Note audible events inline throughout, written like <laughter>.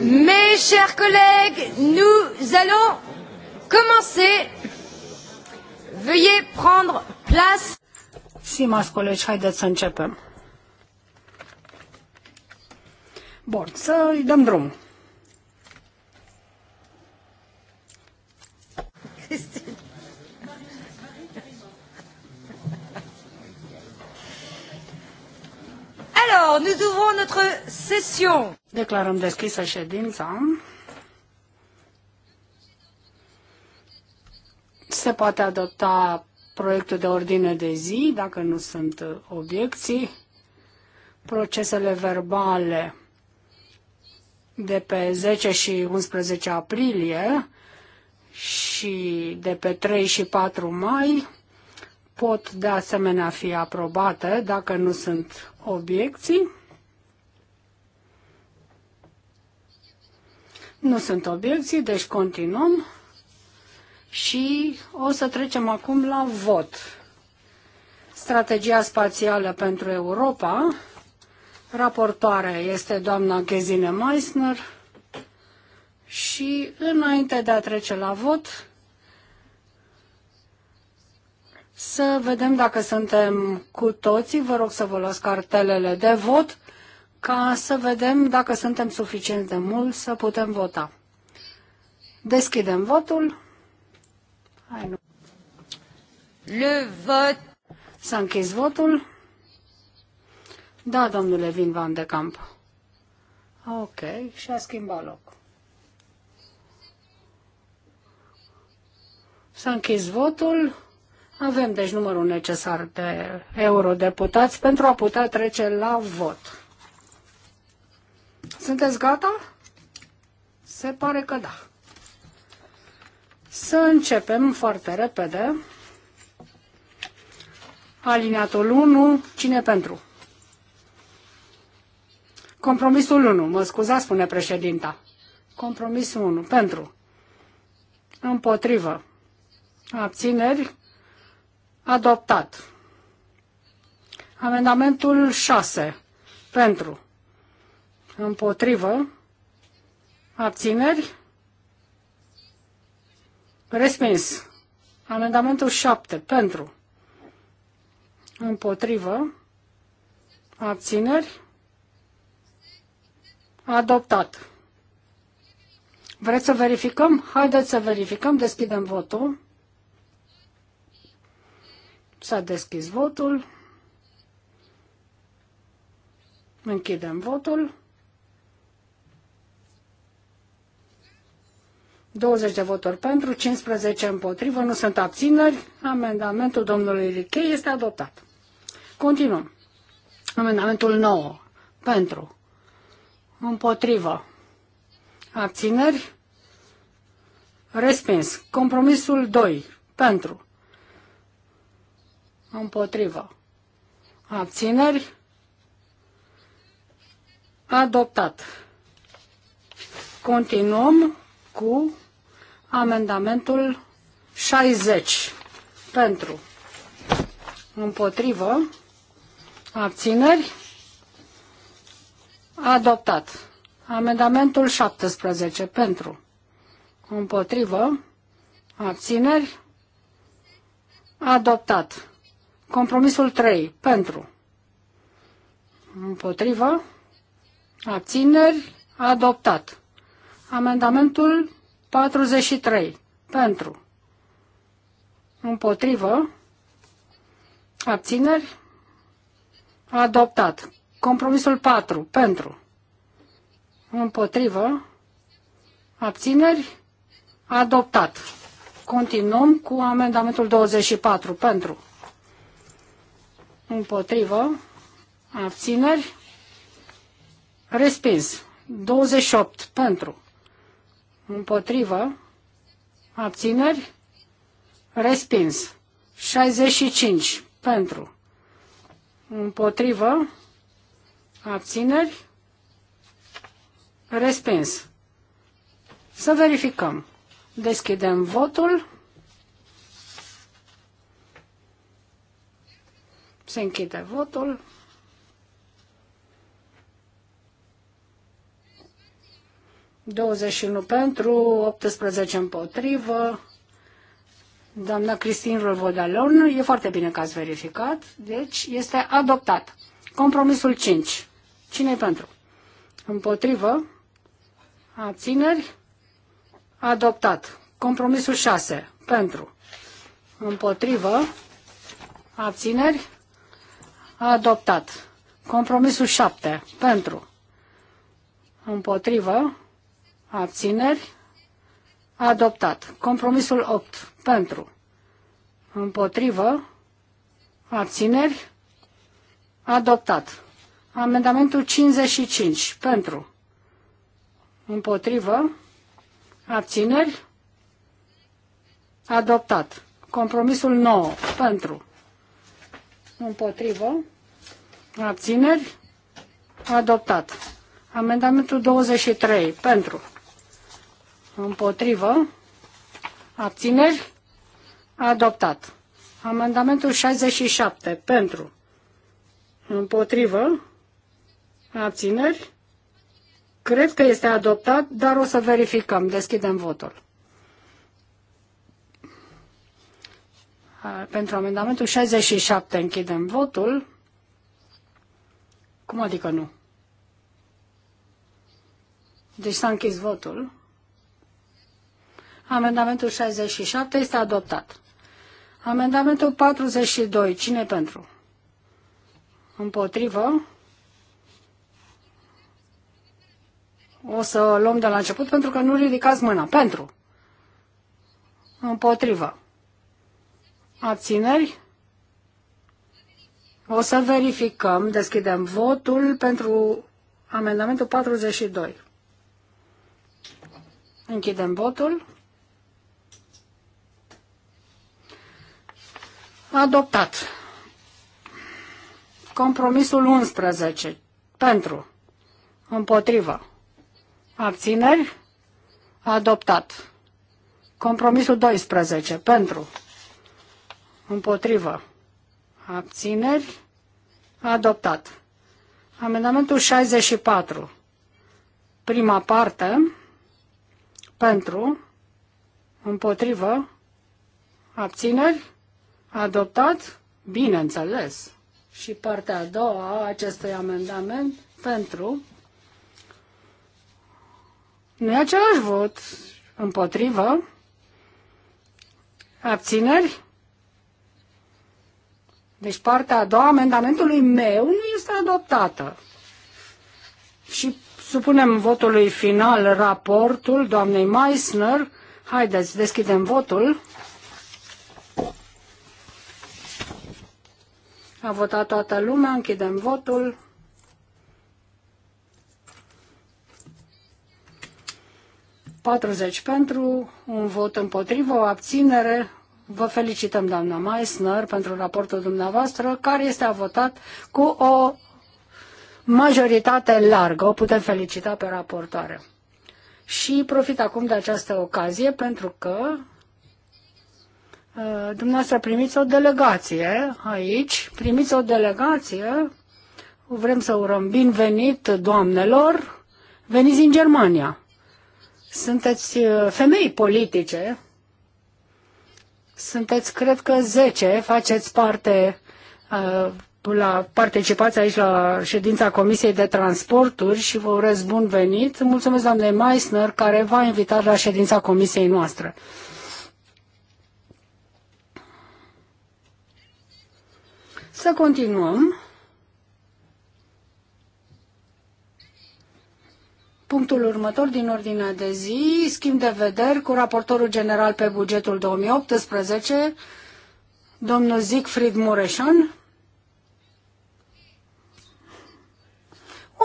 Mes chers collègues, nous allons commencer. Veuillez prendre place. Stimați colegi, haideți să începem. Bun, să îi dăm drum. Alors, nous ouvrons notre session. Declarăm deschisă ședința. Se poate adopta proiectul de ordine de zi, dacă nu sunt obiecții. Procesele verbale de pe 10 și 11 aprilie și de pe 3 și 4 mai pot de asemenea fi aprobate dacă nu sunt obiecții. Nu sunt obiecții, deci continuăm și o să trecem acum la vot. Strategia spațială pentru Europa. Raportoarea este doamna Gesine Meissner. Și înainte de a trece la vot, să vedem dacă suntem cu toții. Vă rog să vă luați cartelele de vot ca să vedem dacă suntem suficient de mulți să putem vota. Deschidem votul. Hai, nu. Le vot. S-a închis votul. Da, domnule Vin Van de Camp. Ok, și a schimbat loc. S-a închis votul. Avem deci numărul necesar de eurodeputați pentru a putea trece la vot. Sunteți gata? Se pare că da. Să începem foarte repede. Aliniatul 1, cine pentru? Compromisul 1, mă scuza, spune președinta. Compromisul 1, pentru. Împotrivă. Abțineri. Adoptat. Amendamentul 6, pentru. Împotrivă. Abțineri. Respins. Amendamentul 7. Pentru. Împotrivă. Abțineri. Adoptat. Vreți să verificăm? Haideți să verificăm. Deschidem votul. S-a deschis votul. Închidem votul. 20 de voturi pentru, 15 împotrivă, nu sunt abțineri. Amendamentul domnului Riche este adoptat. Continuăm. Amendamentul 9. Pentru. Împotrivă. Abțineri. Respins. Compromisul 2. Pentru. Împotrivă. Abțineri. Adoptat. Continuăm cu Amendamentul 60 pentru împotrivă abțineri adoptat. Amendamentul 17 pentru împotrivă abțineri adoptat. Compromisul 3 pentru împotrivă abțineri adoptat. Amendamentul 43. Pentru. Împotrivă. Abțineri. Adoptat. Compromisul 4. Pentru. Împotrivă. Abțineri. Adoptat. Continuăm cu amendamentul 24. Pentru. Împotrivă. Abțineri. Respins. 28. Pentru. Împotrivă. Abțineri. Respins. 65. Pentru. Împotrivă. Abțineri. Respins. Să verificăm. Deschidem votul. Se închide votul. 21 pentru, 18 împotrivă. Doamna Cristin Rovodalon, e foarte bine că ați verificat, deci este adoptat. Compromisul 5. Cine-i pentru? Împotrivă? Abțineri? Adoptat. Compromisul 6. Pentru. Împotrivă? Abțineri? Adoptat. Compromisul 7. Pentru. Împotrivă? abțineri, adoptat. Compromisul 8, pentru, împotrivă, abțineri, adoptat. Amendamentul 55, pentru, împotrivă, abțineri, adoptat. Compromisul 9, pentru, împotrivă, abțineri, adoptat. Amendamentul 23, pentru, Împotrivă. Abțineri. Adoptat. Amendamentul 67. Pentru. Împotrivă. Abțineri. Cred că este adoptat, dar o să verificăm. Deschidem votul. Pentru amendamentul 67 închidem votul. Cum adică nu? Deci s-a închis votul. Amendamentul 67 este adoptat. Amendamentul 42. Cine pentru? Împotrivă. O să luăm de la început pentru că nu ridicați mâna. Pentru. Împotrivă. Abțineri. O să verificăm. Deschidem votul pentru amendamentul 42. Închidem votul. Adoptat. Compromisul 11. Pentru. Împotrivă. Abțineri. Adoptat. Compromisul 12. Pentru. Împotrivă. Abțineri. Adoptat. Amendamentul 64. Prima parte. Pentru. Împotrivă. Abțineri. Adoptat? Bineînțeles. Și partea a doua a acestui amendament pentru. Nu e același vot. Împotrivă. Abțineri? Deci partea a doua amendamentului meu nu este adoptată. Și supunem votului final raportul doamnei Meissner. Haideți, deschidem votul. A votat toată lumea, închidem votul. Patruzeci pentru, un vot împotrivă, o abținere. Vă felicităm, doamna Meissner, pentru raportul dumneavoastră, care este votat cu o majoritate largă. O putem felicita pe raportoare. Și profit acum de această ocazie pentru că Uh, dumneavoastră primiți o delegație aici, primiți o delegație, vrem să urăm bine venit doamnelor, veniți din Germania. Sunteți uh, femei politice, sunteți, cred că, 10, faceți parte, uh, la, participați aici la ședința Comisiei de Transporturi și vă urez bun venit. Mulțumesc doamnei Meissner, care v-a invitat la ședința Comisiei noastre. Să continuăm. Punctul următor din ordinea de zi, schimb de vederi cu raportorul general pe bugetul 2018, domnul Siegfried Mureșan.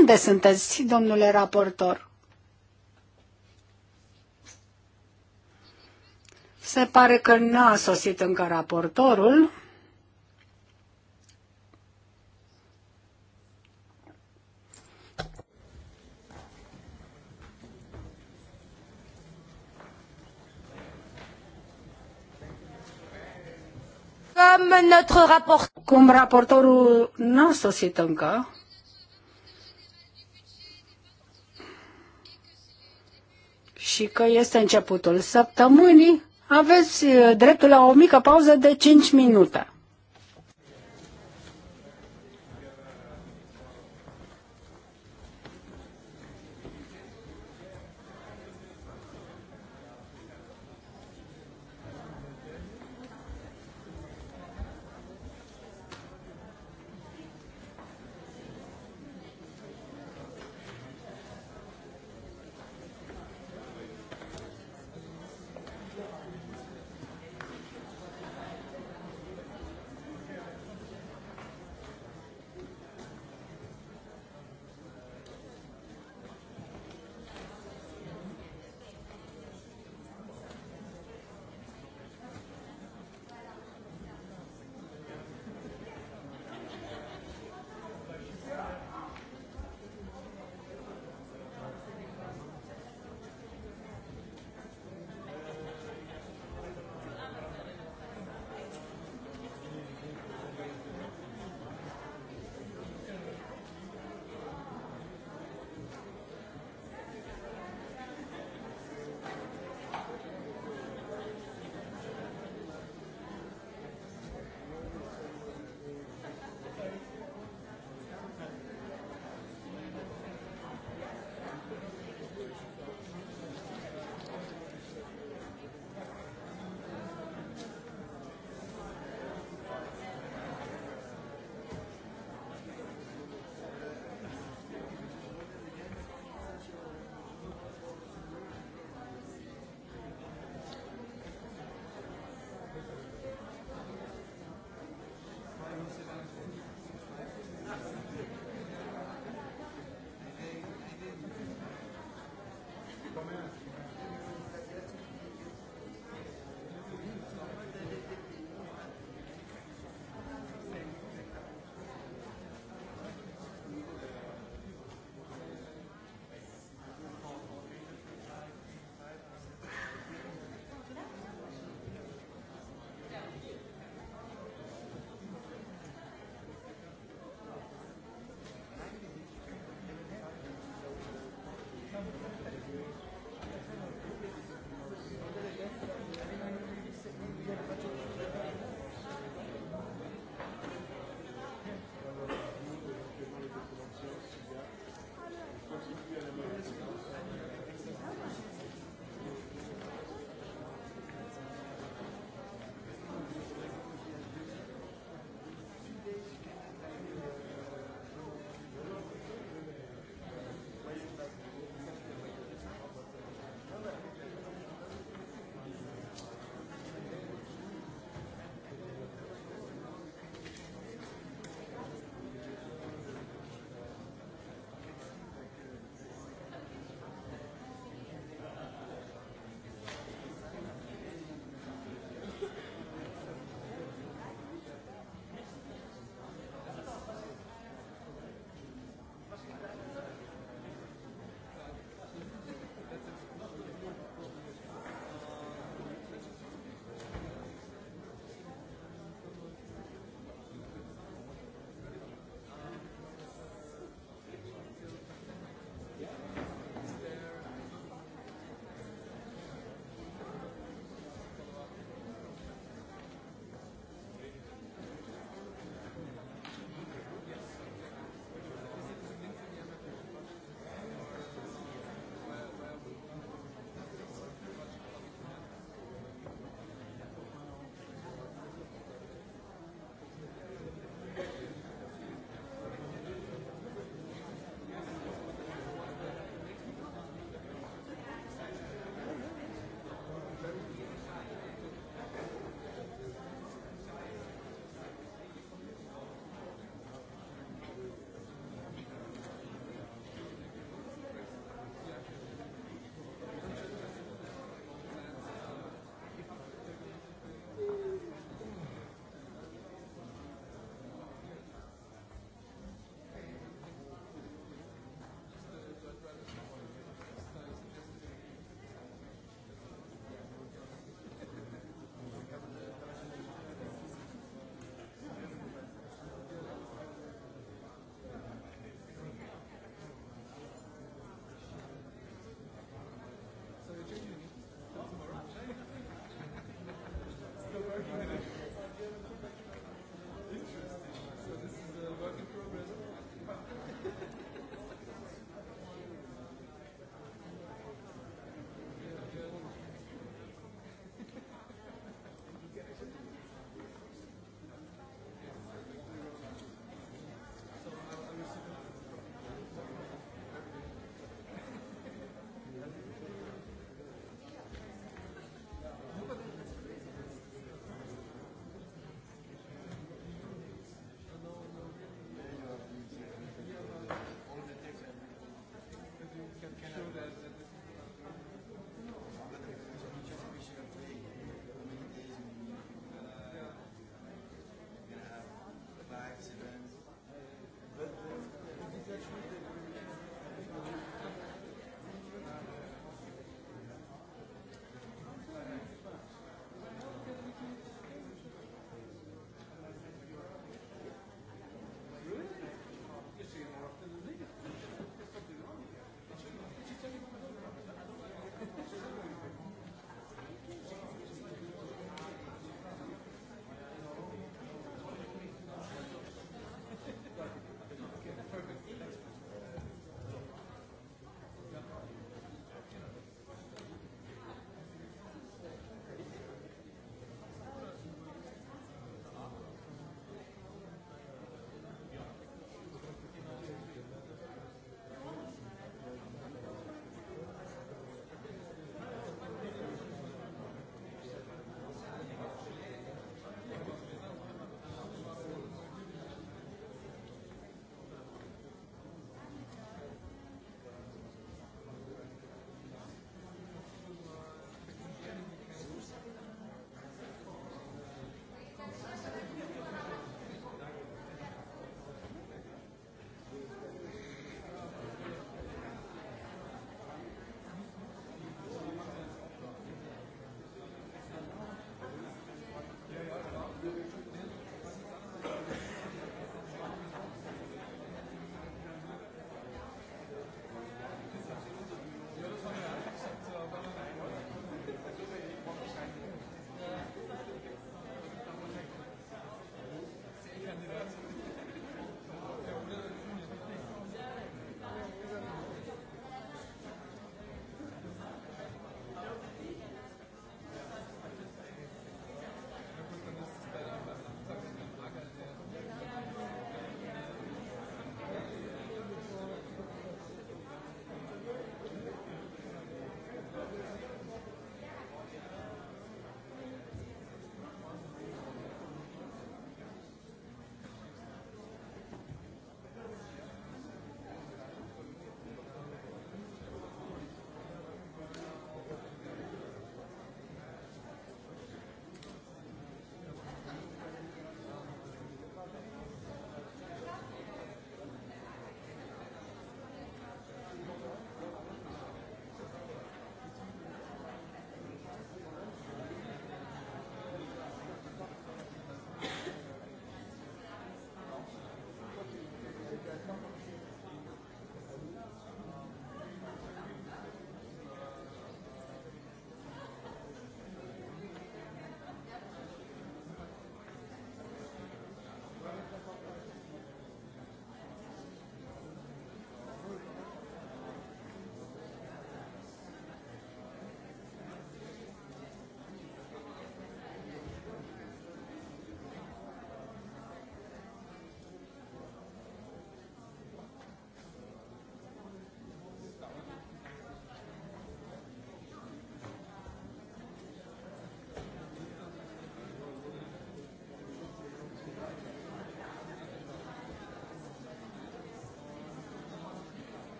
Unde sunteți, domnule raportor? Se pare că n-a sosit încă raportorul. Comme notre rapport... Cum raportorul n-a sosit încă, și că este începutul săptămânii, aveți uh, dreptul la o mică pauză de 5 minute.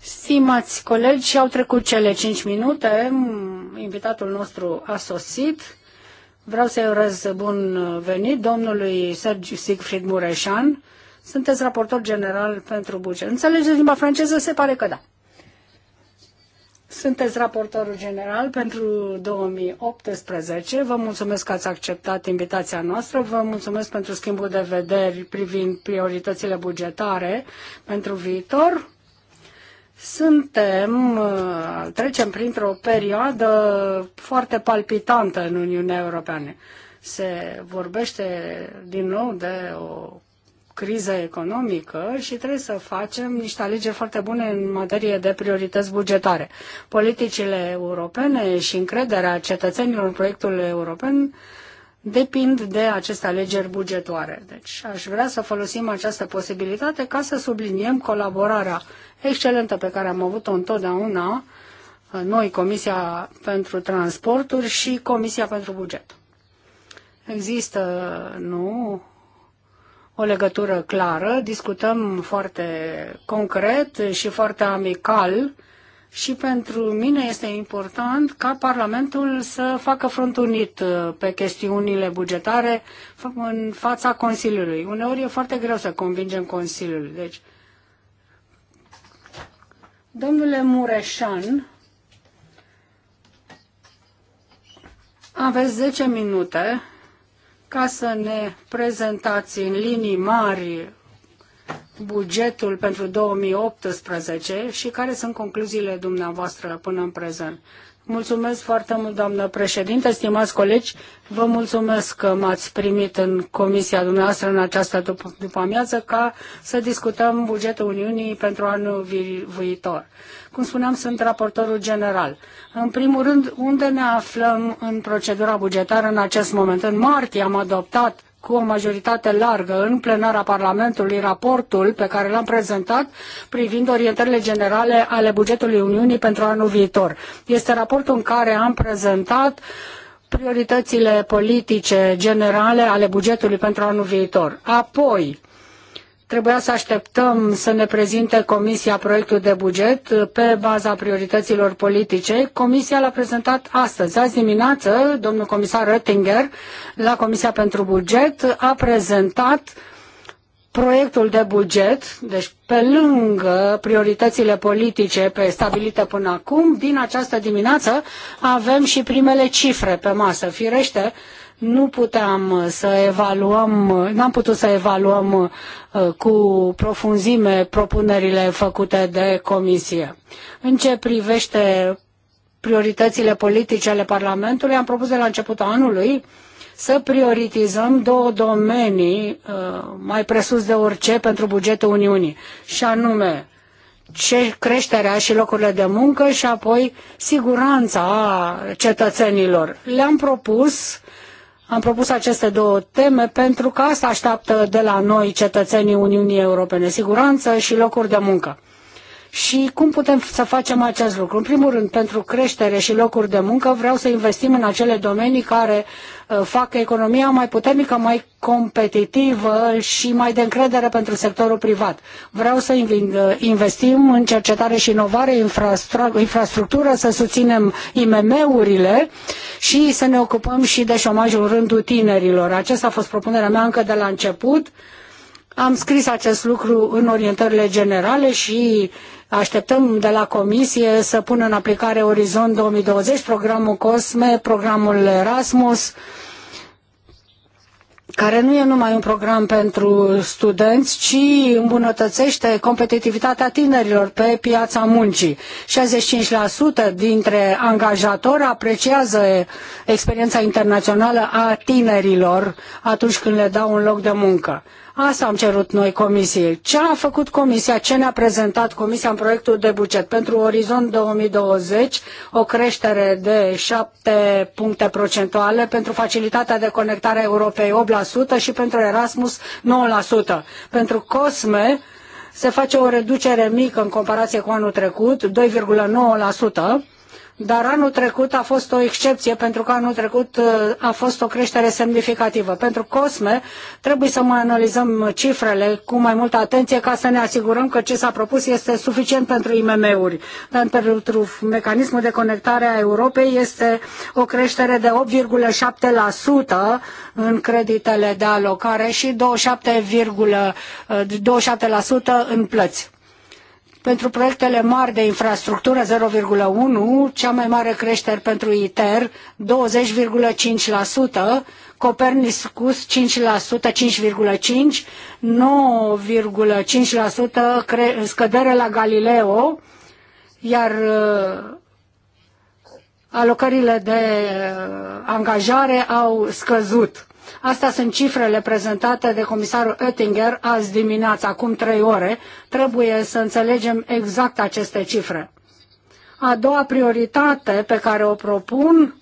Stimați colegi, și-au trecut cele 5 minute. Invitatul nostru a sosit. Vreau să-i urez bun venit domnului Sergiu Siegfried Mureșan. Sunteți raportor general pentru buget. Înțelegeți limba franceză? Se pare că da. Sunteți raportorul general pentru 2018. Vă mulțumesc că ați acceptat invitația noastră. Vă mulțumesc pentru schimbul de vederi privind prioritățile bugetare pentru viitor. Suntem, uh, trecem printr-o perioadă foarte palpitantă în Uniunea Europeană. Se vorbește din nou de o criză economică și trebuie să facem niște alegeri foarte bune în materie de priorități bugetare. Politicile europene și încrederea cetățenilor în proiectul european depind de aceste alegeri bugetoare. Deci aș vrea să folosim această posibilitate ca să subliniem colaborarea excelentă pe care am avut-o întotdeauna uh, noi, Comisia pentru Transporturi și Comisia pentru Buget. Există, nu, o legătură clară, discutăm foarte concret și foarte amical și pentru mine este important ca Parlamentul să facă front unit uh, pe chestiunile bugetare în fața Consiliului. Uneori e foarte greu să convingem Consiliul. Deci, domnule Mureșan, aveți 10 minute ca să ne prezentați în linii mari bugetul pentru 2018 și care sunt concluziile dumneavoastră până în prezent. Mulțumesc foarte mult, doamnă președinte, stimați colegi. Vă mulțumesc că m-ați primit în comisia dumneavoastră în această după, după amiază ca să discutăm bugetul Uniunii pentru anul vi viitor. Cum spuneam, sunt raportorul general. În primul rând, unde ne aflăm în procedura bugetară în acest moment? În martie am adoptat cu o majoritate largă în plenara Parlamentului raportul pe care l-am prezentat privind orientările generale ale bugetului Uniunii pentru anul viitor. Este raportul în care am prezentat prioritățile politice generale ale bugetului pentru anul viitor. Apoi, Trebuia să așteptăm să ne prezinte Comisia proiectul de buget uh, pe baza priorităților politice. Comisia l-a prezentat astăzi. Azi dimineață, domnul comisar Oettinger, la Comisia pentru Buget, a prezentat proiectul de buget, deci pe lângă prioritățile politice pe stabilite până acum, din această dimineață avem și primele cifre pe masă. Firește, nu puteam uh, să evaluăm, uh, n-am putut să evaluăm uh, cu profunzime propunerile făcute de comisie. În ce privește prioritățile politice ale Parlamentului, am propus de la începutul anului să prioritizăm două domenii mai presus de orice pentru bugetul Uniunii, și anume ce creșterea și locurile de muncă și apoi siguranța cetățenilor. Le-am propus am propus aceste două teme pentru că asta așteaptă de la noi cetățenii Uniunii Europene, siguranță și locuri de muncă. Și cum putem să facem acest lucru? În primul rând, pentru creștere și locuri de muncă, vreau să investim în acele domenii care Uh, facă economia mai puternică, mai competitivă și mai de încredere pentru sectorul privat. Vreau să uh, investim în cercetare și inovare, infrastructură, să susținem IMM-urile și să ne ocupăm și de șomajul în rândul tinerilor. Aceasta a fost propunerea mea încă de la început. Am scris acest lucru în orientările generale și așteptăm de la Comisie să pună în aplicare Orizont 2020, programul COSME, programul Erasmus, care nu e numai un program pentru studenți, ci îmbunătățește competitivitatea tinerilor pe piața muncii. 65% dintre angajatori apreciază experiența internațională a tinerilor atunci când le dau un loc de muncă. Asta am cerut noi comisiei. Ce a făcut comisia? Ce ne-a prezentat comisia în proiectul de buget? Pentru Orizont 2020, o creștere de 7 puncte procentuale, pentru facilitatea de conectare a Europei 8% și pentru Erasmus 9%. Pentru COSME se face o reducere mică în comparație cu anul trecut, 2,9% dar anul trecut a fost o excepție pentru că anul trecut uh, a fost o creștere semnificativă. Pentru COSME trebuie să mai analizăm cifrele cu mai multă atenție ca să ne asigurăm că ce s-a propus este suficient pentru IMM-uri. Dar pentru mecanismul de conectare a Europei este o creștere de 8,7% în creditele de alocare și 27,27% ,27 uh, în plăți. Pentru proiectele mari de infrastructură 0,1, cea mai mare creștere pentru ITER 20,5%, Copernicus 5%, 5,5%, 9,5% scădere la Galileo, iar uh, alocările de uh, angajare au scăzut. Asta sunt cifrele prezentate de comisarul Oettinger azi dimineața, acum trei ore. Trebuie să înțelegem exact aceste cifre. A doua prioritate pe care o propun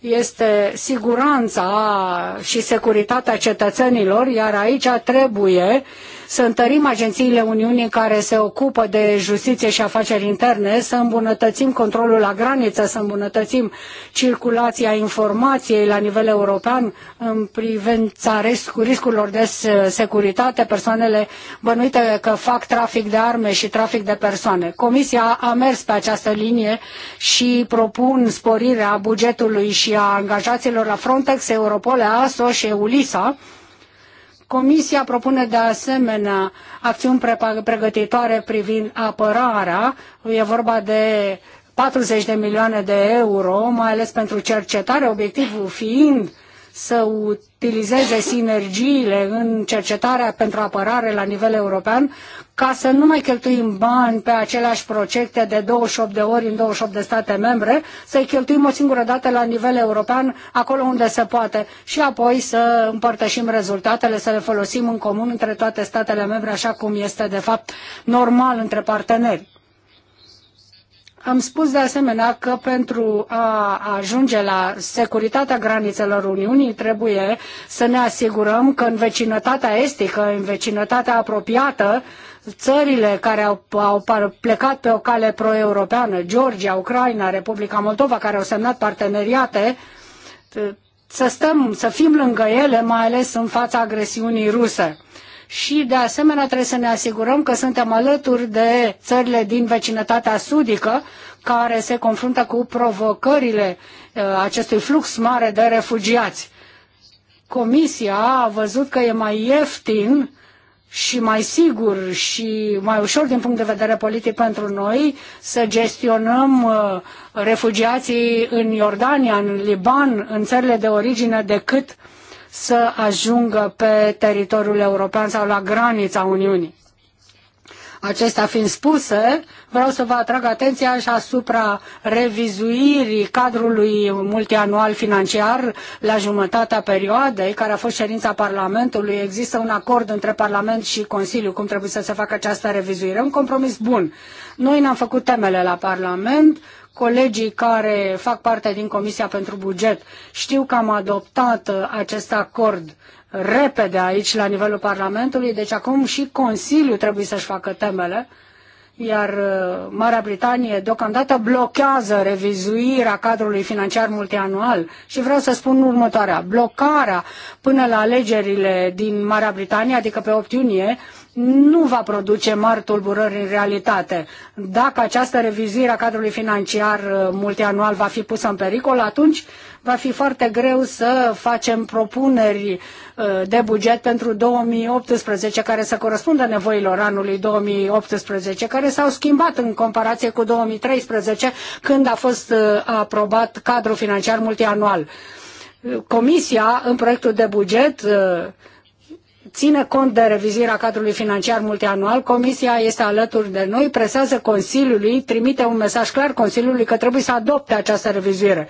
este siguranța și securitatea cetățenilor, iar aici trebuie uh, să întărim agențiile Uniunii care se ocupă de justiție și afaceri interne, să îmbunătățim controlul la graniță, să îmbunătățim circulația informației la nivel european în privința riscurilor de securitate, persoanele bănuite că fac trafic de arme și trafic de persoane. Comisia a mers pe această linie și propun sporirea bugetului și a angajaților la Frontex, Europol, ASO și EULISA, Comisia propune de asemenea acțiuni pregătitoare privind apărarea. E vorba de 40 de milioane de euro, mai ales pentru cercetare, obiectivul fiind să utilizeze sinergiile în cercetarea pentru apărare la nivel european, ca să nu mai cheltuim bani pe aceleași proiecte de 28 de ori în 28 de state membre, să-i cheltuim o singură dată la nivel european, acolo unde se poate, și apoi să împărtășim rezultatele, să le folosim în comun între toate statele membre, așa cum este de fapt normal între parteneri. Am spus de asemenea că pentru a ajunge la securitatea granițelor Uniunii trebuie să ne asigurăm că în vecinătatea estică, în vecinătatea apropiată, țările care au, au plecat pe o cale pro-europeană, Georgia, Ucraina, Republica Moldova, care au semnat parteneriate, să stăm, să fim lângă ele, mai ales în fața agresiunii ruse și de asemenea trebuie să ne asigurăm că suntem alături de țările din vecinătatea sudică care se confruntă cu provocările uh, acestui flux mare de refugiați. Comisia a văzut că e mai ieftin și mai sigur și mai ușor din punct de vedere politic pentru noi să gestionăm uh, refugiații în Iordania, în Liban, în țările de origine decât uh, să ajungă pe teritoriul european sau la granița Uniunii. Acestea fiind spuse, vreau să vă atrag atenția și asupra revizuirii cadrului multianual financiar la jumătatea perioadei, care a fost ședința Parlamentului. Există un acord între Parlament și Consiliu cum trebuie să se facă această revizuire. Un compromis bun. Noi ne-am făcut temele la Parlament, Colegii care fac parte din Comisia pentru Buget știu că am adoptat uh, acest acord repede aici la nivelul Parlamentului, deci acum și Consiliul trebuie să-și facă temele, iar uh, Marea Britanie deocamdată blochează revizuirea cadrului financiar multianual și vreau să spun următoarea, blocarea până la alegerile din Marea Britanie, adică pe 8 iunie, nu va produce mari tulburări în realitate. Dacă această revizuire a cadrului financiar uh, multianual va fi pusă în pericol, atunci va fi foarte greu să facem propuneri uh, de buget pentru 2018 care să corespundă nevoilor anului 2018, care s-au schimbat în comparație cu 2013, când a fost uh, aprobat cadrul financiar multianual. Comisia, în proiectul de buget, ține cont de revizuirea cadrului financiar multianual, Comisia este alături de noi, presează Consiliului, trimite un mesaj clar Consiliului că trebuie să adopte această revizuire.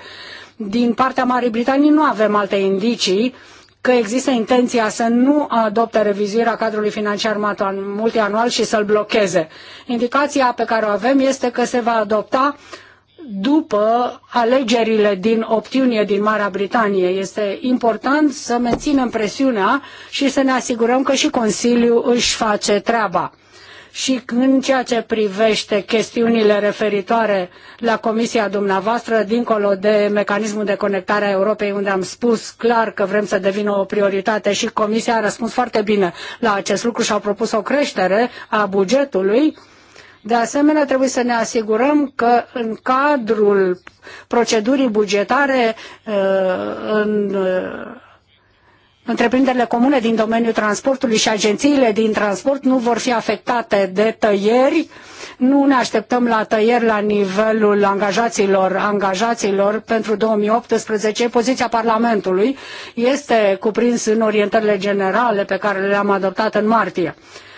Din partea Marii Britanii nu avem alte indicii că există intenția să nu adopte revizuirea cadrului financiar multianual și să-l blocheze. Indicația pe care o avem este că se va adopta după alegerile din 8 iunie din Marea Britanie. Este important să menținem presiunea și să ne asigurăm că și Consiliul își face treaba. Și în ceea ce privește chestiunile referitoare la comisia dumneavoastră, dincolo de mecanismul de conectare a Europei, unde am spus clar că vrem să devină o prioritate și comisia a răspuns foarte bine la acest lucru și a propus o creștere a bugetului, uh, de asemenea, trebuie să ne asigurăm că în cadrul procedurii bugetare uh, în uh, întreprinderile comune din domeniul transportului și agențiile din transport nu vor fi afectate de tăieri. Nu ne așteptăm la tăieri la nivelul angajaților, angajaților pentru 2018. Poziția Parlamentului este cuprins în orientările generale pe care le-am adoptat în martie.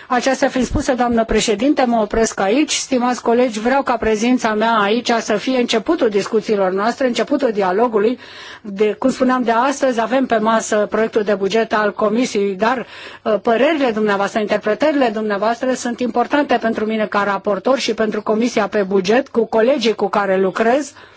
Aceasta fiind spusă, doamnă președinte, mă opresc aici. Stimați colegi, vreau ca prezența mea aici să fie începutul discuțiilor noastre, începutul dialogului. De, cum spuneam de astăzi, avem pe masă proiectul de buget al Comisiei, dar uh, părerile dumneavoastră, interpretările dumneavoastră sunt importante pentru mine ca raportor și pentru Comisia pe buget, cu colegii cu care lucrez. Uh,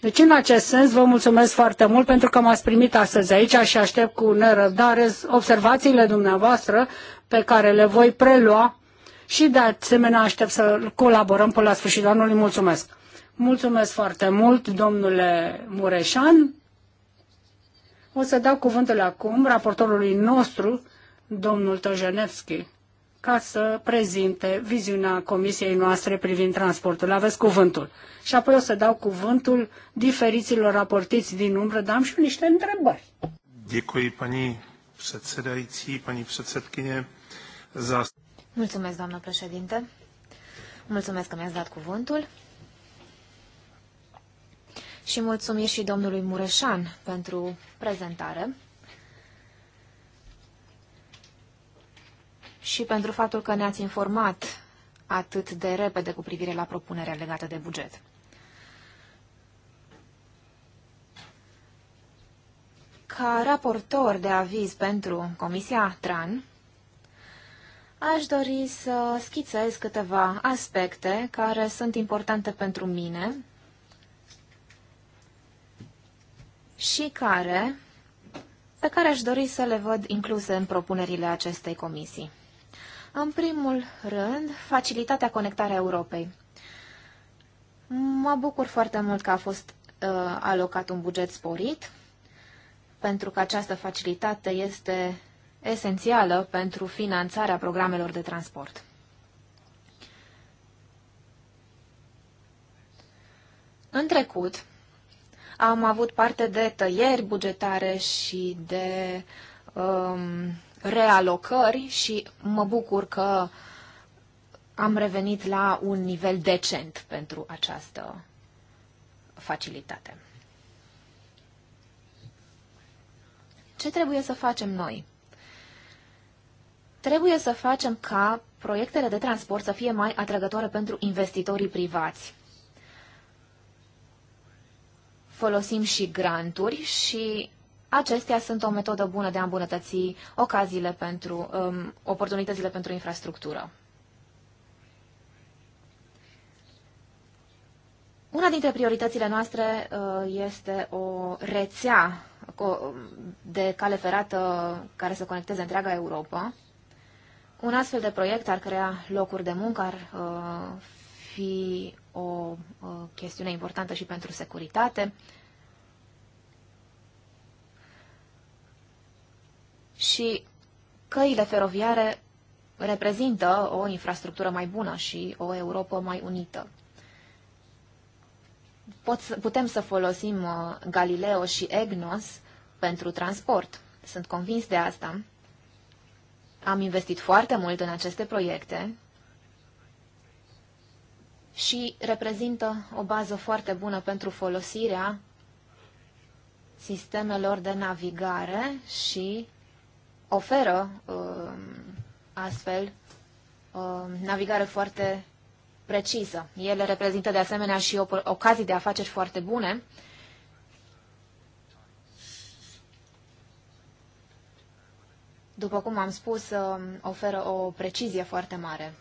deci, în acest sens, vă mulțumesc foarte mult pentru că m-ați primit astăzi aici și aștept cu nerăbdare observațiile dumneavoastră pe care le voi prelua și, de asemenea, aștept să colaborăm până la sfârșitul anului. Mulțumesc! Mulțumesc foarte mult, domnule Mureșan. O să dau cuvântul acum raportorului nostru, domnul Tojenevski ca să prezinte viziunea comisiei noastre privind transportul. Aveți cuvântul. Și apoi o să dau cuvântul diferiților raportiți din umbră, dar am și niște întrebări. Děkuji, pani předsedající, pani předsedkyně, za... Mulțumesc, doamnă președinte. Mulțumesc că mi-ați dat cuvântul. Și mulțumim și domnului Mureșan pentru prezentare. și pentru faptul că ne-ați informat atât de repede cu privire la propunerea legată de buget. Ca raportor de aviz pentru Comisia TRAN, aș dori să schițez câteva aspecte care sunt importante pentru mine și care, pe care aș dori să le văd incluse în propunerile acestei comisii. În primul rând, facilitatea conectarea Europei. Mă bucur foarte mult că a fost uh, alocat un buget sporit, pentru că această facilitate este esențială pentru finanțarea programelor de transport. În trecut, am avut parte de tăieri bugetare și de um, realocări și mă bucur că am revenit la un nivel decent pentru această facilitate. Ce trebuie să facem noi? Trebuie să facem ca proiectele de transport să fie mai atrăgătoare pentru investitorii privați. Folosim și granturi și acestea sunt o metodă bună de a îmbunătăți ocaziile pentru, um, oportunitățile pentru infrastructură. Una dintre prioritățile noastre uh, este o rețea um, de cale ferată care să conecteze întreaga Europa. Un astfel de proiect ar crea locuri de muncă, ar uh, fi o uh, chestiune importantă și pentru securitate. și căile feroviare reprezintă o infrastructură mai bună și o Europa mai unită. Pot, putem să folosim uh, Galileo și EGNOS pentru transport. Sunt convins de asta. Am investit foarte mult în aceste proiecte și reprezintă o bază foarte bună pentru folosirea sistemelor de navigare și oferă um, astfel um, navigare foarte precisă. Ele reprezintă de asemenea și ocazii de afaceri foarte bune. După cum am spus, um, oferă o precizie foarte mare.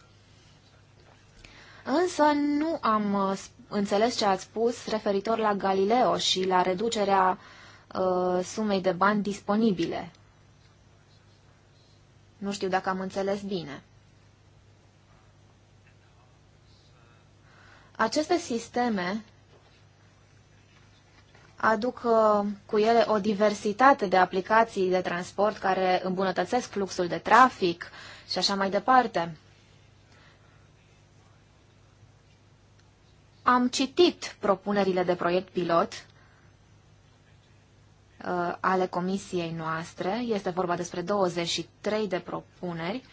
Însă nu am uh, înțeles ce ați spus referitor la Galileo și la reducerea uh, sumei de bani disponibile nu știu dacă am înțeles bine. Aceste sisteme aduc uh, cu ele o diversitate de aplicații de transport care îmbunătățesc fluxul de trafic și așa mai departe. Am citit propunerile de proiect pilot Uh, ale comisiei noastre. Este vorba despre 23 de propuneri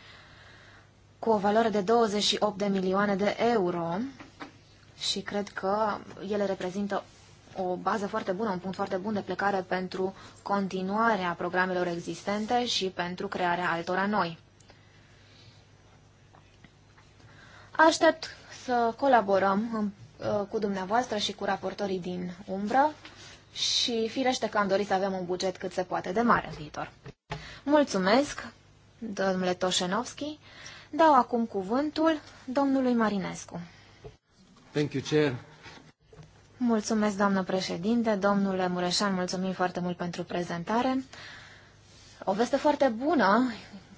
cu o valoare de 28 de milioane de euro și cred că ele reprezintă o bază foarte bună, un punct foarte bun de plecare pentru continuarea programelor existente și pentru crearea altora noi. Aștept să colaborăm uh, cu dumneavoastră și cu raportorii din umbră și firește că am dorit să avem un buget cât se poate de mare în viitor. Mulțumesc, domnule Toșenovski. Dau acum cuvântul domnului Marinescu. Thank you, Chair. Mulțumesc, doamnă președinte. Domnule Mureșan, mulțumim foarte mult pentru prezentare. O veste foarte bună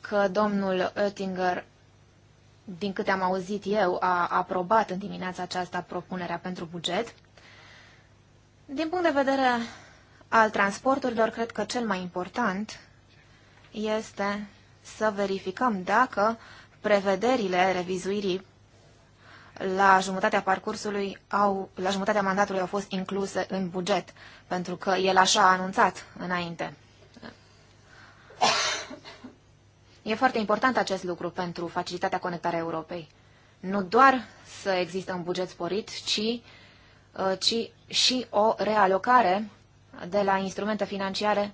că domnul Oettinger, din câte am auzit eu, a aprobat în dimineața aceasta propunerea pentru buget. Din punct de vedere al transporturilor, cred că cel mai important este să verificăm dacă prevederile revizuirii la jumătatea parcursului au, la jumătatea mandatului au fost incluse în buget, pentru că el așa a anunțat înainte. E foarte important acest lucru pentru facilitatea conectarea Europei. Nu doar să existe un buget sporit, ci Uh, ci și o realocare de la instrumente financiare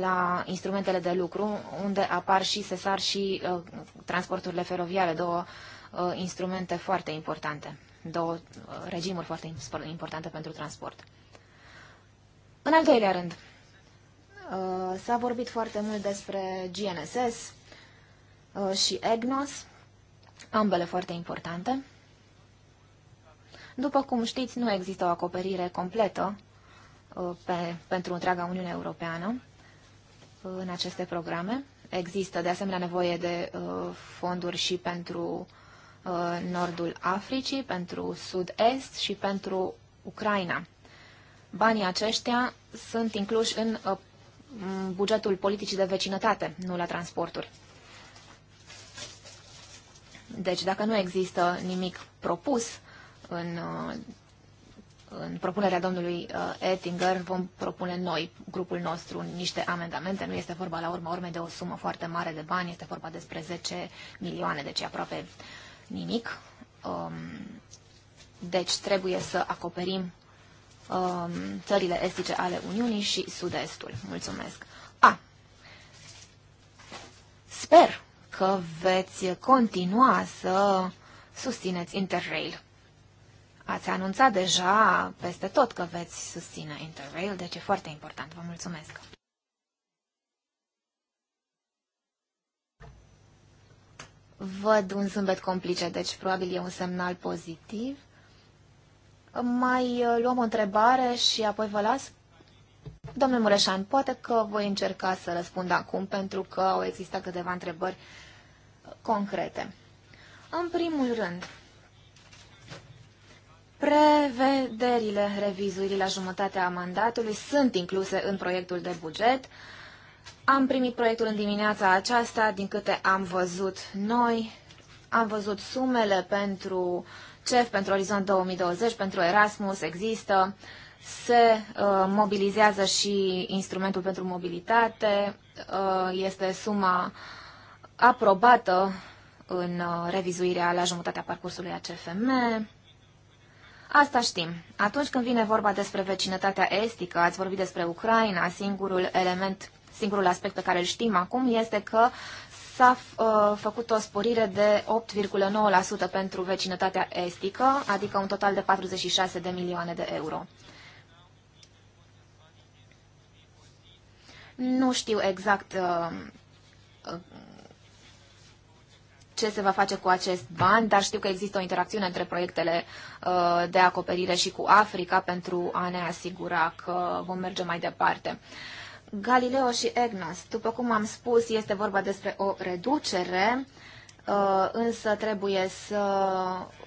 la instrumentele de lucru, unde apar și SESAR și uh, transporturile feroviare, două uh, instrumente foarte importante, două regimuri foarte importante pentru transport. În al doilea rând, s-a vorbit foarte mult despre GNSS și EGNOS, ambele foarte importante. După cum știți, nu există o acoperire completă uh, pe, pentru întreaga Uniune Europeană uh, în aceste programe. Există, de asemenea, nevoie de uh, fonduri și pentru nordul Africii, pentru sud-est și pentru Ucraina. Banii aceștia sunt incluși în bugetul politicii de vecinătate, nu la transporturi. Deci, dacă nu există nimic propus în, uh, în propunerea domnului uh, Ettinger vom propune noi, grupul nostru, niște amendamente. Nu este vorba la urma urmei de o sumă foarte mare de bani, este vorba despre 10 milioane, deci aproape nimic. Um, deci trebuie să acoperim um, țările estice ale Uniunii și sud-estul. Mulțumesc. A. Sper că veți continua să susțineți Interrail. Ați anunțat deja peste tot că veți susține Interrail, deci e foarte important. Vă mulțumesc! Văd un zâmbet complice, deci probabil e un semnal pozitiv. Mai uh, luăm o întrebare și apoi vă las. Domnul Mureșan, poate că voi încerca să răspund acum, pentru că au existat câteva întrebări concrete. În primul rând, Prevederile revizuirii la jumătatea mandatului sunt incluse în proiectul de buget. Am primit proiectul în dimineața aceasta, din câte am văzut noi. Am văzut sumele pentru CEF, pentru Orizont 2020, pentru Erasmus, există. Se uh, mobilizează și instrumentul pentru mobilitate. Uh, este suma aprobată în uh, revizuirea la jumătatea parcursului ACFM. Asta știm. Atunci când vine vorba despre vecinătatea estică, ați vorbit despre Ucraina, singurul element, singurul aspect pe care îl știm acum este că s-a uh, făcut o sporire de 8,9% pentru vecinătatea estică, adică un total de 46 de milioane de euro. Nu știu exact uh, ce se va face cu acest bani, dar știu că există o interacțiune între proiectele uh, de acoperire și cu Africa pentru a ne asigura că vom merge mai departe. Galileo și EGNOS, după cum am spus, este vorba despre o reducere, uh, însă trebuie să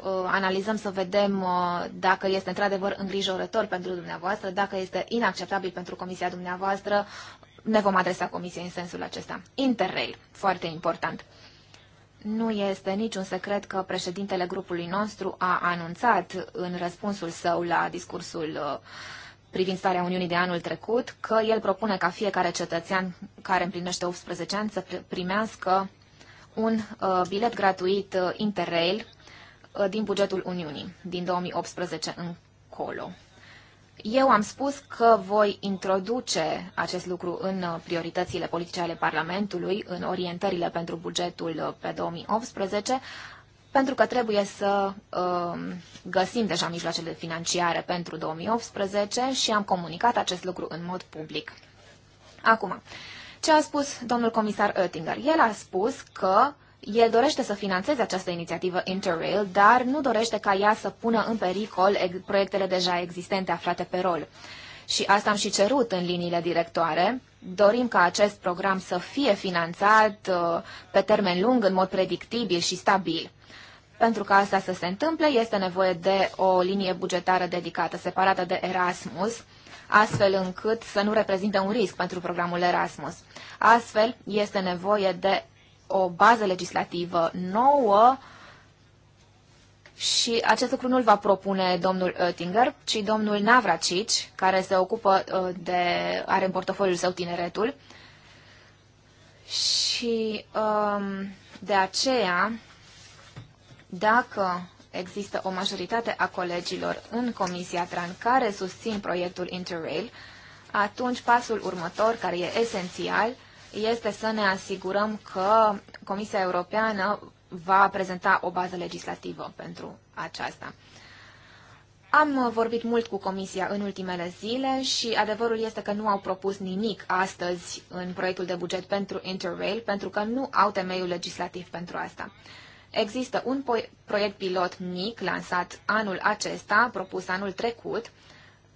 uh, analizăm, să vedem dacă este într-adevăr îngrijorător pentru dumneavoastră, dacă este inacceptabil pentru comisia dumneavoastră, ne vom adresa comisiei în sensul acesta. Interrail, foarte important. Nu este niciun secret că președintele grupului nostru a anunțat în răspunsul său la discursul uh, privind starea Uniunii de anul trecut că el propune ca fiecare cetățean care împlinește 18 ani să primească un uh, bilet gratuit uh, Interrail din bugetul Uniunii din 2018 încolo. Eu am spus că voi introduce acest lucru în uh, prioritățile politice ale Parlamentului, în orientările pentru bugetul uh, pe 2018, pentru că trebuie să uh, găsim deja mijloacele financiare pentru 2018 și am comunicat acest lucru în mod public. Acum, ce a spus domnul comisar Oettinger? El a spus că el dorește să financeze această inițiativă Interrail, dar nu dorește ca ea să pună în pericol proiectele deja existente aflate pe rol. Și asta am și cerut în liniile directoare. Dorim ca acest program să fie finanțat uh, pe termen lung, în mod predictibil și stabil. Pentru ca asta să se întâmple, este nevoie de o linie bugetară dedicată, separată de Erasmus, astfel încât să nu reprezinte un risc pentru programul Erasmus. Astfel, este nevoie de o bază legislativă nouă și acest lucru nu îl va propune domnul Oettinger, ci domnul Navracici, care se ocupă uh, de, are în portofoliul său tineretul. Și um, de aceea, dacă există o majoritate a colegilor în Comisia Tran care susțin proiectul Interrail, atunci pasul următor, care e esențial, este să ne asigurăm că Comisia Europeană va prezenta o bază legislativă pentru aceasta. Am vorbit mult cu Comisia în ultimele zile și adevărul este că nu au propus nimic astăzi în proiectul de buget pentru Interrail, pentru că nu au temeiul legislativ pentru asta. Există un proiect pilot mic lansat anul acesta, propus anul trecut,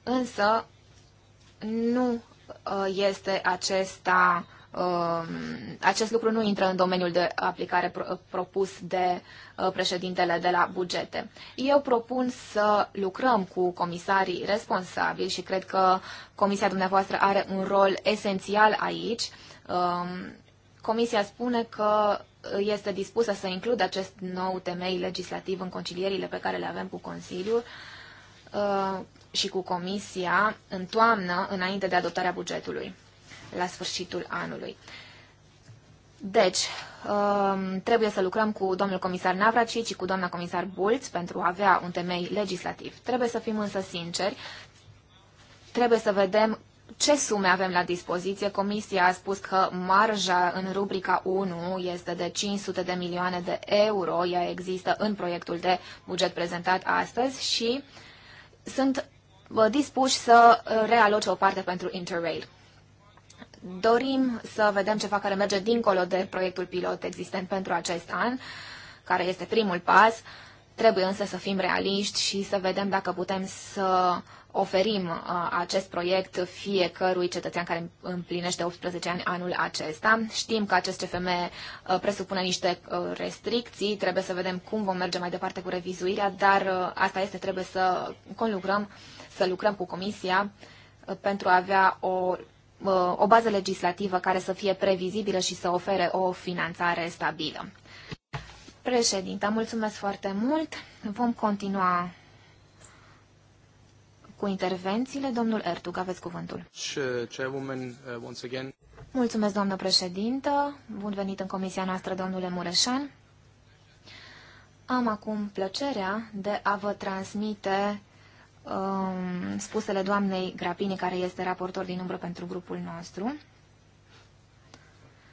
însă nu uh, este acesta Um, acest lucru nu intră în domeniul de aplicare propus de uh, președintele de la bugete. Eu propun să lucrăm cu comisarii responsabili și cred că comisia dumneavoastră are un rol esențial aici. Um, comisia spune că este dispusă să includă acest nou temei legislativ în concilierile pe care le avem cu Consiliul uh, și cu Comisia în toamnă, înainte de adoptarea bugetului la sfârșitul anului. Deci, um, trebuie să lucrăm cu domnul comisar Navracici și cu doamna comisar Bulț pentru a avea un temei legislativ. Trebuie să fim însă sinceri, trebuie să vedem ce sume avem la dispoziție. Comisia a spus că marja în rubrica 1 este de 500 de milioane de euro, ea există în proiectul de buget prezentat astăzi și sunt uh, dispuși să realoce o parte pentru Interrail. Dorim să vedem ceva care merge dincolo de proiectul pilot existent pentru acest an, care este primul pas. Trebuie însă să fim realiști și să vedem dacă putem să oferim uh, acest proiect fiecărui cetățean care împlinește 18 ani anul acesta. Știm că acest CFM uh, presupune niște uh, restricții, trebuie să vedem cum vom merge mai departe cu revizuirea, dar asta este, trebuie să conlucrăm, să lucrăm cu Comisia pentru a avea o Uh, o bază legislativă care să fie previzibilă și să ofere o finanțare stabilă. Președinte, mulțumesc foarte mult. Vom continua cu intervențiile. Domnul Ertug, aveți cuvântul. Uh, mulțumesc, doamnă președintă. Bun venit în comisia noastră, domnule Mureșan. Am acum plăcerea de a vă transmite Um, spusele doamnei Grapini, care este raportor din umbră pentru grupul nostru.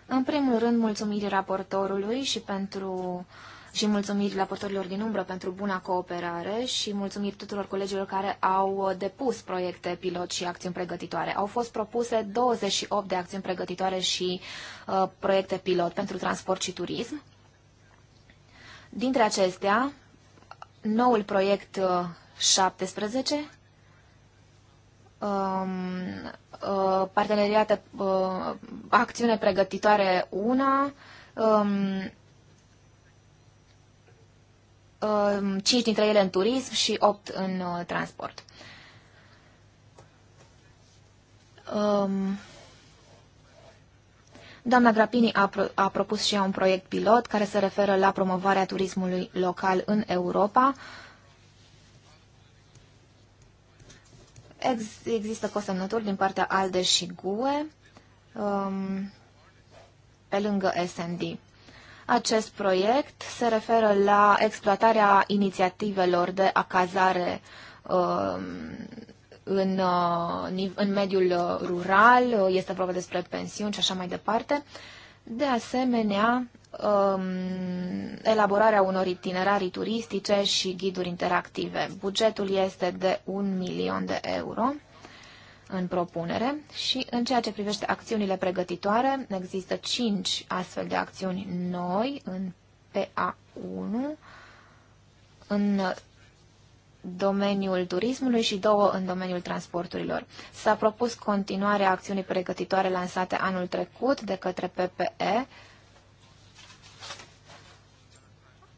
În primul rând, mulțumiri raportorului și pentru și mulțumiri raportorilor din umbră pentru buna cooperare și mulțumiri tuturor colegilor care au depus proiecte pilot și acțiuni pregătitoare. Au fost propuse 28 de acțiuni pregătitoare și uh, proiecte pilot pentru transport și turism. Dintre acestea, noul proiect uh, 17. Um, uh, parteneriate, uh, acțiune pregătitoare una, um, um, 5 dintre ele în turism și 8 în uh, transport. Um, Doamna Grapini a, pro- a propus și ea un proiect pilot care se referă la promovarea turismului local în Europa. Uh, Ex- există cosemnături din partea ALDE și GUE um, pe lângă SND. Acest proiect se referă la exploatarea inițiativelor de acazare um, în, uh, în mediul uh, rural, este vorba despre pensiuni și așa mai departe. Uh, de asemenea, um, elaborarea unor itinerarii turistice și ghiduri interactive. Bugetul este de 1 milion de euro în propunere și în ceea ce privește acțiunile pregătitoare, există 5 astfel de acțiuni noi în PA1, în domeniul turismului și două în domeniul transporturilor. S-a propus continuarea acțiunii pregătitoare lansate anul trecut de către PPE.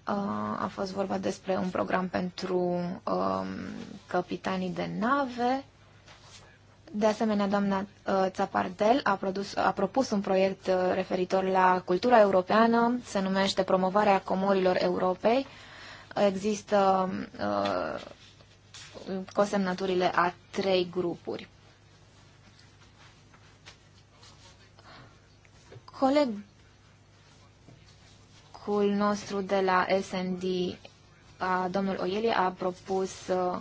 Uh, a fost vorba despre un program pentru um, capitanii de nave. De asemenea, doamna uh, Țapardel a, produs, a propus un proiect uh, referitor la cultura europeană, se numește Promovarea Comorilor Europei. Există uh, cosemnăturile a trei grupuri. Colegul nostru de la SND, domnul Oieli, a propus uh,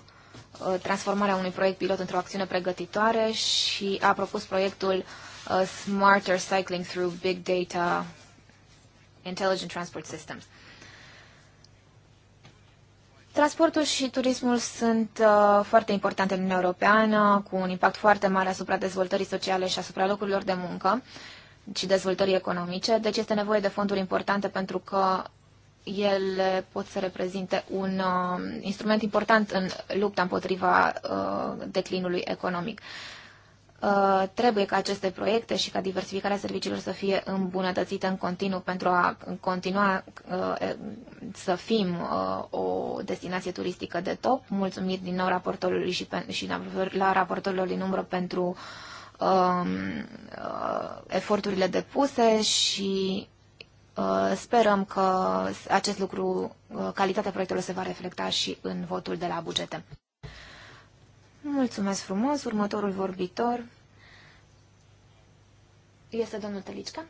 uh, transformarea unui proiect pilot într-o acțiune pregătitoare și a propus proiectul uh, Smarter Cycling Through Big Data Intelligent Transport Systems. Transportul și turismul sunt uh, foarte importante în Uniunea Europeană, cu un impact foarte mare asupra dezvoltării sociale și asupra locurilor de muncă și dezvoltării economice, deci este nevoie de fonduri importante pentru că ele pot să reprezinte un uh, instrument important în lupta împotriva uh, declinului economic. Uh, Uh, trebuie ca aceste proiecte și ca diversificarea serviciilor să fie îmbunătățită în continuu pentru a continua uh, să fim uh, o destinație turistică de top. Mulțumit din nou raportorului și, pe, și la raportorilor din umbră pentru um, eforturile depuse și sperăm că acest lucru, calitatea proiectelor se va reflecta și în votul de la bugete. Mulțumesc frumos. Următorul vorbitor este domnul Tălicica.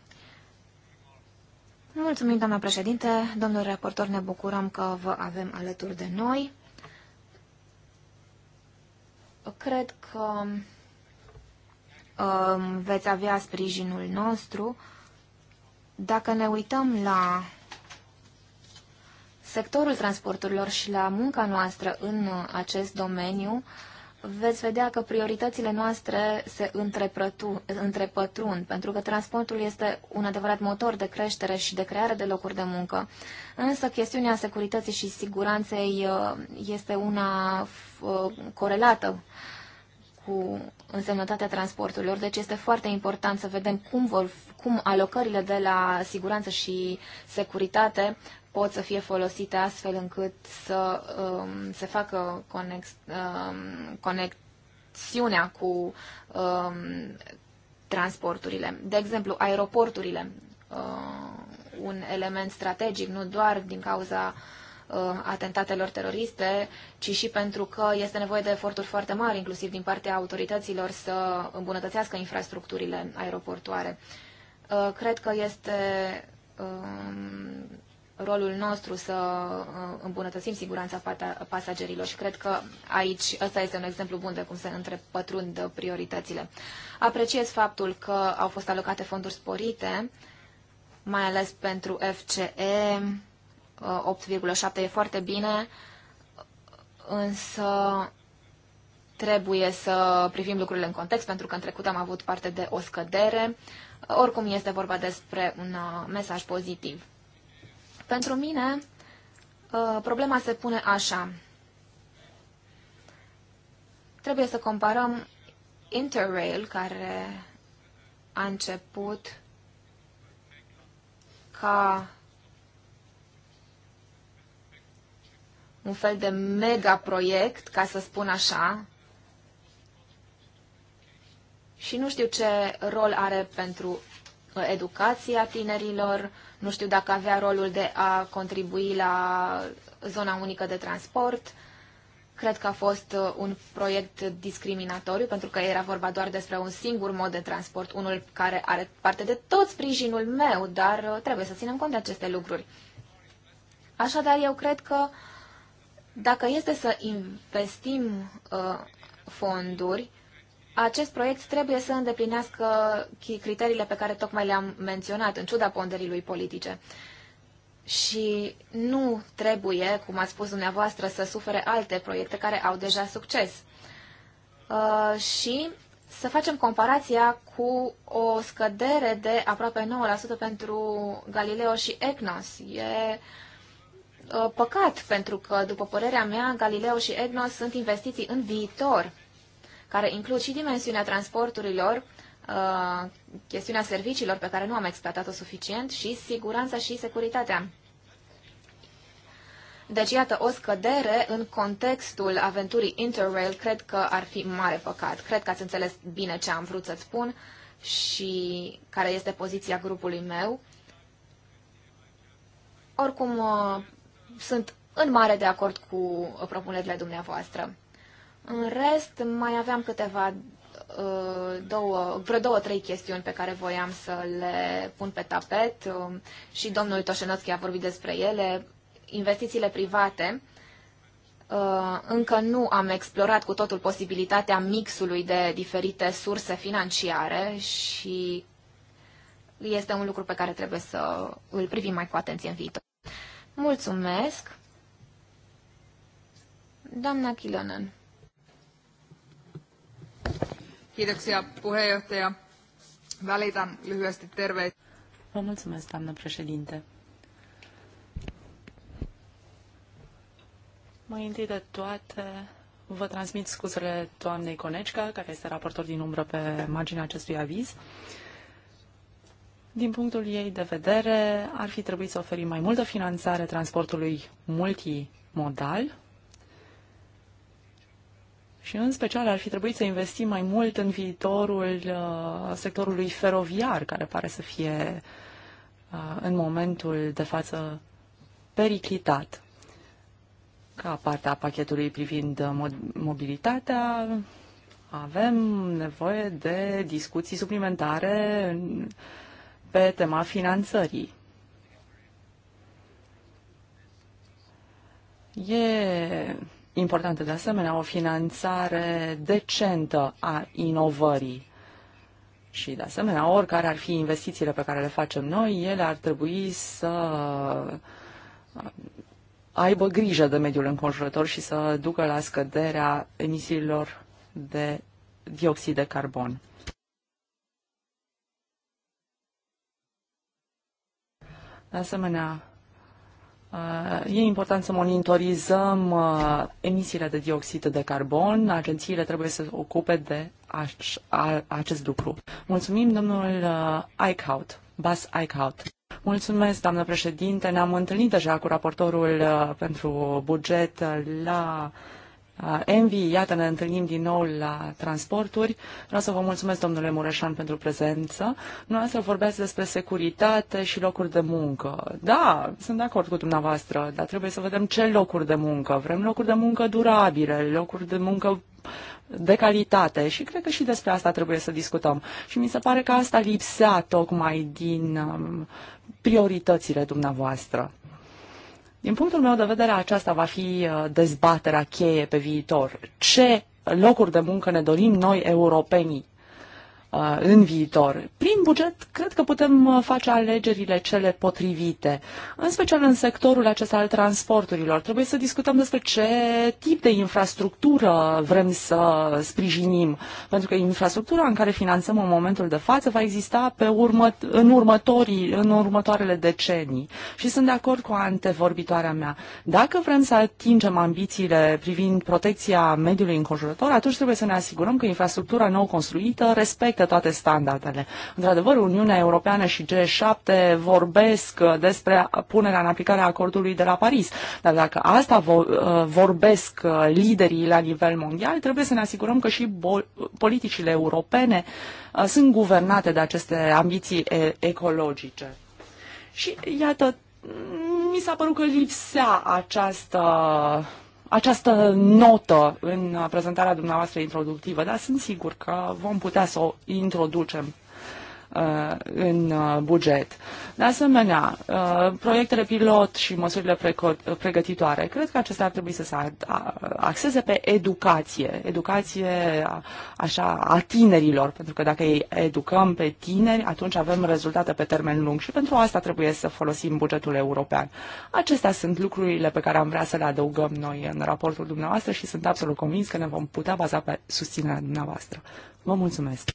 Mulțumim, doamna președinte, domnul reportor, ne bucurăm că vă avem alături de noi. Cred că um, veți avea sprijinul nostru. Dacă ne uităm la sectorul transporturilor și la munca noastră în acest domeniu, uh, veți vedea că prioritățile noastre se întrepătrund, pentru că transportul este un adevărat motor de creștere și de creare de locuri de muncă. Însă chestiunea securității și siguranței uh, este una uh, corelată cu însemnătatea transporturilor, deci este foarte important să vedem cum, vor, cum alocările de la siguranță și securitate pot să fie folosite astfel încât să um, se facă conex, um, conexiunea cu um, transporturile. De exemplu, aeroporturile, uh, un element strategic, nu doar din cauza uh, atentatelor teroriste, ci și pentru că este nevoie de eforturi foarte mari, inclusiv din partea autorităților, să îmbunătățească infrastructurile aeroportoare. Uh, cred că este um, rolul nostru să uh, îmbunătățim siguranța pasagerilor și cred că aici ăsta este un exemplu bun de cum se întrepătrund prioritățile. Apreciez faptul că au fost alocate fonduri sporite, mai ales pentru FCE, 8,7 uh, e foarte bine, însă trebuie să privim lucrurile în context, pentru că în trecut am avut parte de o scădere. Oricum este vorba despre un uh, mesaj pozitiv. Pentru mine, ă, problema se pune așa. Trebuie să comparăm Interrail, care a început ca un fel de mega proiect, ca să spun așa, și nu știu ce rol are pentru ă, educația tinerilor, nu știu dacă avea rolul de a contribui la zona unică de transport. Cred că a fost uh, un proiect discriminatoriu, pentru că era vorba doar despre un singur mod de transport, unul care are parte de tot sprijinul meu, dar uh, trebuie să ținem cont de aceste lucruri. Așadar, eu cred că dacă este să investim uh, fonduri, acest proiect trebuie să îndeplinească criteriile pe care tocmai le-am menționat, în ciuda ponderii lui politice. Și nu trebuie, cum ați spus dumneavoastră, să sufere alte proiecte care au deja succes. Uh, și să facem comparația cu o scădere de aproape 9% pentru Galileo și EGNOS. E uh, păcat, pentru că, după părerea mea, Galileo și EGNOS sunt investiții în viitor care includ și dimensiunea transporturilor, uh, chestiunea serviciilor pe care nu am exploatat-o suficient și siguranța și securitatea. Deci, iată, o scădere în contextul aventurii Interrail cred că ar fi mare păcat. Cred că ați înțeles bine ce am vrut să-ți spun și care este poziția grupului meu. Oricum, uh, sunt în mare de acord cu uh, propunerile dumneavoastră. În rest, mai aveam câteva, uh, două, vreo două, trei chestiuni pe care voiam să le pun pe tapet um, și domnul Toșenoschi a vorbit despre ele. Investițiile private, uh, încă nu am explorat cu totul posibilitatea mixului de diferite surse financiare și este un lucru pe care trebuie să îl privim mai cu atenție în viitor. Mulțumesc! Doamna Chilonen. Kiitoksia puheenjohtaja. Välitän lyhyesti terveisiä. Vă mulțumesc, doamnă președinte. Mai întâi de toate, vă transmit scuzele doamnei Conecica, care este raportor din umbră pe marginea acestui aviz. Din punctul ei de vedere, ar fi trebuit să oferim mai multă finanțare transportului multimodal, și în special ar fi trebuit să investim mai mult în viitorul uh, sectorului feroviar, care pare să fie uh, în momentul de față periclitat. Ca parte a pachetului privind uh, mobilitatea, avem nevoie de discuții suplimentare pe tema finanțării. E importantă de asemenea o finanțare decentă a inovării. Și, de asemenea, oricare ar fi investițiile pe care le facem noi, ele ar trebui să aibă grijă de mediul înconjurător și să ducă la scăderea emisiilor de dioxid de carbon. De asemenea, Uh, e important să monitorizăm uh, emisiile de dioxid de carbon. Agențiile trebuie să se ocupe de acest lucru. Mulțumim, domnul uh, Eichhout, Bas Eichhout. Mulțumesc, doamnă președinte. Ne-am întâlnit deja cu raportorul pentru buget la uh, Envi. Iată, ne întâlnim din nou la transporturi. Vreau să vă mulțumesc, domnule Mureșan, pentru prezență. Noastră vorbeați despre securitate și locuri de muncă. Da, sunt de acord cu dumneavoastră, dar trebuie să vedem ce locuri de muncă. Vrem locuri de muncă durabile, locuri de muncă de calitate și cred că și despre asta trebuie să discutăm. Și mi se pare că asta lipsea tocmai din um, prioritățile dumneavoastră. Din punctul meu de vedere, aceasta va fi uh, dezbaterea cheie pe viitor. Ce locuri de muncă ne dorim noi, europenii, Uh, în viitor. Prin buget, cred că putem uh, face alegerile cele potrivite, în special în sectorul acesta al transporturilor. Trebuie să discutăm despre ce tip de infrastructură vrem să sprijinim, pentru că infrastructura în care finanțăm în momentul de față va exista pe urmă, în, următorii, în următoarele decenii. Și sunt de acord cu antevorbitoarea mea. Dacă vrem să atingem ambițiile privind protecția mediului înconjurător, atunci trebuie să ne asigurăm că infrastructura nou construită respectă respectă toate standardele. Într-adevăr, Uniunea Europeană și G7 vorbesc uh, despre punerea în aplicare a acordului de la Paris, dar dacă asta uh, vorbesc uh, liderii la nivel mondial, trebuie să ne asigurăm că și politicile europene sunt guvernate de aceste ambiții ecologice. Și iată, mi s-a părut că lipsea această această notă în prezentarea dumneavoastră introductivă, dar sunt sigur că vom putea să o introducem Uh, în uh, buget. De asemenea, uh, proiectele pilot și măsurile pregătitoare, cred că acestea ar trebui să se axeze pe educație, educație așa a tinerilor, pentru că dacă îi educăm pe tineri, atunci avem rezultate pe termen lung și pentru asta trebuie să folosim bugetul european. Acestea sunt lucrurile pe care am vrea să le adăugăm noi în raportul dumneavoastră și sunt absolut convins că ne vom putea baza pe susținerea dumneavoastră. Vă mulțumesc!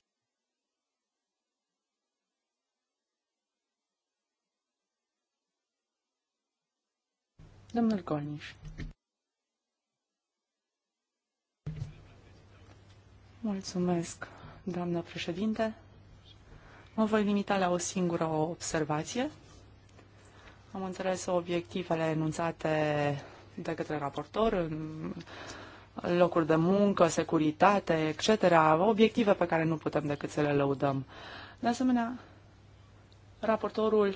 Domnul Colniș. Mulțumesc, doamnă președinte. Mă voi limita la o singură observație. Am înțeles obiectivele enunțate de către raportor în locuri de muncă, securitate, etc., obiective pe care nu putem decât să le lăudăm. De asemenea, raportorul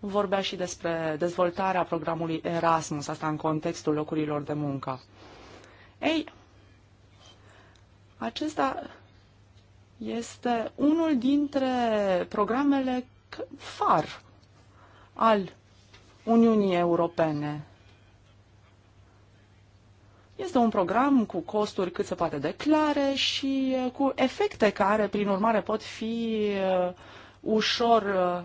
vorbea și despre dezvoltarea programului Erasmus, asta în contextul locurilor de muncă. Ei, acesta este unul dintre programele far al Uniunii Europene. Este un program cu costuri cât se poate de clare și eh, cu efecte care, prin urmare, pot fi eh, ușor eh,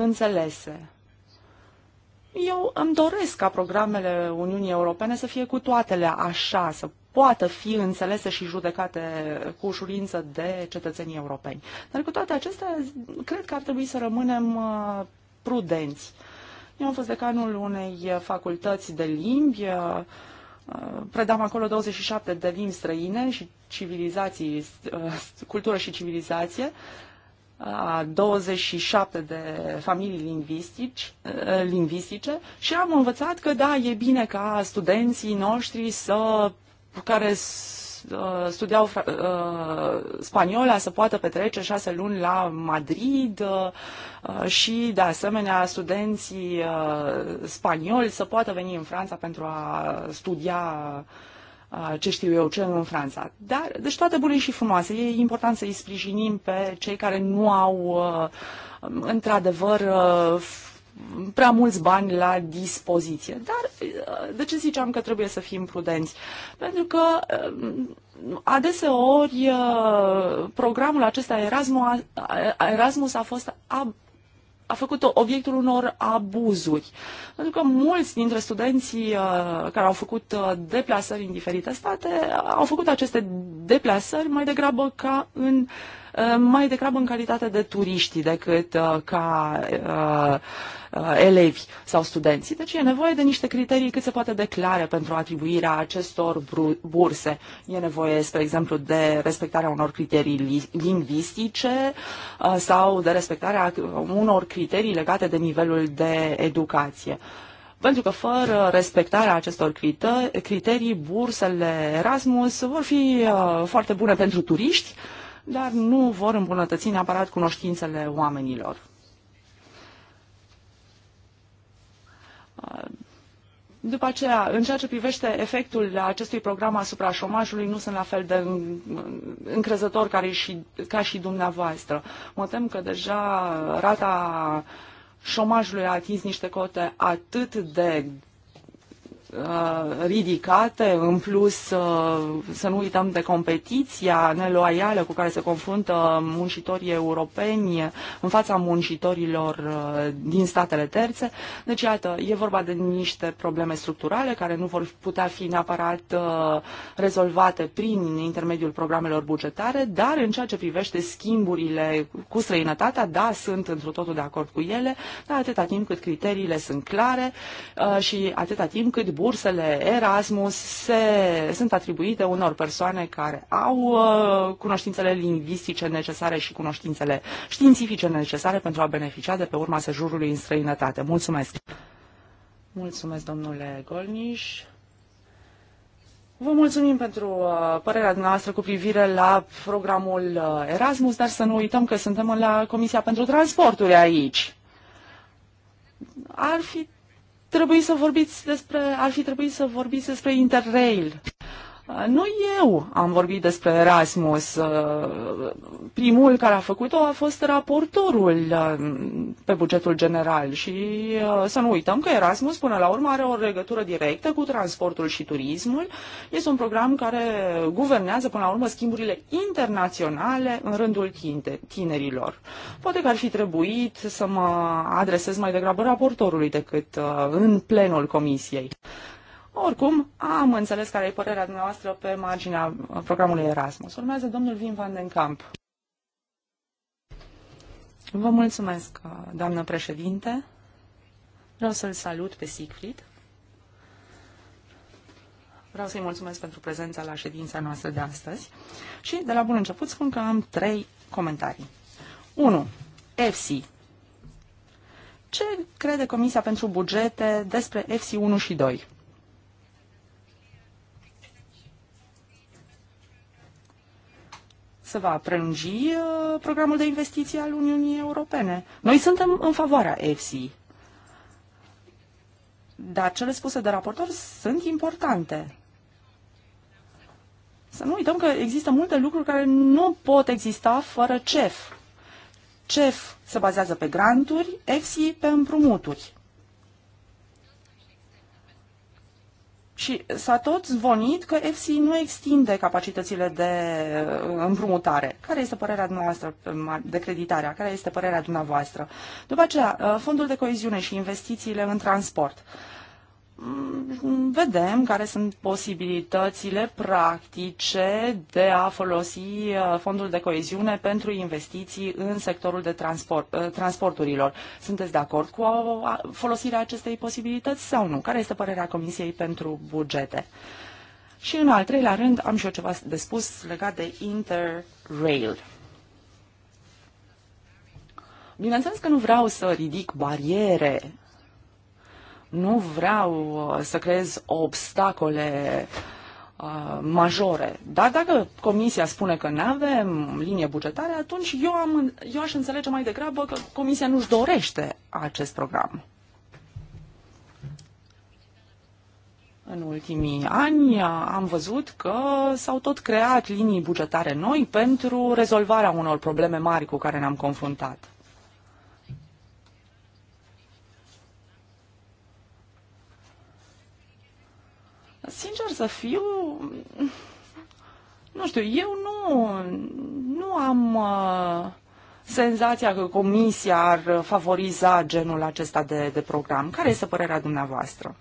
înțelese. Eu îmi doresc ca programele Uniunii Europene să fie cu toatele așa, să poată fi înțelese și judecate cu ușurință de cetățenii europeni. Dar cu toate acestea, cred că ar trebui să rămânem uh, prudenți. Eu am fost decanul unei facultăți de limbi, uh, predam acolo 27 de limbi străine și civilizații, uh, cultură și civilizație a 27 de familii lingvistici, eh, lingvistice și am învățat că da, e bine ca studenții noștri să, care eh, studiau eh, spaniola să poată petrece șase luni la Madrid și, de asemenea, studenții spanioli să poată veni în Franța pentru a studia uh, ce știu eu ce în Franța. Dar, deci toate bune și frumoase. E important să-i sprijinim pe cei care nu au într-adevăr prea mulți bani la dispoziție. Dar de ce ziceam că trebuie să fim prudenți? Pentru că adeseori programul acesta Erasmus a, fost a făcut obiectul unor abuzuri. Pentru că mulți dintre studenții uh, care au făcut uh, deplasări în diferite state au făcut aceste deplasări mai degrabă ca în uh, Uh, mai degrabă în calitate de turiști decât uh, ca uh, elevi sau studenți. Deci e nevoie de niște criterii cât se poate declare pentru atribuirea acestor burse. E nevoie, spre exemplu, de respectarea unor criterii lingvistice sau de respectarea unor criterii legate de nivelul de educație pentru că fără respectarea acestor criterii, bursele Erasmus vor fi foarte bune pentru turiști, dar nu vor îmbunătăți neapărat cunoștințele oamenilor. După aceea, în ceea ce privește efectul acestui program asupra șomajului, nu sunt la fel de încrezător ca și, ca și dumneavoastră. Mă tem că deja rata șomajului a atins niște cote atât de Uh, ridicate, în plus uh, să nu uităm de competiția neloială cu care se confruntă muncitorii europeni în fața muncitorilor uh, din statele terțe. Deci, iată, e vorba de niște probleme structurale care nu vor putea fi neapărat rezolvate prin intermediul programelor bugetare, dar în ceea ce privește schimburile cu străinătatea, da, sunt într totul de acord cu ele, dar atâta timp cât criteriile sunt clare și atâta timp cât bursele Erasmus se, sunt atribuite unor persoane care au uh, cunoștințele lingvistice necesare și cunoștințele științifice necesare pentru a beneficia de pe urma sejurului în străinătate. Mulțumesc! Mulțumesc, domnule Golniș. Vă mulțumim pentru uh, părerea noastră cu privire la programul uh, Erasmus, dar să nu uităm că suntem la Comisia pentru Transporturi aici. Ar fi trebuie să vorbiți despre, ar fi trebuit să vorbiți despre Interrail. Nu eu am vorbit despre Erasmus. Uh, primul care a făcut-o a fost raportorul uh, pe bugetul general și uh, să nu uităm că Erasmus până la urmă are o legătură directă cu transportul și turismul. Este un program care guvernează până la urmă schimburile internaționale în rândul tinerilor. Poate că ar fi trebuit să mă adresez mai degrabă raportorului decât în plenul comisiei. Oricum, am înțeles care e părerea dumneavoastră pe marginea programului Erasmus. Urmează domnul Vin van den Kamp. Vă mulțumesc, doamnă președinte. Vreau să-l salut pe Siegfried. Vreau să-i mulțumesc pentru prezența la ședința noastră de astăzi și, de la bun început, spun că am trei comentarii. 1. EFSI. Ce crede Comisia pentru bugete despre EFSI 1 și 2? se va prelungi uh, programul de investiții al Uniunii Europene. Noi suntem în favoarea EFSI, dar cele spuse de raportor sunt importante. Să nu uităm că există multe lucruri care nu pot exista fără CEF. CEF se bazează pe granturi, EFSI pe împrumuturi. Și s-a tot zvonit că EFSI nu extinde capacitățile de uh, împrumutare. Care este părerea dumneavoastră um, de creditarea? Care este părerea dumneavoastră? După aceea, uh, fondul de coeziune și investițiile în transport vedem care sunt posibilitățile practice de a folosi uh, fondul de coeziune pentru investiții în sectorul de transport, uh, transporturilor. Sunteți de acord cu uh, folosirea acestei posibilități sau nu? Care este părerea Comisiei pentru bugete? Și în al treilea rând am și eu ceva de spus legat de Interrail. Bineînțeles că nu vreau să ridic bariere nu vreau uh, să creez obstacole uh, majore. Dar dacă Comisia spune că nu avem linie bugetară, atunci eu, am, eu aș înțelege mai degrabă că Comisia nu-și dorește acest program. În ultimii ani uh, am văzut că s-au tot creat linii bugetare noi pentru rezolvarea unor probleme mari cu care ne-am confruntat. sincer să fiu, nu știu, eu nu, nu am uh, senzația că Comisia ar favoriza genul acesta de, de program. Care este părerea dumneavoastră?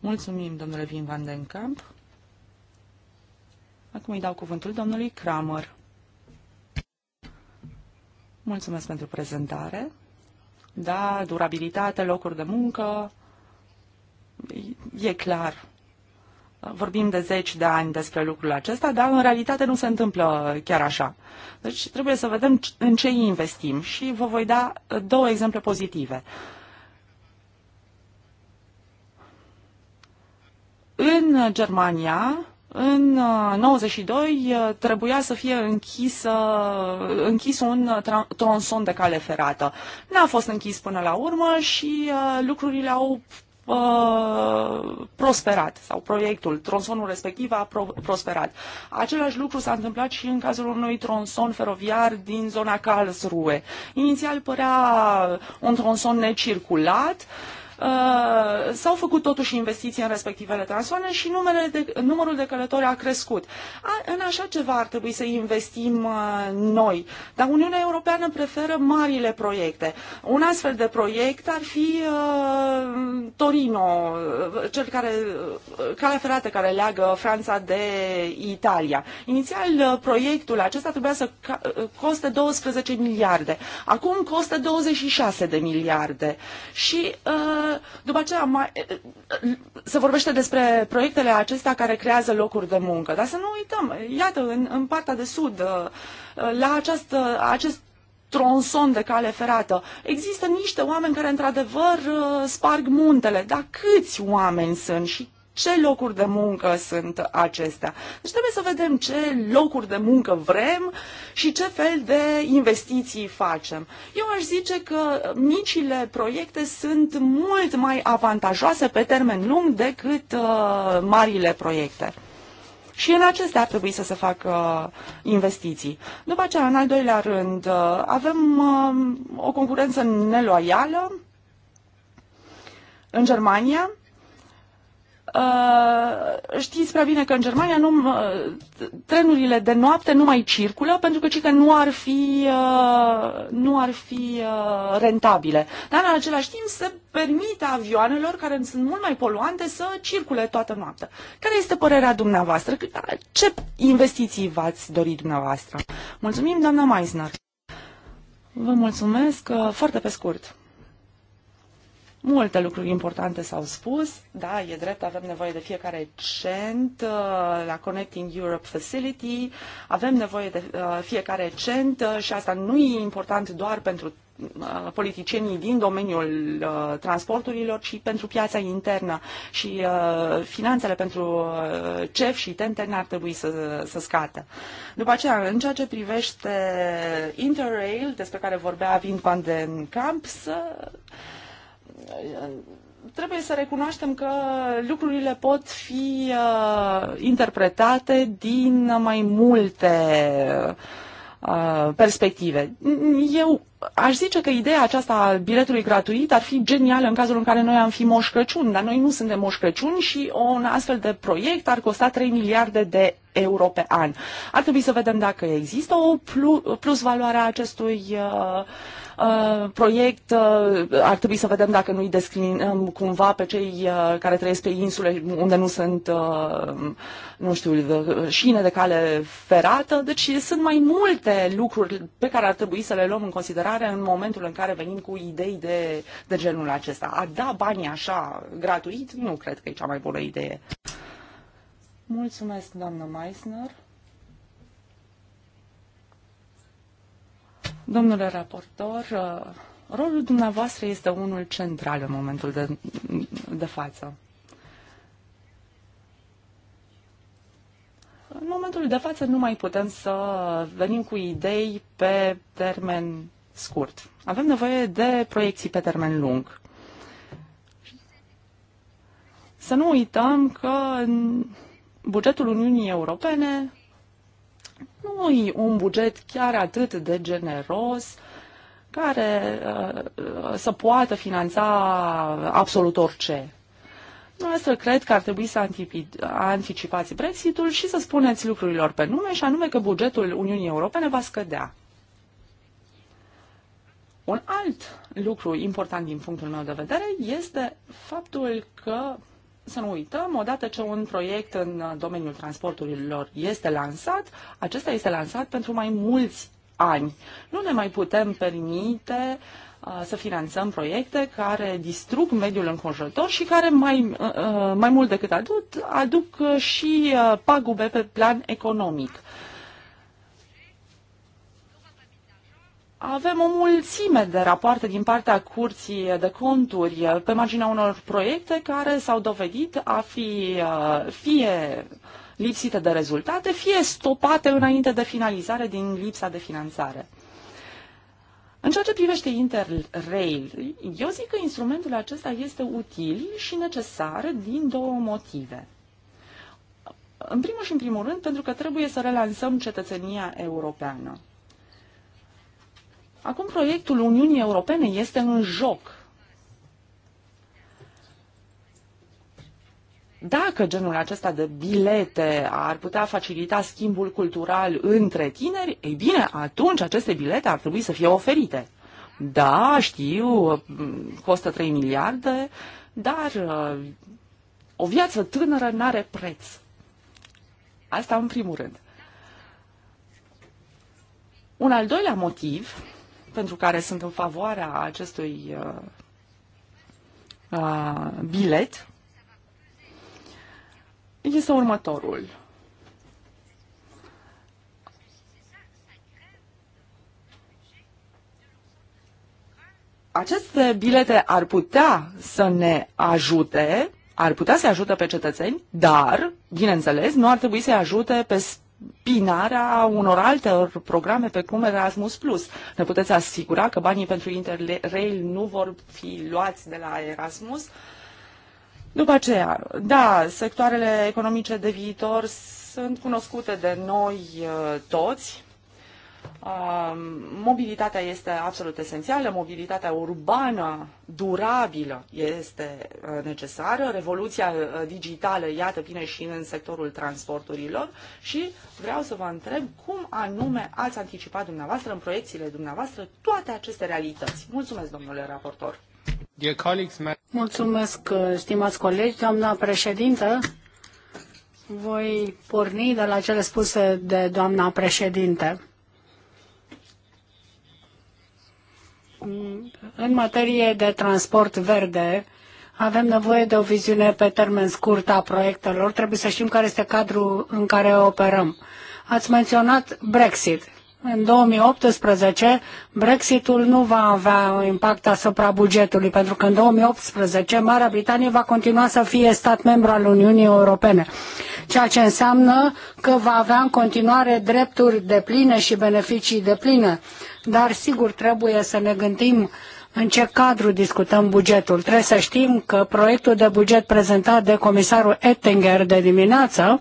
Mulțumim, domnule Vin Van Den Camp. Acum îi dau cuvântul domnului Kramer. Mulțumesc pentru prezentare. Da, durabilitate, locuri de muncă, e clar vorbim de zeci de ani despre lucrul acesta, dar în realitate nu se întâmplă chiar așa. Deci trebuie să vedem în ce investim și vă voi da uh, două exemple pozitive. În Germania, în 92 uh, uh, trebuia să fie închisă, închis un tronson de cale ferată. N-a fost închis până la urmă și lucrurile au Uh, prosperat sau proiectul, tronsonul respectiv a pro- prosperat. Același lucru s-a întâmplat și în cazul unui tronson feroviar din zona Karlsruhe. Inițial părea un tronson necirculat, uh, Uh, s-au făcut totuși investiții în respectivele transoane și numele de, numărul de călători a crescut. A, în așa ceva ar trebui să investim uh, noi, dar Uniunea Europeană preferă marile proiecte. Un astfel de proiect ar fi uh, Torino, uh, cel care, uh, calea ferată care leagă Franța de Italia. Inițial, proiectul acesta trebuia să coste 12 miliarde. Acum costă 26 de miliarde. Și uh, după aceea mai, se vorbește despre proiectele acestea care creează locuri de muncă. Dar să nu uităm, iată, în, în partea de sud, la această, acest tronson de cale ferată. Există niște oameni care, într-adevăr, sparg muntele, dar câți oameni sunt și ce locuri de muncă sunt acestea. Deci trebuie să vedem ce locuri de muncă vrem și ce fel de investiții facem. Eu aș zice că micile proiecte sunt mult mai avantajoase pe termen lung decât uh, marile proiecte. Și în acestea ar trebui să se facă uh, investiții. După aceea, în al doilea rând, uh, avem uh, o concurență neloială în Germania, Uh, știți prea bine că în Germania nu, uh, trenurile de noapte nu mai circulă pentru că ci că nu ar fi, uh, nu ar fi rentabile. Dar în același timp se permite avioanelor care sunt mult mai poluante să circule toată noaptea. Care este părerea dumneavoastră? Ce investiții v-ați dorit dumneavoastră? Mulțumim, doamna Meisner. Vă mulțumesc foarte pe scurt. Multe lucruri importante s-au spus, da, e drept, avem nevoie de fiecare cent uh, la Connecting Europe Facility, avem nevoie de uh, fiecare cent uh, și asta nu e important doar pentru politicienii din domeniul transporturilor, ci pentru piața internă și finanțele pentru CEF și TNT ar trebui să, să scată. După aceea, în ceea ce privește Interrail, despre care vorbea Vin Van den Camp, să trebuie să recunoaștem că lucrurile pot fi uh, interpretate din mai multe uh, perspective. Eu aș zice că ideea aceasta a biletului gratuit ar fi genială în cazul în care noi am fi Moș Crăciun, dar noi nu suntem Moș Crăciun și un astfel de proiect ar costa 3 miliarde de euro pe an. Ar trebui să vedem dacă există o plus valoare a acestui uh, Uh, proiect uh, ar trebui să vedem dacă nu-i discriminăm cumva pe cei uh, care trăiesc pe insule unde nu sunt, nu știu, șine de cale ferată. Deci sunt mai multe lucruri pe care ar trebui să le luăm în considerare în momentul în care venim cu idei de, de genul acesta. A da banii așa gratuit nu cred că e cea mai bună idee. Mulțumesc, doamnă Meissner. Domnule raportor, uh, rolul dumneavoastră este unul central în momentul de, de față. În momentul de față nu mai putem să venim cu idei pe termen scurt. Avem nevoie de proiecții pe termen lung. Să nu uităm că bugetul Uniunii Europene nu e un buget chiar atât de generos care uh, să poată finanța absolut orice. Noastră cred că ar trebui să anticipați Brexitul și să spuneți lucrurilor pe nume, și anume că bugetul Uniunii Europene va scădea. Un alt lucru important din punctul meu de vedere este faptul că să nu uităm, odată ce un proiect în domeniul transporturilor este lansat, acesta este lansat pentru mai mulți ani. Nu ne mai putem permite uh, să finanțăm proiecte care distrug mediul înconjurător și care mai, uh, uh, mai mult decât aduc, aduc și pagube pe plan economic. Avem o mulțime de rapoarte din partea Curții de Conturi pe marginea unor proiecte care s-au dovedit a fi uh, fie lipsite de rezultate, fie stopate înainte de finalizare din lipsa de finanțare. În ceea ce privește Interrail, eu zic că instrumentul acesta este util și necesar din două motive. În primul și în primul rând, pentru că trebuie să relansăm cetățenia europeană. Acum proiectul Uniunii Europene este în joc. Dacă genul acesta de bilete ar putea facilita schimbul cultural între tineri, ei bine, atunci aceste bilete ar trebui să fie oferite. Da, știu, costă 3 miliarde, dar uh, o viață tânără nu are preț. Asta în primul rând. Un al doilea motiv pentru care sunt în favoarea acestui uh, uh, bilet este următorul. Aceste bilete ar putea să ne ajute, ar putea să ajute pe cetățeni, dar, bineînțeles, nu ar trebui să ajute pe binarea unor alte programe pe cum Erasmus+. Plus. Ne puteți asigura că banii pentru Interrail nu vor fi luați de la Erasmus? După aceea, da, sectoarele economice de viitor sunt cunoscute de noi uh, toți, Um, mobilitatea este absolut esențială, mobilitatea urbană durabilă este uh, necesară, revoluția uh, digitală, iată, vine și în sectorul transporturilor și vreau să vă întreb cum anume ați anticipat dumneavoastră în proiecțiile dumneavoastră toate aceste realități. Mulțumesc, domnule raportor! Mulțumesc, uh, stimați colegi, doamna președintă. Voi porni de la cele spuse de doamna președinte în materie de transport verde, avem nevoie de o viziune pe termen scurt a proiectelor. Trebuie să știm care este cadrul în care operăm. Ați menționat Brexit în 2018 Brexitul nu va avea un impact asupra bugetului, pentru că în 2018 Marea Britanie va continua să fie stat membru al Uniunii Europene, ceea ce înseamnă că va avea în continuare drepturi de pline și beneficii de pline. Dar sigur trebuie să ne gândim în ce cadru discutăm bugetul. Trebuie să știm că proiectul de buget prezentat de comisarul Ettinger de dimineață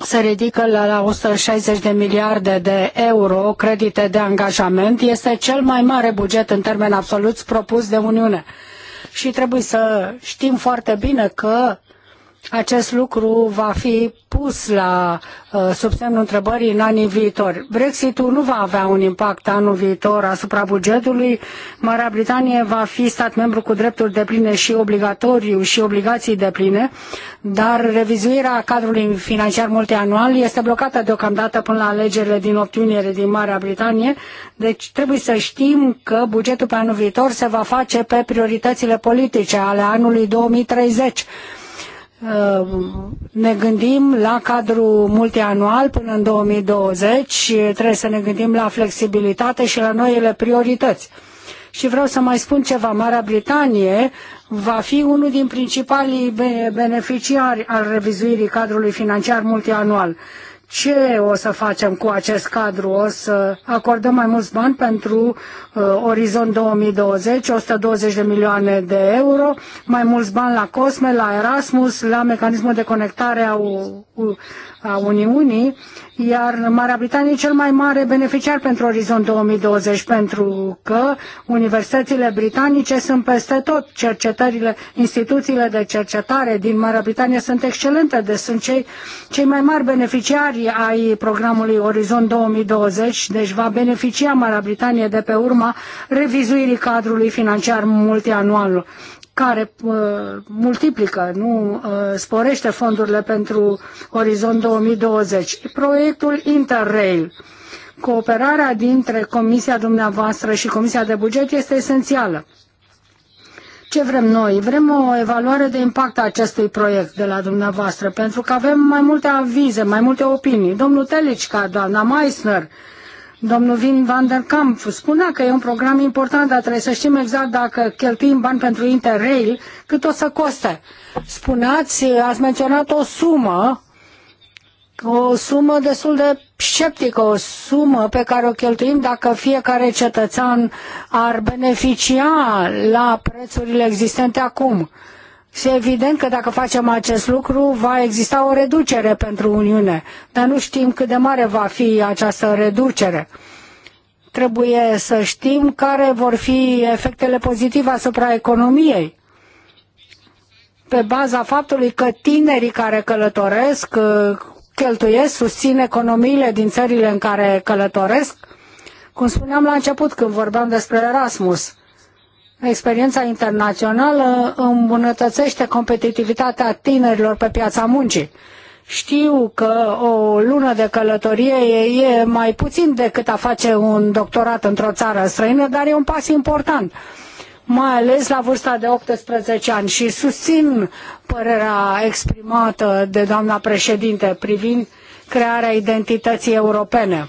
se ridică la 160 de miliarde de euro credite de angajament. Este cel mai mare buget în termen absolut propus de Uniune. Și trebuie să știm foarte bine că acest lucru va fi pus la uh, sub semnul întrebării în anii viitori. Brexitul nu va avea un impact anul viitor asupra bugetului. Marea Britanie va fi stat membru cu drepturi de pline și obligatoriu și obligații de pline, dar revizuirea cadrului financiar multianual este blocată deocamdată până la alegerile din 8 iunie din Marea Britanie, deci trebuie să știm că bugetul pe anul viitor se va face pe prioritățile politice ale anului 2030 Uh, ne gândim la cadrul multianual până în 2020, trebuie să ne gândim la flexibilitate și la noile priorități. Și vreau să mai spun ceva. Marea Britanie va fi unul din principalii beneficiari al revizuirii cadrului financiar multianual ce o să facem cu acest cadru? O să acordăm mai mulți bani pentru uh, Orizont 2020, 120 de milioane de euro, mai mulți bani la COSME, la Erasmus, la mecanismul de conectare a uh, a Uniunii, iar Marea Britanie e cel mai mare beneficiar pentru Orizont 2020, pentru că universitățile britanice sunt peste tot. Cercetările, instituțiile de cercetare din Marea Britanie sunt excelente, deci sunt cei, cei mai mari beneficiari ai programului Orizont 2020, deci va beneficia Marea Britanie de pe urma revizuirii cadrului financiar multianual care multiplică, nu ă, sporește fondurile pentru Orizont 2020. Proiectul Interrail. Cooperarea dintre Comisia dumneavoastră și Comisia de Buget este esențială. Ce vrem noi? Vrem o evaluare de impact a acestui proiect de la dumneavoastră, pentru că avem mai multe avize, mai multe opinii. Domnul Telici, ca doamna Meissner, uh, Domnul Wim van der Kamp spunea că e un program important, dar trebuie să știm exact dacă cheltuim bani pentru Interrail, cât o să coste. Spuneați, ați menționat o sumă, o sumă destul de sceptică, o sumă pe care o cheltuim dacă fiecare cetățean ar beneficia la prețurile existente acum. Uh, și evident că dacă facem acest lucru, va exista o reducere pentru Uniune, dar nu știm cât de mare va fi această reducere. Trebuie să știm care vor fi efectele pozitive asupra economiei. Pe baza faptului că tinerii care călătoresc, uh, cheltuiesc, susțin economiile din țările în care călătoresc, cum spuneam la început când vorbeam despre Erasmus. Experiența internațională îmbunătățește competitivitatea tinerilor pe piața muncii. Știu că o lună de călătorie e, mai puțin decât a face un doctorat într-o țară străină, dar e un pas important mai ales la vârsta de 18 ani și susțin părerea exprimată de doamna președinte privind crearea identității europene.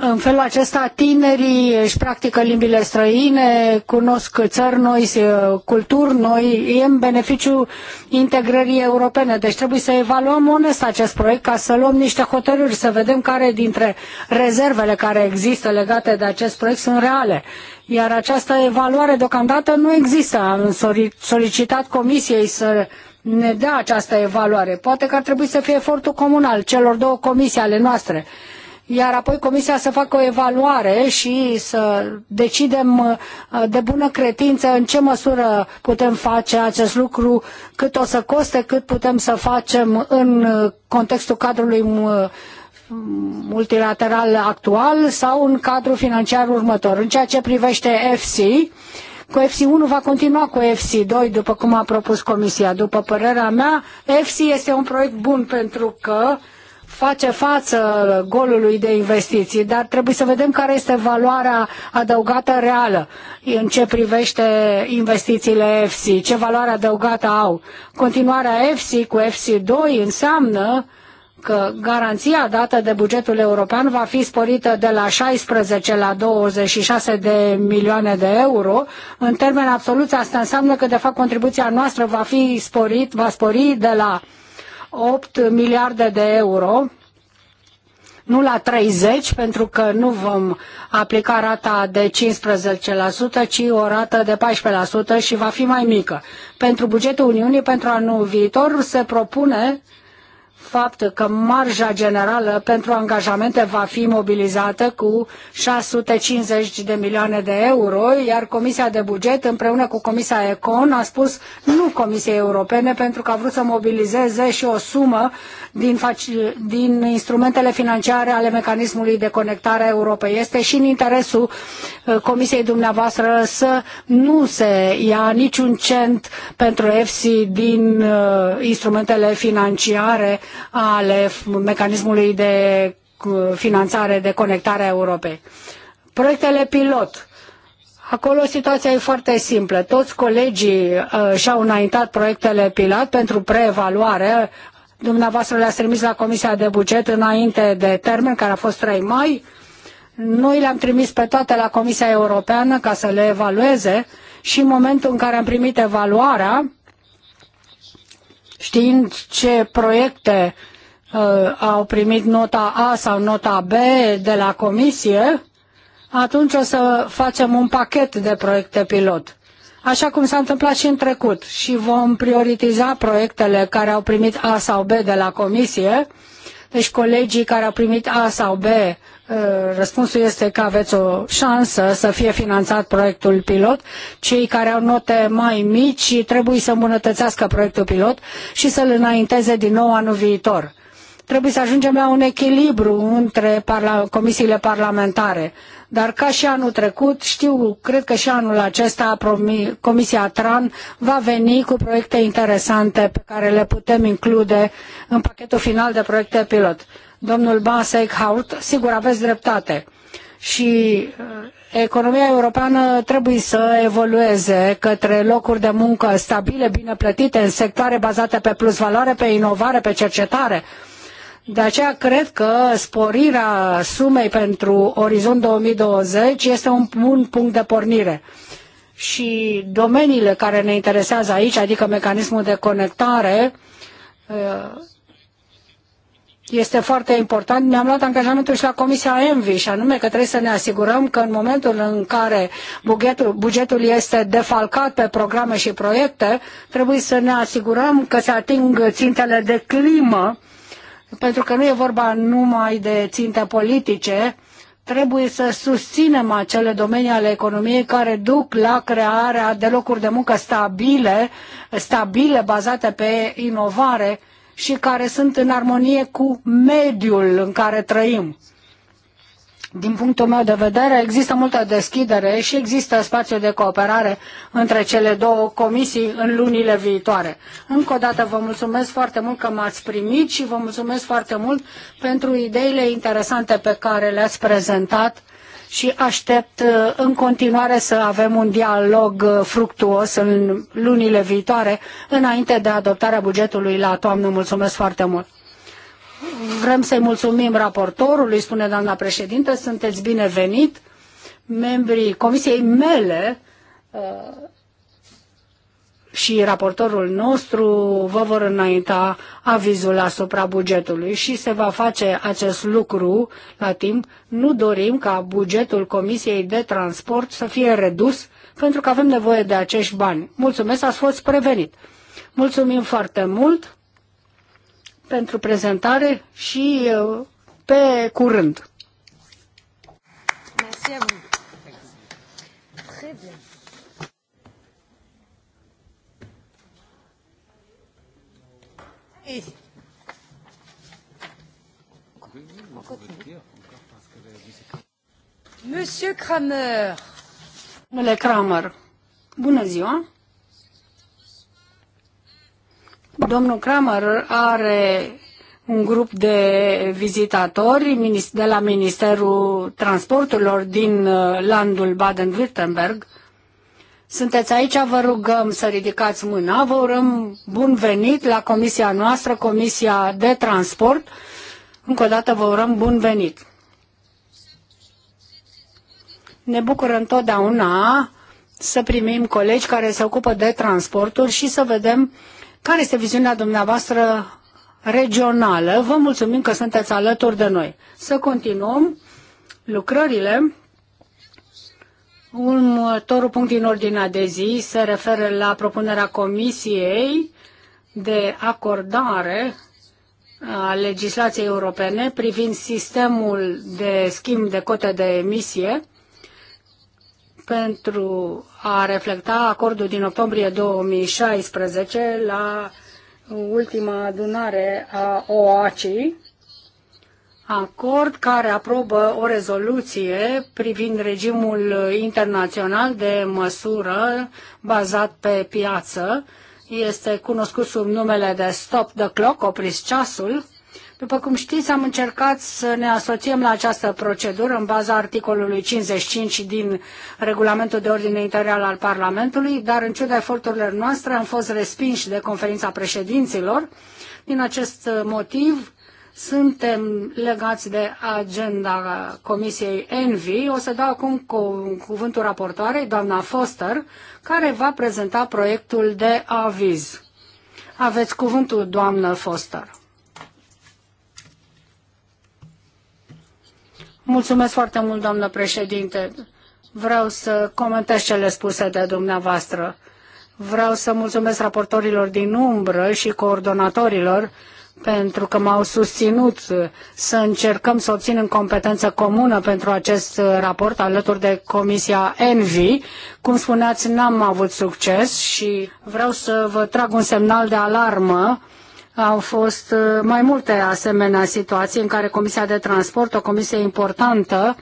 În felul acesta, tinerii își practică limbile străine, cunosc țări noi, culturi noi, e în beneficiu integrării europene. Deci trebuie să evaluăm onest acest proiect ca să luăm niște hotărâri, să vedem care dintre rezervele care există legate de acest proiect sunt reale. Iar această evaluare deocamdată nu există. Am solicitat comisiei să ne dea această evaluare. Poate că ar trebui să fie efortul comun al celor două comisii ale noastre iar apoi Comisia să facă o evaluare și să decidem uh, de bună credință în ce măsură putem face acest lucru, cât o să coste, cât putem să facem în uh, contextul cadrului uh, multilateral actual sau în cadrul financiar următor. În ceea ce privește FC, cu fc 1 va continua cu fc 2, după cum a propus Comisia. După părerea mea, FC este un proiect bun pentru că face față golului de investiții, dar trebuie să vedem care este valoarea adăugată reală în ce privește investițiile EFSI, ce valoare adăugată au. Continuarea EFSI cu EFSI 2 înseamnă că garanția dată de bugetul european va fi sporită de la 16 la 26 de milioane de euro. În termen absolut, asta înseamnă că, de fapt, contribuția noastră va fi sporit, va spori de la 8 miliarde de euro, nu la 30, pentru că nu vom aplica rata de 15%, ci o rată de 14% și va fi mai mică. Pentru bugetul Uniunii pentru anul viitor se propune uh, fapt că marja generală pentru angajamente va fi mobilizată cu 650 de milioane de euro, iar Comisia de Buget împreună cu Comisia Econ a spus nu Comisiei Europene pentru că a vrut să mobilizeze și o sumă din, din instrumentele financiare ale mecanismului de conectare a Europei. Este și în interesul uh, Comisiei dumneavoastră să nu se ia niciun cent pentru EFSI din uh, instrumentele financiare ale mecanismului de finanțare de conectare a Europei. Proiectele pilot. Acolo situația e foarte simplă. Toți colegii uh, și-au înaintat proiectele pilot pentru preevaluare. Dumneavoastră le-ați trimis la Comisia de Buget înainte de termen, care a fost 3 mai. Noi le-am trimis pe toate la Comisia Europeană ca să le evalueze și în momentul în care am primit evaluarea, știind ce proiecte uh, au primit nota A sau nota B de la comisie, atunci o să facem un pachet de proiecte pilot. Așa cum s-a întâmplat și în trecut și vom prioritiza proiectele care au primit A sau B de la comisie uh, deci colegii care au primit A sau B, uh, răspunsul este că aveți o șansă să fie finanțat proiectul pilot. Cei care au note mai mici trebuie să îmbunătățească proiectul pilot și să-l înainteze din nou anul viitor trebuie să ajungem la un echilibru între parla comisiile parlamentare. Dar ca și anul trecut, știu, cred că și anul acesta Comisia TRAN va veni cu proiecte interesante pe care le putem include în pachetul final de proiecte pilot. Domnul Bas sigur aveți dreptate și uh, economia europeană trebuie să evolueze către locuri de muncă stabile, bine plătite, în sectoare bazate pe plus valoare, pe inovare, pe cercetare. De aceea cred că sporirea sumei pentru Orizont 2020 este un bun punct de pornire. Și domeniile care ne interesează aici, adică mecanismul de conectare, eh, este foarte important. Ne-am luat angajamentul și la Comisia ENVI și anume că trebuie să ne asigurăm că în momentul în care bugetul, bugetul este defalcat pe programe și proiecte, trebuie să ne asigurăm că se ating țintele de climă uh, pentru că nu e vorba numai de ținte politice, trebuie să susținem acele domenii ale economiei care duc la crearea de locuri de muncă stabile, stabile, bazate pe inovare și care sunt în armonie cu mediul în care trăim. Din punctul meu de vedere, există multă deschidere și există spațiu de cooperare între cele două comisii în lunile viitoare. Încă o dată vă mulțumesc foarte mult că m-ați primit și vă mulțumesc foarte mult pentru ideile interesante pe care le-ați prezentat și aștept uh, în continuare să avem un dialog uh, fructuos în lunile viitoare, înainte de adoptarea bugetului la toamnă. Mulțumesc foarte mult! Vrem să-i mulțumim raportorului, spune doamna președintă, sunteți binevenit. Membrii comisiei mele uh, și raportorul nostru vă vor înainta avizul asupra bugetului și se va face acest lucru la timp. Nu dorim ca bugetul Comisiei de Transport să fie redus pentru că avem nevoie de acești bani. Mulțumesc, ați fost prevenit. Mulțumim foarte mult pentru prezentare și uh, pe curând. Monsieur Kramer. Domnule Kramer, bună ziua! Domnul Kramer are un grup de vizitatori de la Ministerul Transporturilor din uh, landul Baden-Württemberg. Sunteți aici, vă rugăm să ridicați mâna, vă urăm bun venit la comisia noastră, Comisia de Transport. Încă o dată vă urăm bun venit. Ne bucură întotdeauna să primim colegi care se ocupă de transporturi și să vedem uh, care este viziunea dumneavoastră regională? Vă mulțumim că sunteți alături de noi. Să continuăm lucrările. Următorul punct din ordinea de zi se referă la propunerea Comisiei de acordare a legislației europene privind sistemul de schimb de cote de emisie pentru a reflecta acordul din octombrie 2016 la ultima adunare a OACI, acord care aprobă o rezoluție privind regimul internațional de măsură bazat pe piață. Este cunoscut sub numele de Stop the Clock, opriți ceasul, după cum știți, am încercat să ne asociem la această procedură în baza articolului 55 din regulamentul de ordine interior al Parlamentului, dar în ciuda eforturilor noastre am fost respinși de conferința președinților. Din acest motiv, suntem legați de agenda Comisiei Envi. O să dau acum cu, cuvântul raportoarei, doamna Foster, care va prezenta proiectul de aviz. Aveți cuvântul, doamnă Foster. Mulțumesc foarte mult, doamnă președinte. Vreau să comentez cele spuse de dumneavoastră. Vreau să mulțumesc raportorilor din umbră și coordonatorilor pentru că m-au susținut să încercăm să obținem competență comună pentru acest raport alături de Comisia Envi. Cum spuneați, n-am avut succes și vreau să vă trag un semnal de alarmă au fost uh, mai multe asemenea situații în care Comisia de Transport, o comisie importantă,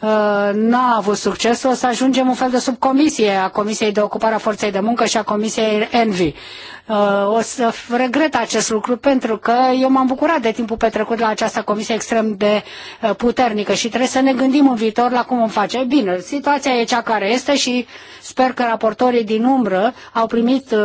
uh, n-a avut succes, o să ajungem un fel de subcomisie a Comisiei de Ocupare a Forței de Muncă și a Comisiei Envi. Uh, o să regret acest lucru pentru că eu m-am bucurat de timpul petrecut la această comisie extrem de uh, puternică și trebuie să ne gândim în viitor la cum o face. Bine, situația e cea care este și sper că raportorii din umbră au primit uh,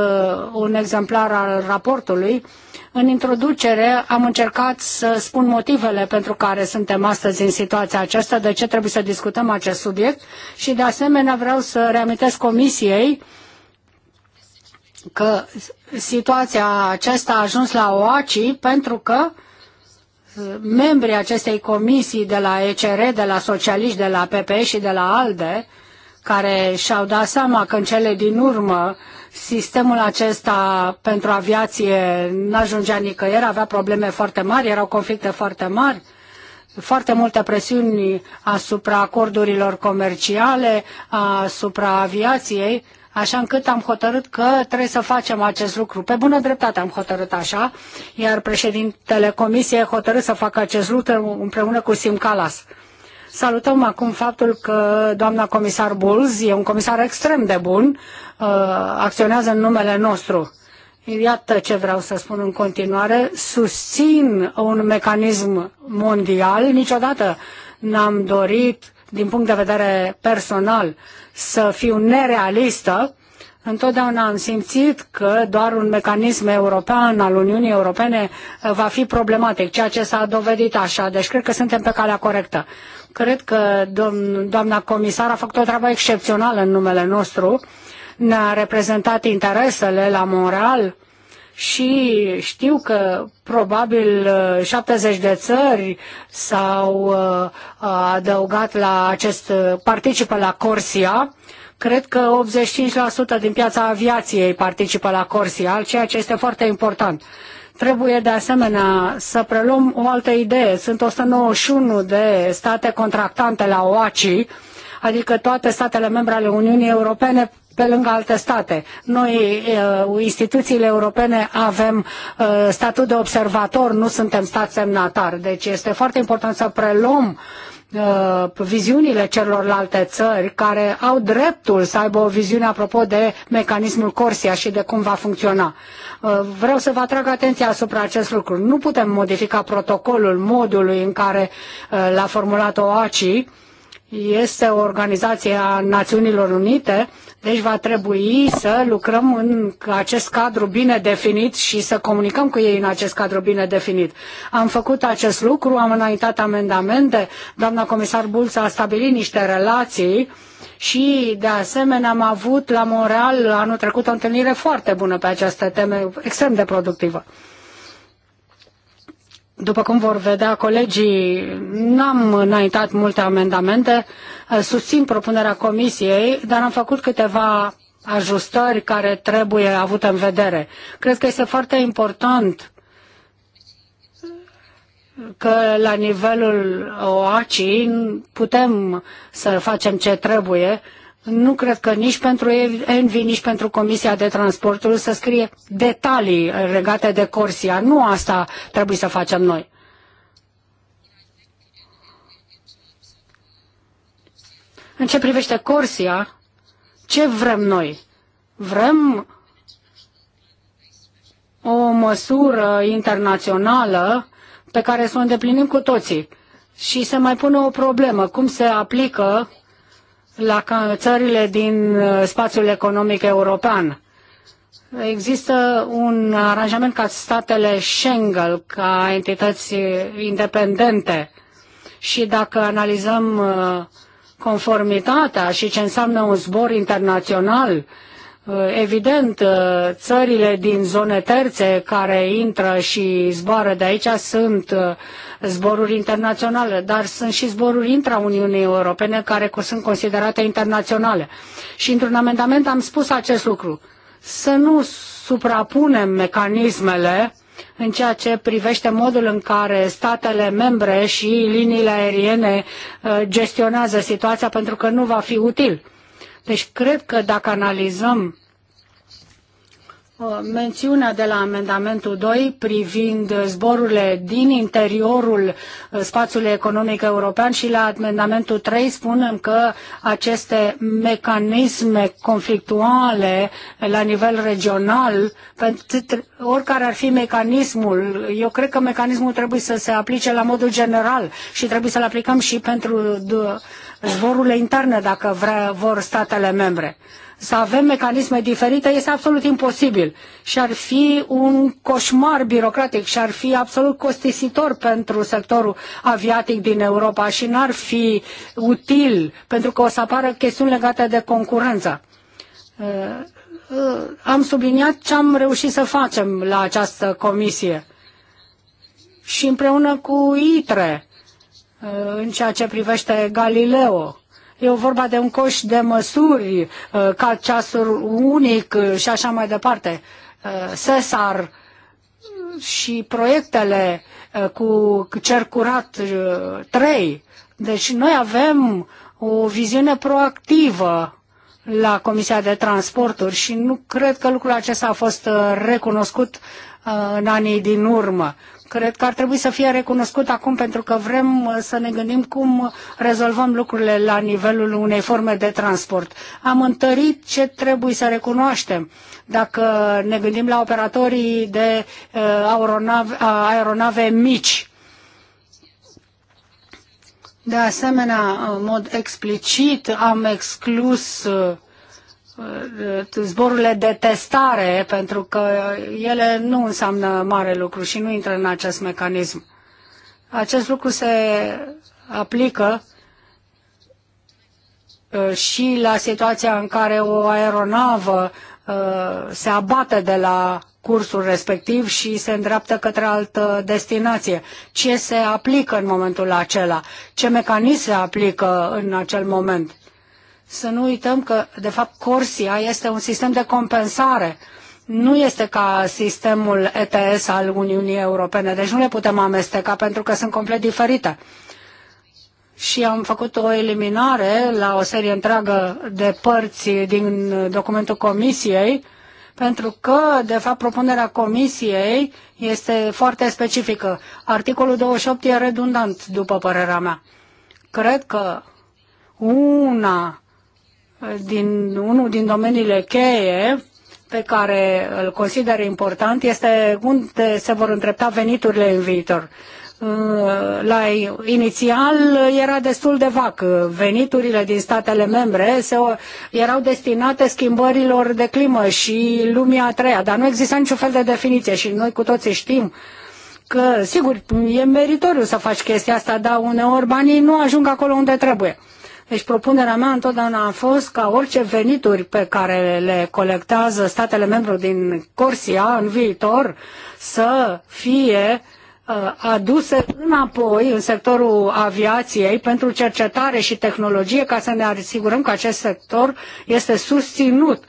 un exemplar al raportului. În introducere am încercat să spun motivele pentru care suntem astăzi în situația aceasta, de ce trebuie să discutăm acest subiect și de asemenea vreau să reamintesc Comisiei uh, că situația aceasta a ajuns la OACI pentru că uh, membrii acestei comisii de la ECR, de la socialiști, de la PPE și de la ALDE, care și-au dat seama că în cele din urmă sistemul acesta pentru aviație n-ajungea nicăieri, avea probleme foarte mari, erau conflicte foarte mari, foarte multe presiuni asupra acordurilor comerciale, asupra aviației așa încât am hotărât că trebuie să facem acest lucru. Pe bună dreptate am hotărât așa, iar președintele comisiei a hotărât să facă acest lucru împreună cu Sim Calas. Salutăm acum faptul că doamna comisar Bulz e un comisar extrem de bun, uh, acționează în numele nostru. Iată ce vreau să spun în continuare. Susțin un mecanism mondial. Niciodată n-am dorit, din punct de vedere personal, să fiu nerealistă, Întotdeauna am simțit că doar un mecanism european al Uniunii Europene uh, va fi problematic, ceea ce s-a dovedit așa. Deci cred că suntem pe calea corectă. Cred că doamna comisar a făcut o treabă excepțională în numele nostru, ne-a reprezentat interesele la Montreal și știu că probabil 70 uh, de țări s-au uh, adăugat la acest, uh, participă la Corsia, cred că 85% din piața aviației participă la Corsia, ceea ce este foarte important. Trebuie de asemenea să preluăm o altă idee. Sunt 191 de state contractante la OACI, adică toate statele membre ale Uniunii Europene pe lângă alte state. Noi, uh, instituțiile europene, avem uh, statut de observator, nu suntem stat semnatar. Deci este foarte important să preluăm uh, viziunile celorlalte țări care au dreptul să aibă o viziune apropo de mecanismul Corsia și de cum va funcționa. Vreau să vă atrag atenția asupra acest lucru. Nu putem modifica protocolul modului în care l-a formulat OACI, este o organizație a Națiunilor Unite deci va trebui să lucrăm în acest cadru bine definit și să comunicăm cu ei în acest cadru bine definit. Am făcut acest lucru, am înaintat amendamente, doamna comisar Bulț a stabilit niște relații și de asemenea am avut la Montreal anul trecut o întâlnire foarte bună pe această teme, extrem de productivă. După cum vor vedea colegii, n-am înaintat multe amendamente, Eh, susțin propunerea comisiei, dar am făcut câteva ajustări care trebuie avute în vedere. Cred că este foarte important că la nivelul OACI putem să facem ce trebuie. Nu cred că nici pentru Envi, nici pentru Comisia de Transporturi să scrie detalii legate de Corsia. Nu asta trebuie să facem noi. În ce privește Corsia, ce vrem noi? Vrem o măsură internațională pe care să o îndeplinim cu toții. Și se mai pune o problemă, cum se aplică la țările din uh, spațiul economic european. Există un aranjament ca statele Schengen, ca entități independente. Și dacă analizăm uh, conformitatea și ce înseamnă un zbor internațional. Uh, evident, uh, țările din zone terțe care intră și zboară de aici sunt uh, zboruri internaționale, dar sunt și zboruri intra-Uniunii Europene care sunt considerate internaționale. Și într-un amendament am spus acest lucru. Să nu suprapunem mecanismele în ceea ce privește modul în care statele membre și liniile aeriene uh, gestionează situația, pentru că nu va fi util. Deci cred că dacă analizăm Uh, mențiunea de la amendamentul 2 privind zborurile din interiorul uh, spațiului economic european și la amendamentul 3 spunem că aceste mecanisme conflictuale la nivel regional, pentru oricare ar fi mecanismul, eu cred că mecanismul trebuie să se aplice la modul general și trebuie să-l aplicăm și pentru zborurile interne dacă vrea, vor statele membre să avem mecanisme diferite este absolut imposibil și ar fi un coșmar birocratic și ar fi absolut costisitor pentru sectorul aviatic din Europa și n-ar fi util pentru că o să apară chestiuni legate de concurență. Uh, uh, am subliniat ce am reușit să facem la această comisie și împreună cu ITRE uh, în ceea ce privește Galileo E vorba de un coș de măsuri uh, ca ceasul unic uh, și așa mai departe. Cesar uh, și proiectele cu cer curat 3. Deci noi avem o viziune proactivă la Comisia de Transporturi și nu cred că lucrul acesta a fost recunoscut în anii din urmă cred că ar trebui să fie recunoscut acum pentru că vrem uh, să ne gândim cum rezolvăm lucrurile la nivelul unei forme de transport. Am întărit ce trebuie să recunoaștem. Dacă ne gândim la operatorii de uh, aeronave, aeronave mici, de asemenea, în mod explicit am exclus uh, Ă, zborurile de testare, pentru că ele nu înseamnă mare lucru și nu intră în acest mecanism. Acest lucru se aplică ă, și la situația în care o aeronavă ă, se abate de la cursul respectiv și se îndreaptă către altă destinație. Ce se aplică în momentul acela? Ce mecanism se aplică în acel moment? Să nu uităm că, de fapt, Corsia este un sistem de compensare. Nu este ca sistemul ETS al Uniunii Europene, deci nu le putem amesteca pentru că sunt complet diferite. Și am făcut o eliminare la o serie întreagă de părți din documentul Comisiei, pentru că, de fapt, propunerea Comisiei este foarte specifică. Articolul 28 e redundant, după părerea mea. Cred că una din unul din domeniile cheie pe care îl consider important este unde se vor îndrepta veniturile în viitor. Uh, la inițial era destul de vac. Veniturile din statele membre se, erau destinate schimbărilor de climă și lumea a treia, dar nu exista niciun fel de definiție și noi cu toții știm că, sigur, e meritoriu să faci chestia asta, dar uneori banii nu ajung acolo unde trebuie. Deci propunerea mea întotdeauna a fost ca orice venituri pe care le colectează statele membru din Corsia în viitor să fie uh, aduse înapoi în sectorul aviației pentru cercetare și tehnologie ca să ne asigurăm că acest sector este susținut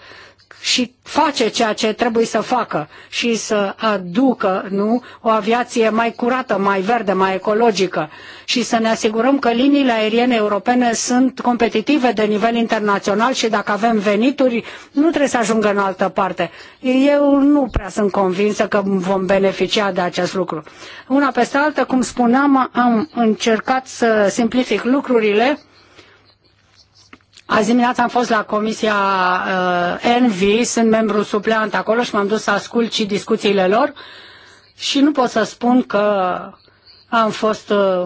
și face ceea ce trebuie să facă și să aducă nu, o aviație mai curată, mai verde, mai ecologică și să ne asigurăm că liniile aeriene europene sunt competitive de nivel internațional și dacă avem venituri, nu trebuie să ajungă în altă parte. Eu nu prea sunt convinsă că vom beneficia de acest lucru. Una peste alta, cum spuneam, am încercat să simplific lucrurile Azi dimineața am fost la Comisia uh, NV, sunt membru supleant acolo și m-am dus să ascult și discuțiile lor și nu pot să spun că am fost uh,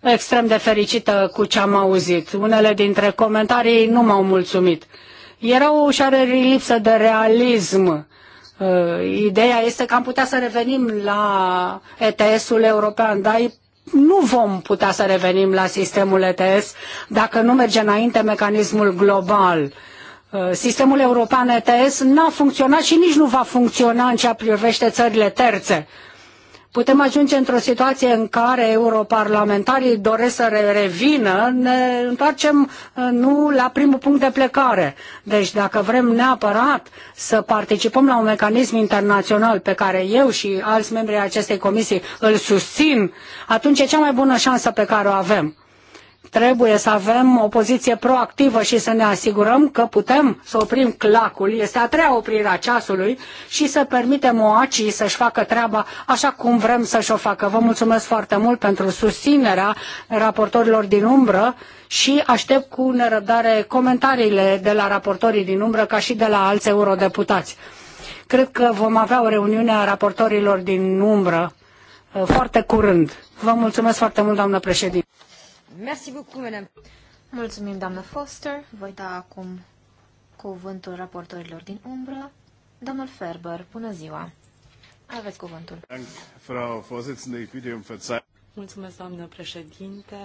extrem de fericită cu ce am auzit. Unele dintre comentarii nu m-au mulțumit. Era o ușoară lipsă de realism. Uh, ideea este că am putea să revenim la ETS-ul european, dar e nu vom putea să revenim la sistemul ETS dacă nu merge înainte mecanismul global. Uh, sistemul european ETS n-a funcționat și nici nu va funcționa în ceea privește țările terțe putem ajunge într-o situație în care europarlamentarii doresc să revină, ne întoarcem uh, nu la primul punct de plecare. Deci dacă vrem neapărat să participăm la un mecanism internațional pe care eu și alți membri ai acestei comisii îl susțin, atunci e cea mai bună șansă pe care o avem. Trebuie să avem o poziție proactivă și să ne asigurăm că putem să oprim clacul, este a treia oprire a ceasului și să permitem OACI să-și facă treaba așa cum vrem să-și o facă. Vă mulțumesc foarte mult pentru susținerea raportorilor din umbră și aștept cu nerăbdare comentariile de la raportorii din umbră ca și de la alți eurodeputați. Cred că vom avea o reuniune a raportorilor din umbră uh, foarte curând. Vă mulțumesc foarte mult, doamnă președinte. Merci beaucoup, madame. Mulțumim, doamnă Foster. Voi da acum cuvântul raportorilor din umbră. Domnul Ferber, bună ziua! Aveți cuvântul. Um Mulțumesc, doamnă președinte.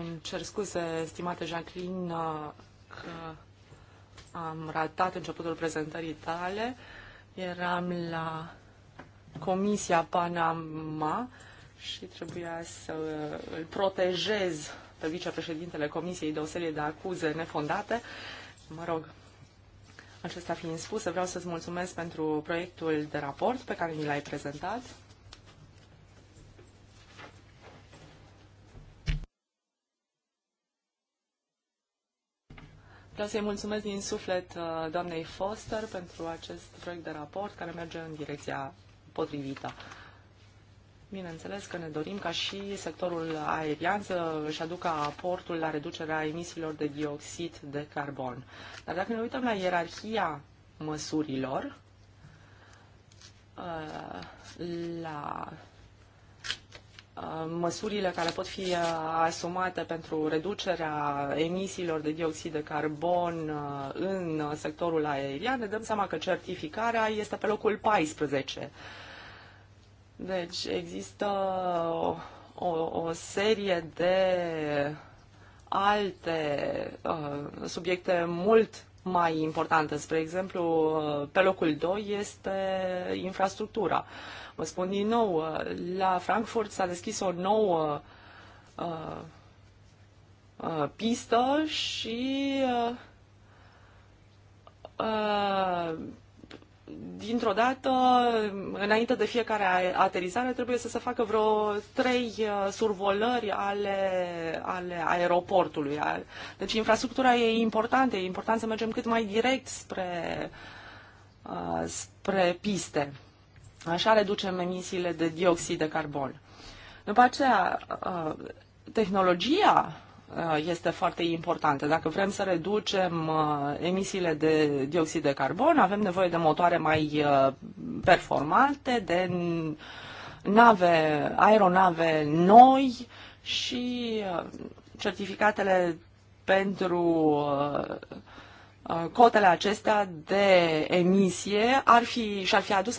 Îmi cer scuze, stimate Jacqueline, uh, că am ratat începutul prezentării tale. Eram la Comisia Panama și trebuia să îl protejez pe vicepreședintele Comisiei de o serie de acuze nefondate. Mă rog, acesta fiind spus, vreau să-ți mulțumesc pentru proiectul de raport pe care mi l-ai prezentat. Vreau să-i mulțumesc din suflet uh, doamnei Foster pentru acest proiect de raport care merge în direcția potrivită. Bineînțeles că ne dorim ca și sectorul aerian să își aducă aportul la reducerea emisiilor de dioxid de carbon. Dar dacă ne uităm la ierarhia măsurilor, uh, la uh, măsurile care pot fi uh, asumate pentru reducerea emisiilor de dioxid de carbon în sectorul aerian, ne dăm seama că certificarea este pe locul 14 deci există o, o serie de alte uh, subiecte mult mai importante. Spre exemplu, uh, pe locul 2 este infrastructura. Vă spun din nou, uh, la Frankfurt s-a deschis o nouă uh, uh, pistă și uh, uh dintr-o dată, înainte de fiecare aterizare, trebuie să se facă vreo trei uh, survolări ale, ale aeroportului. Deci infrastructura e importantă, e important să mergem cât mai direct spre, uh, spre piste. Așa reducem emisiile de dioxid de carbon. După aceea, uh, tehnologia Uh, este foarte importantă. Dacă vrem să reducem uh, emisiile de dioxid de carbon, avem nevoie de motoare mai uh, performante, de nave, aeronave noi și certificatele pentru Uh, cotele acestea de emisie ar fi, și-ar fi adus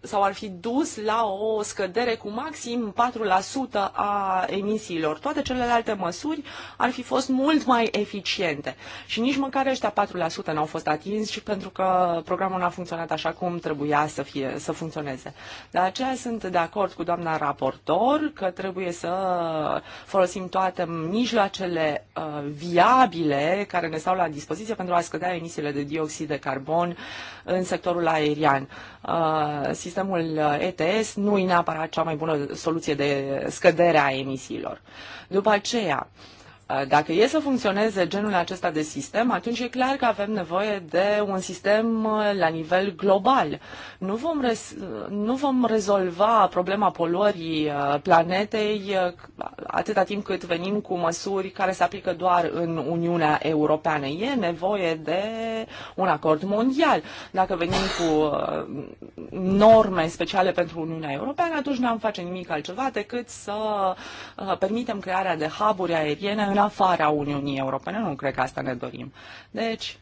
sau ar fi dus la o scădere cu maxim 4% a emisiilor. Toate celelalte măsuri ar fi fost mult mai eficiente. Și nici măcar ăștia 4% n-au fost atinși pentru că programul n-a funcționat așa cum trebuia să, fie, să funcționeze. De aceea sunt de acord cu doamna raportor că trebuie să folosim toate mijloacele uh, viabile care ne stau la dispoziție pentru a scădea emisiile de dioxid de carbon în sectorul aerian. Uh, sistemul uh, ETS nu e neapărat cea mai bună soluție de scădere a emisiilor. După aceea, Uh, dacă e să funcționeze genul acesta de sistem, atunci e clar că avem nevoie de un sistem uh, la nivel global. Nu vom, nu vom rezolva problema poluării uh, planetei atâta timp cât venim cu măsuri care se aplică doar în Uniunea Europeană. E nevoie de un acord mondial. Dacă venim cu norme speciale pentru Uniunea Europeană, atunci nu am face nimic altceva decât să permitem crearea de hub aeriene în afara Uniunii Europene. Nu cred că asta ne dorim. Deci,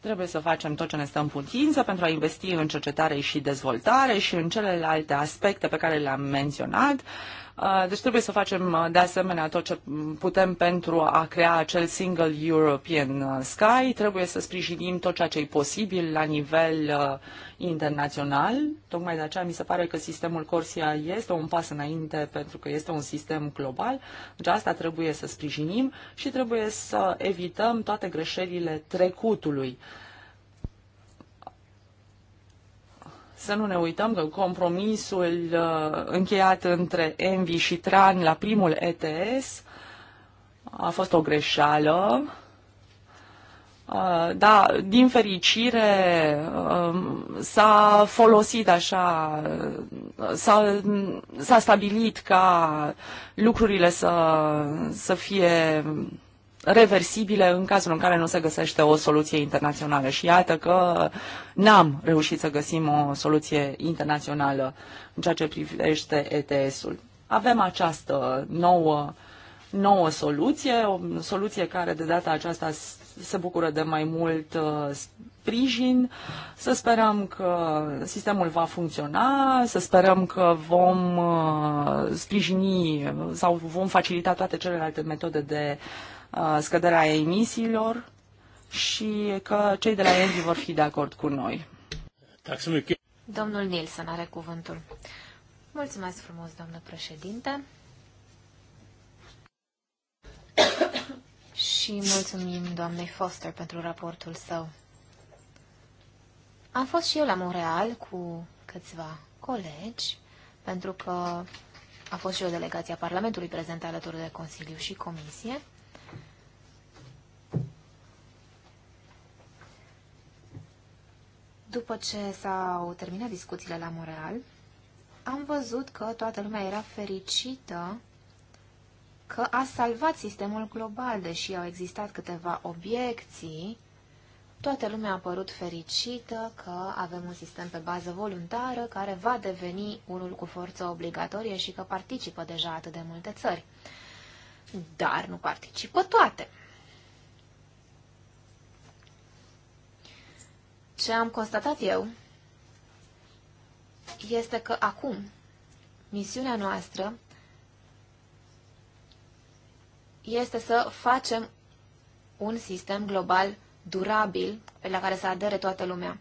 trebuie să facem tot ce ne stă în putință pentru a investi în cercetare și dezvoltare și în celelalte aspecte pe care le-am menționat. Uh, Uh, deci trebuie să facem uh, de asemenea tot ce putem pentru a crea acel Single European uh, Sky. Trebuie să sprijinim tot ceea ce e posibil la nivel internațional. Tocmai de aceea mi se pare că sistemul Corsia este un pas înainte pentru că este un sistem global. Deci asta trebuie să sprijinim și trebuie să evităm toate greșelile trecutului. Să nu ne uităm că compromisul uh, încheiat între Envi și Tran la primul ETS a fost o greșeală. Uh, da, din fericire um, s-a folosit așa, s-a, stabilit ca lucrurile să, să fie reversibile în cazul în care nu se găsește o soluție internațională. Și iată că n-am reușit să găsim o soluție internațională în ceea ce privește ETS-ul. Avem această nouă, nouă soluție, o soluție care de data aceasta se bucură de mai mult uh, sprijin. Să sperăm că sistemul va funcționa, să sperăm că vom uh, sprijini sau vom facilita toate celelalte metode de uh, Uh, scăderea emisiilor și că cei de la ENVI vor fi de acord cu noi. Domnul Nilsson are cuvântul. Mulțumesc frumos, doamnă președinte. <coughs> și mulțumim doamnei Foster pentru raportul său. Am fost și eu la Montreal cu câțiva colegi, pentru că a fost și o delegație a Parlamentului prezentă alături de Consiliu și Comisie. După ce s-au terminat discuțiile la Montreal, am văzut că toată lumea era fericită că a salvat sistemul global, deși au existat câteva obiecții, toată lumea a părut fericită că avem un sistem pe bază voluntară care va deveni unul cu forță obligatorie și că participă deja atât de multe țări. Dar nu participă toate. Ce am constatat eu este că acum misiunea noastră este să facem un sistem global durabil la care să adere toată lumea.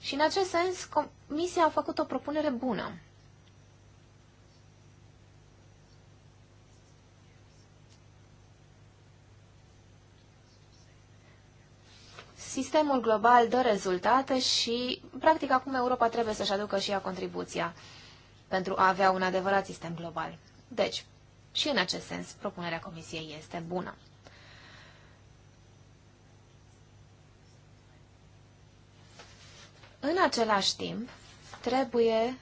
Și în acest sens, Comisia a făcut o propunere bună. Sistemul global dă rezultate și, practic, acum Europa trebuie să-și aducă și ea contribuția pentru a avea un adevărat sistem global. Deci, și în acest sens, propunerea Comisiei este bună. În același timp, trebuie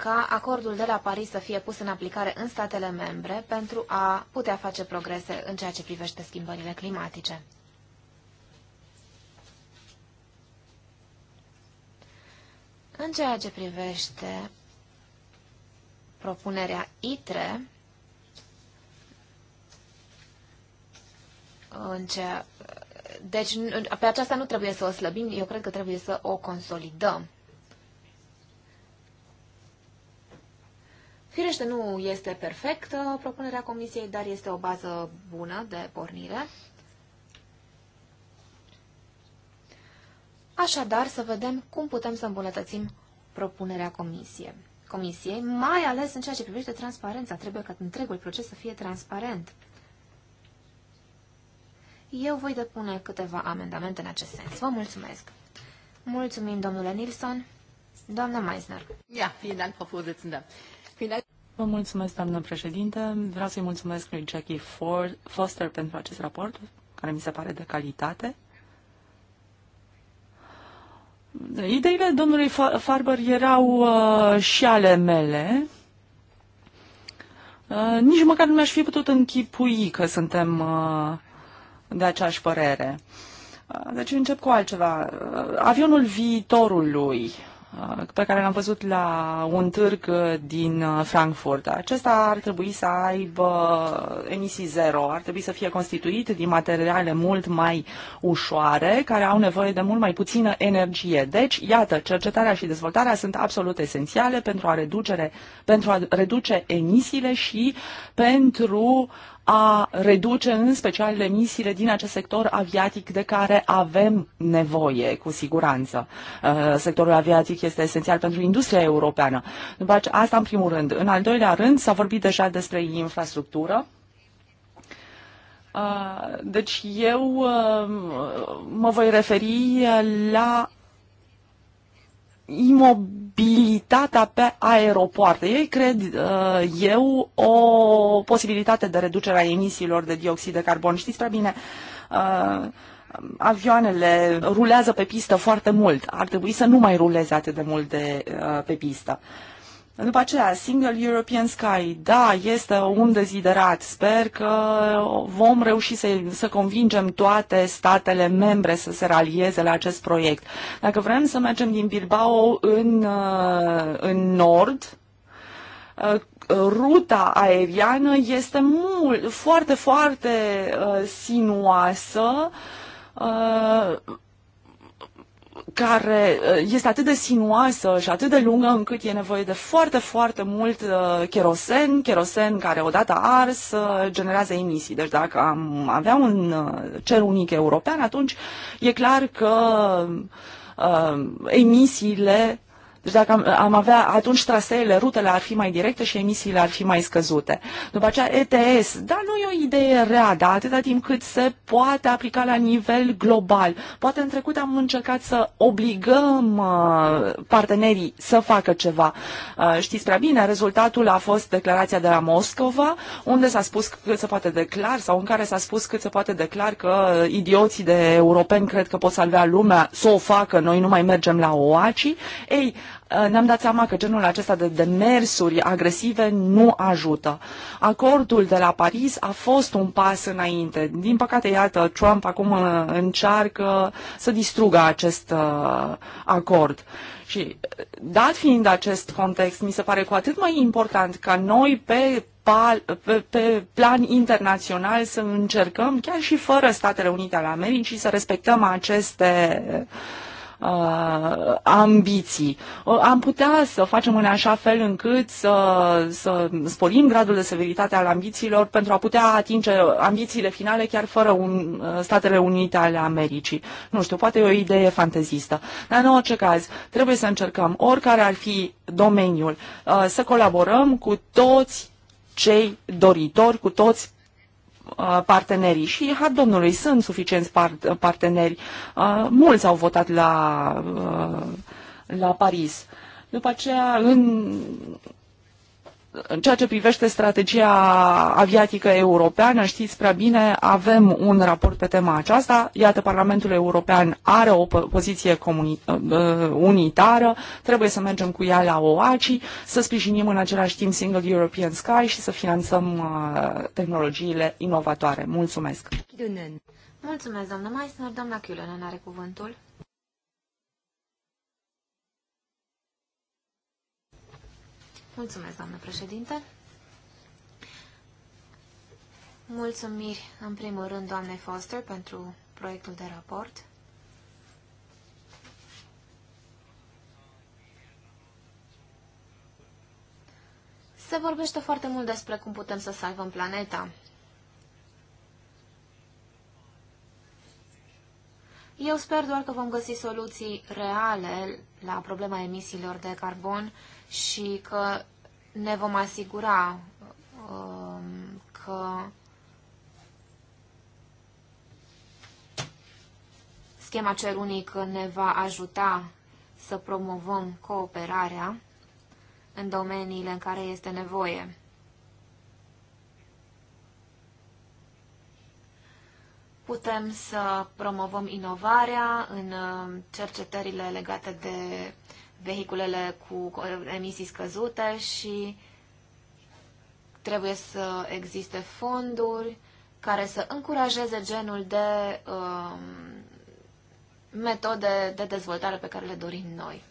ca acordul de la Paris să fie pus în aplicare în statele membre pentru a putea face progrese în ceea ce privește schimbările climatice. În ceea ce privește propunerea ITRE, în ce... deci pe aceasta nu trebuie să o slăbim, eu cred că trebuie să o consolidăm. Firește, nu este perfectă propunerea comisiei, dar este o bază bună de pornire. Așadar, să vedem cum putem să îmbunătățim propunerea comisie. comisiei, mai ales în ceea ce privește transparența. Trebuie ca întregul proces să fie transparent. Eu voi depune câteva amendamente în acest sens. Vă mulțumesc! Mulțumim, domnule Nilsson. Doamna Meisner. Ja, vielen Dank, Frau Vorsitzende. Final... Vă mulțumesc, doamnă președinte. Vreau să-i mulțumesc lui Jackie Ford, Foster pentru acest raport, care mi se pare de calitate. Ideile domnului Farber erau uh, și ale mele. Uh, nici măcar nu mi-aș fi putut închipui că suntem uh, de aceeași părere. Uh, deci încep cu altceva. Uh, avionul viitorului. Uh, Uh, pe care l-am văzut la un târg uh, din uh, Frankfurt. Acesta ar trebui să aibă emisii zero, ar trebui să fie constituit din materiale mult mai ușoare, care au nevoie de mult mai puțină energie. Deci, iată, cercetarea și dezvoltarea sunt absolut esențiale pentru a, reduce pentru a reduce emisiile și pentru a reduce în special emisiile din acest sector aviatic de care avem nevoie, cu siguranță. Uh, sectorul aviatic este esențial pentru industria europeană. După asta în primul rând. În al doilea rând s-a vorbit deja despre infrastructură. Uh, deci eu uh, mă voi referi la imobilizație mobilitatea pe aeropoarte. Ei cred uh, eu o posibilitate de reducere a emisiilor de dioxid de carbon. Știți prea bine, uh, avioanele rulează pe pistă foarte mult. Ar trebui să nu mai ruleze atât de mult de, uh, pe pistă. Uh, după aceea, Single European Sky, da, este un deziderat. Sper că vom reuși să, să convingem toate statele membre să se ralieze la acest proiect. Dacă vrem să mergem din Bilbao în, uh, în nord, uh, ruta aeriană este mult, foarte, foarte uh, sinuoasă care uh, este atât de sinuoasă și atât de lungă încât e nevoie de foarte, foarte mult cherosen, uh, cherosen care odată ars uh, generează emisii. Deci dacă am avea un cer unic european, atunci e clar că emisiile deci dacă am, am avea atunci traseele, rutele ar fi mai directe și emisiile ar fi mai scăzute. După aceea ETS, da, nu e o idee rea, dar atâta timp cât se poate aplica la nivel global. Poate în trecut am încercat să obligăm uh, partenerii să facă ceva. Uh, știți prea bine, rezultatul a fost declarația de la Moscova, unde s-a spus cât se poate declar sau în care s-a spus cât se poate declar că idioții de europeni cred că pot salvea lumea, să o facă, noi nu mai mergem la OACI. Ei, Eh, ne-am dat seama că genul acesta de demersuri agresive nu ajută. Acordul de la Paris a fost un pas înainte. Din păcate, iată, Trump acum eh, încearcă să distrugă acest eh, acord. Și dat fiind acest context, mi se pare cu atât mai important ca noi pe pe, pe plan internațional să încercăm, chiar și fără Statele Unite ale Americii, să respectăm aceste uh, uh, ambiții. Uh, am putea să facem în așa fel încât să, să sporim gradul de severitate al ambițiilor pentru a putea atinge ambițiile finale chiar fără un, uh, Statele Unite ale Americii. Nu știu, poate e o idee fantezistă. Dar în orice caz, trebuie să încercăm, oricare ar fi domeniul, uh, să colaborăm cu toți cei doritori, cu toți Uh, partenerii și a domnului sunt suficienți par- parteneri. Uh, mulți au votat la, uh, la Paris. După aceea, în, în ceea ce privește strategia aviatică europeană, știți prea bine, avem un raport pe tema aceasta. Iată, Parlamentul European are o poziție uh, uh, unitară, trebuie să mergem cu ea la OACI, să sprijinim în același timp Single European Sky și să finanțăm uh, tehnologiile inovatoare. Mulțumesc! Mulțumesc, doamnă Meissner. Doamna Chiulen are cuvântul. Mulțumesc, doamnă președinte. Mulțumiri, în primul rând, doamnei Foster, pentru proiectul de raport. Se vorbește foarte mult despre cum putem să salvăm planeta. Eu sper doar că vom găsi soluții reale la problema emisiilor de carbon și că ne vom asigura um, că schema cer unic ne va ajuta să promovăm cooperarea în domeniile în care este nevoie. Putem să promovăm inovarea în uh, cercetările legate de vehiculele cu emisii scăzute și trebuie să existe fonduri care să încurajeze genul de uh, metode de dezvoltare pe care le dorim noi.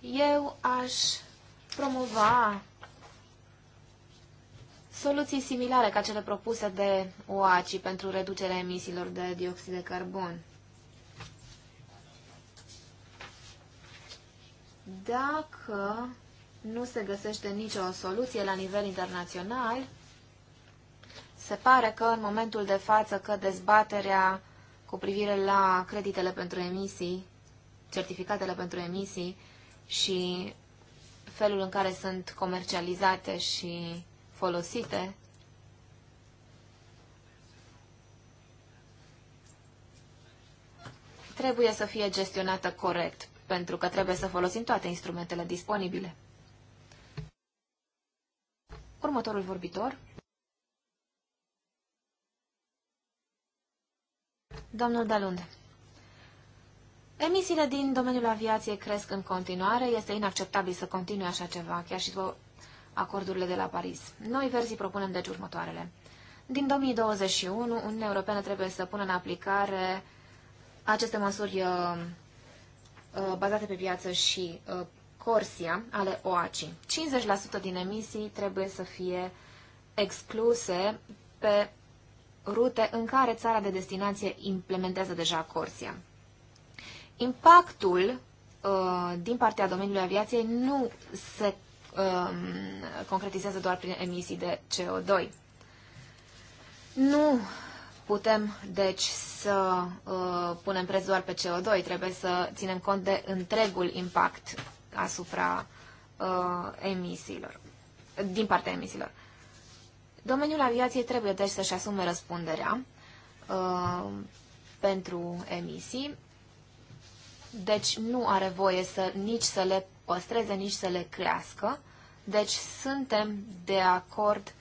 Eu aș promova soluții similare ca cele propuse de OACI pentru reducerea emisiilor de dioxid de carbon. dacă nu se găsește nicio soluție la nivel internațional, se pare că în momentul de față că dezbaterea cu privire la creditele pentru emisii, certificatele pentru emisii și felul în care sunt comercializate și folosite, trebuie să fie gestionată corect pentru că trebuie să folosim toate instrumentele disponibile. Următorul vorbitor. Domnul Dalunde. Emisiile din domeniul aviației cresc în continuare. Este inacceptabil să continue așa ceva, chiar și după acordurile de la Paris. Noi, verzii, propunem deci următoarele. Din 2021, Uniunea Europeană trebuie să pună în aplicare aceste măsuri uh, Uh, bazate pe viață și uh, Corsia ale OACI. 50% din emisii trebuie să fie excluse pe rute în care țara de destinație implementează deja Corsia. Impactul uh, din partea domeniului aviației nu se um, concretizează doar prin emisii de CO2. Nu putem, deci, să uh, punem preț doar pe CO2, trebuie să ținem cont de întregul impact asupra uh, emisiilor, din partea emisiilor. Domeniul aviației trebuie, deci, să-și asume răspunderea uh, pentru emisii, deci nu are voie să, nici să le păstreze, nici să le crească, deci suntem de acord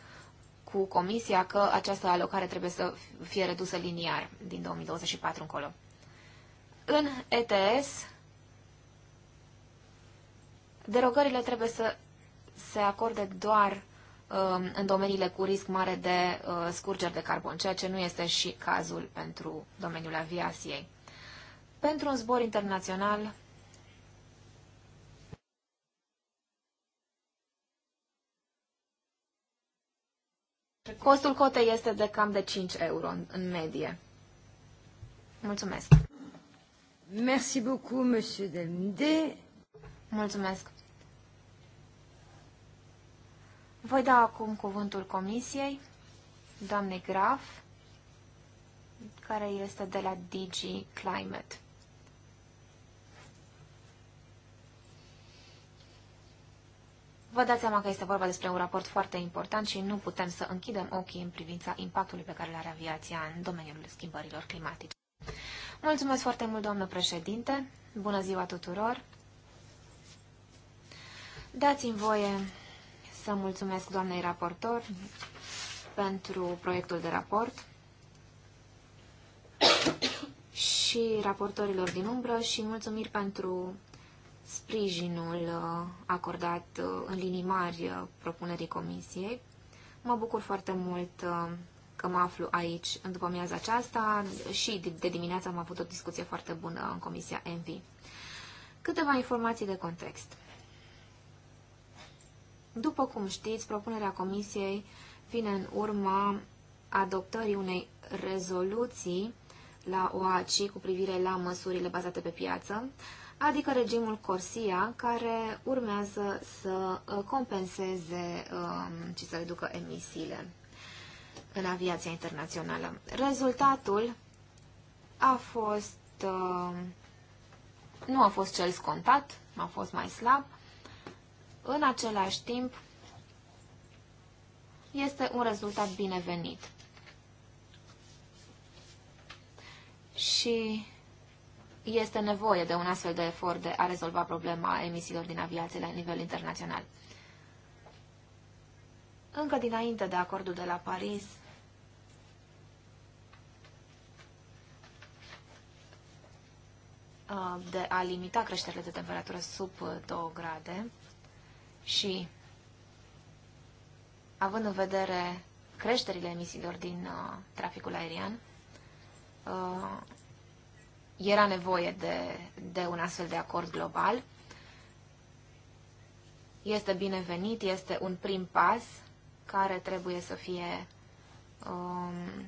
cu Comisia că această alocare trebuie să fie redusă liniar din 2024 încolo. În ETS, derogările trebuie să se acorde doar uh, în domeniile cu risc mare de uh, scurgeri de carbon, ceea ce nu este și cazul pentru domeniul aviației. Pentru un zbor internațional, Costul cotei este de cam de 5 euro în, în medie. Mulțumesc. Merci beaucoup, monsieur Delmde. Mulțumesc. Voi da acum cuvântul comisiei, doamnei Graf, care este de la DG Climate. Vă dați seama că este vorba despre un raport foarte important și nu putem să închidem ochii în privința impactului pe care l are aviația în domeniul schimbărilor climatice. Mulțumesc foarte mult, doamnă președinte! Bună ziua tuturor! Dați-mi voie să mulțumesc doamnei raportor pentru proiectul de raport <coughs> și raportorilor din umbră și mulțumiri pentru sprijinul uh, acordat uh, în linii mari uh, propunerii comisiei. Mă bucur foarte mult că mă aflu aici în după amiaza aceasta și de dimineață am avut o discuție foarte bună în Comisia ENVI. Câteva informații de context. După cum știți, propunerea Comisiei vine în urma adoptării unei rezoluții la OACI cu privire la măsurile bazate pe piață, adică regimul Corsia, care urmează să uh, compenseze um, și să reducă emisiile în aviația internațională. Rezultatul a fost uh, nu a fost cel scontat, a fost mai slab. În același timp, este un rezultat binevenit. Și este nevoie de un astfel de efort de a rezolva problema emisiilor din aviație la nivel internațional. Încă dinainte de acordul de la Paris, uh, de a limita creșterile de temperatură sub 2 grade și având în vedere creșterile emisiilor din uh, traficul aerian, uh, era nevoie de, de un astfel de acord global. Este binevenit, este un prim pas care trebuie să fie um,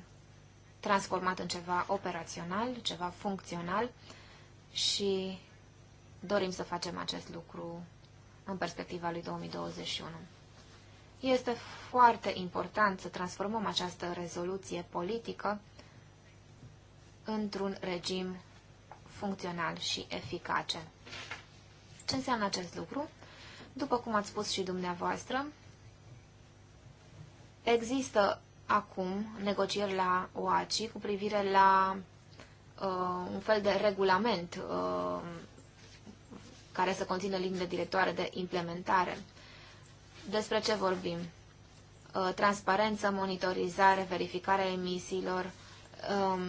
transformat în ceva operațional, ceva funcțional și dorim să facem acest lucru în perspectiva lui 2021. Este foarte important să transformăm această rezoluție politică într-un regim funcțional și eficace. Ce înseamnă acest lucru? După cum ați spus și dumneavoastră, există acum negocieri la OACI cu privire la uh, un fel de regulament uh, care să conțină linii de directoare de implementare. Despre ce vorbim? Uh, transparență, monitorizare, verificarea emisiilor, um,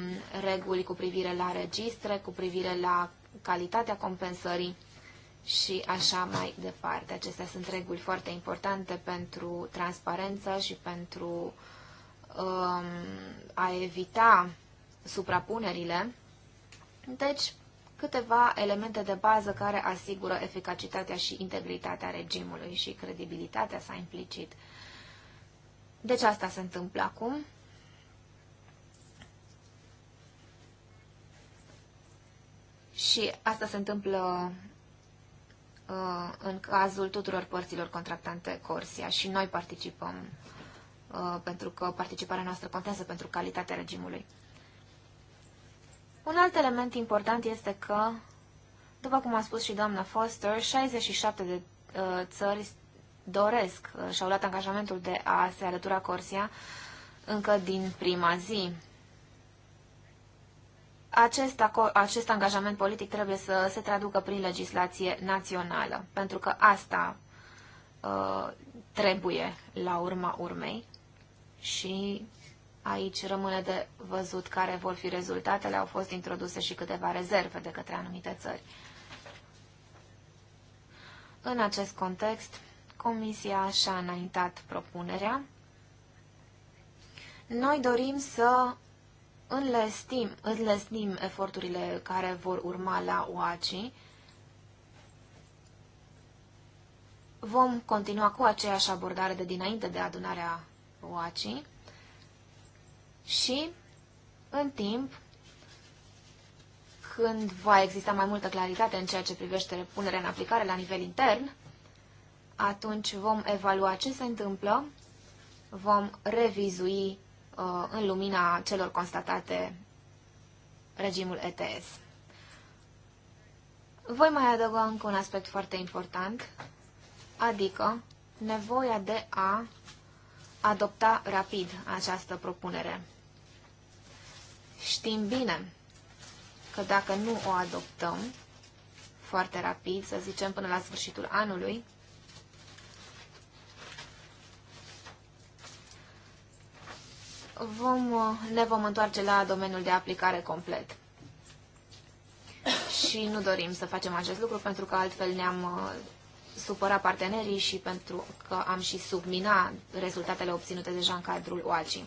reguli cu privire la registre, cu privire la calitatea compensării și așa mai departe. Acestea sunt reguli foarte importante pentru transparență și pentru um, a evita suprapunerile. Deci, câteva elemente de bază care asigură eficacitatea și integritatea regimului și credibilitatea sa implicit. Deci asta se întâmplă acum. Și asta se întâmplă uh, în cazul tuturor părților contractante Corsia și noi participăm uh, pentru că participarea noastră contează pentru calitatea regimului. Un alt element important este că, după cum a spus și doamna Foster, 67 de uh, țări doresc uh, și-au luat angajamentul de a se alătura Corsia încă din prima zi acest, acest angajament politic trebuie să se traducă prin legislație națională, pentru că asta uh, trebuie la urma urmei și aici rămâne de văzut care vor fi rezultatele. Au fost introduse și câteva rezerve de către anumite țări. În acest context, Comisia și-a înaintat propunerea. Noi dorim să înlestim, înlesnim eforturile care vor urma la OACI, vom continua cu aceeași abordare de dinainte de adunarea OACI și, în timp, când va exista mai multă claritate în ceea ce privește punerea în aplicare la nivel intern, atunci vom evalua ce se întâmplă, vom revizui Uh, în lumina celor constatate regimul ETS. Voi mai adăuga încă un aspect foarte important, adică nevoia de a adopta rapid această propunere. Știm bine că dacă nu o adoptăm foarte rapid, să zicem până la sfârșitul anului, vom, uh, ne vom întoarce la domeniul de aplicare complet. Și nu dorim să facem acest lucru pentru că altfel ne-am uh, supăra partenerii și pentru că am și submina rezultatele obținute deja în cadrul OACI.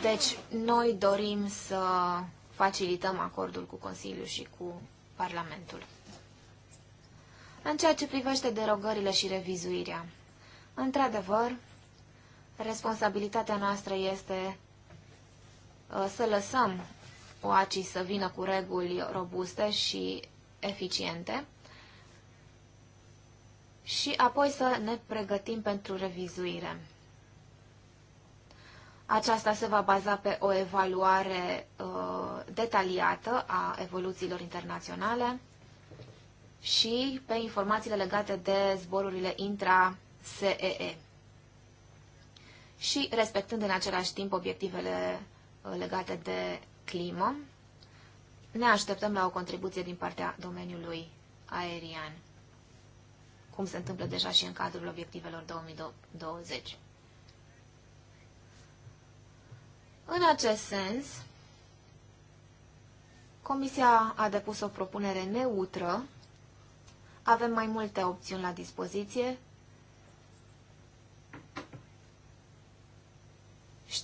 Deci, noi dorim să facilităm acordul cu Consiliul și cu Parlamentul. În ceea ce privește derogările și revizuirea, într-adevăr, Responsabilitatea noastră este uh, să lăsăm OACI să vină cu reguli robuste și eficiente și apoi să ne pregătim pentru revizuire. Aceasta se va baza pe o evaluare uh, detaliată a evoluțiilor internaționale și pe informațiile legate de zborurile intra-SEE și respectând în același timp obiectivele uh, legate de climă. Ne așteptăm la o contribuție din partea domeniului aerian, cum se întâmplă deja și în cadrul obiectivelor 2020. În acest sens, Comisia a depus o propunere neutră. Avem mai multe opțiuni la dispoziție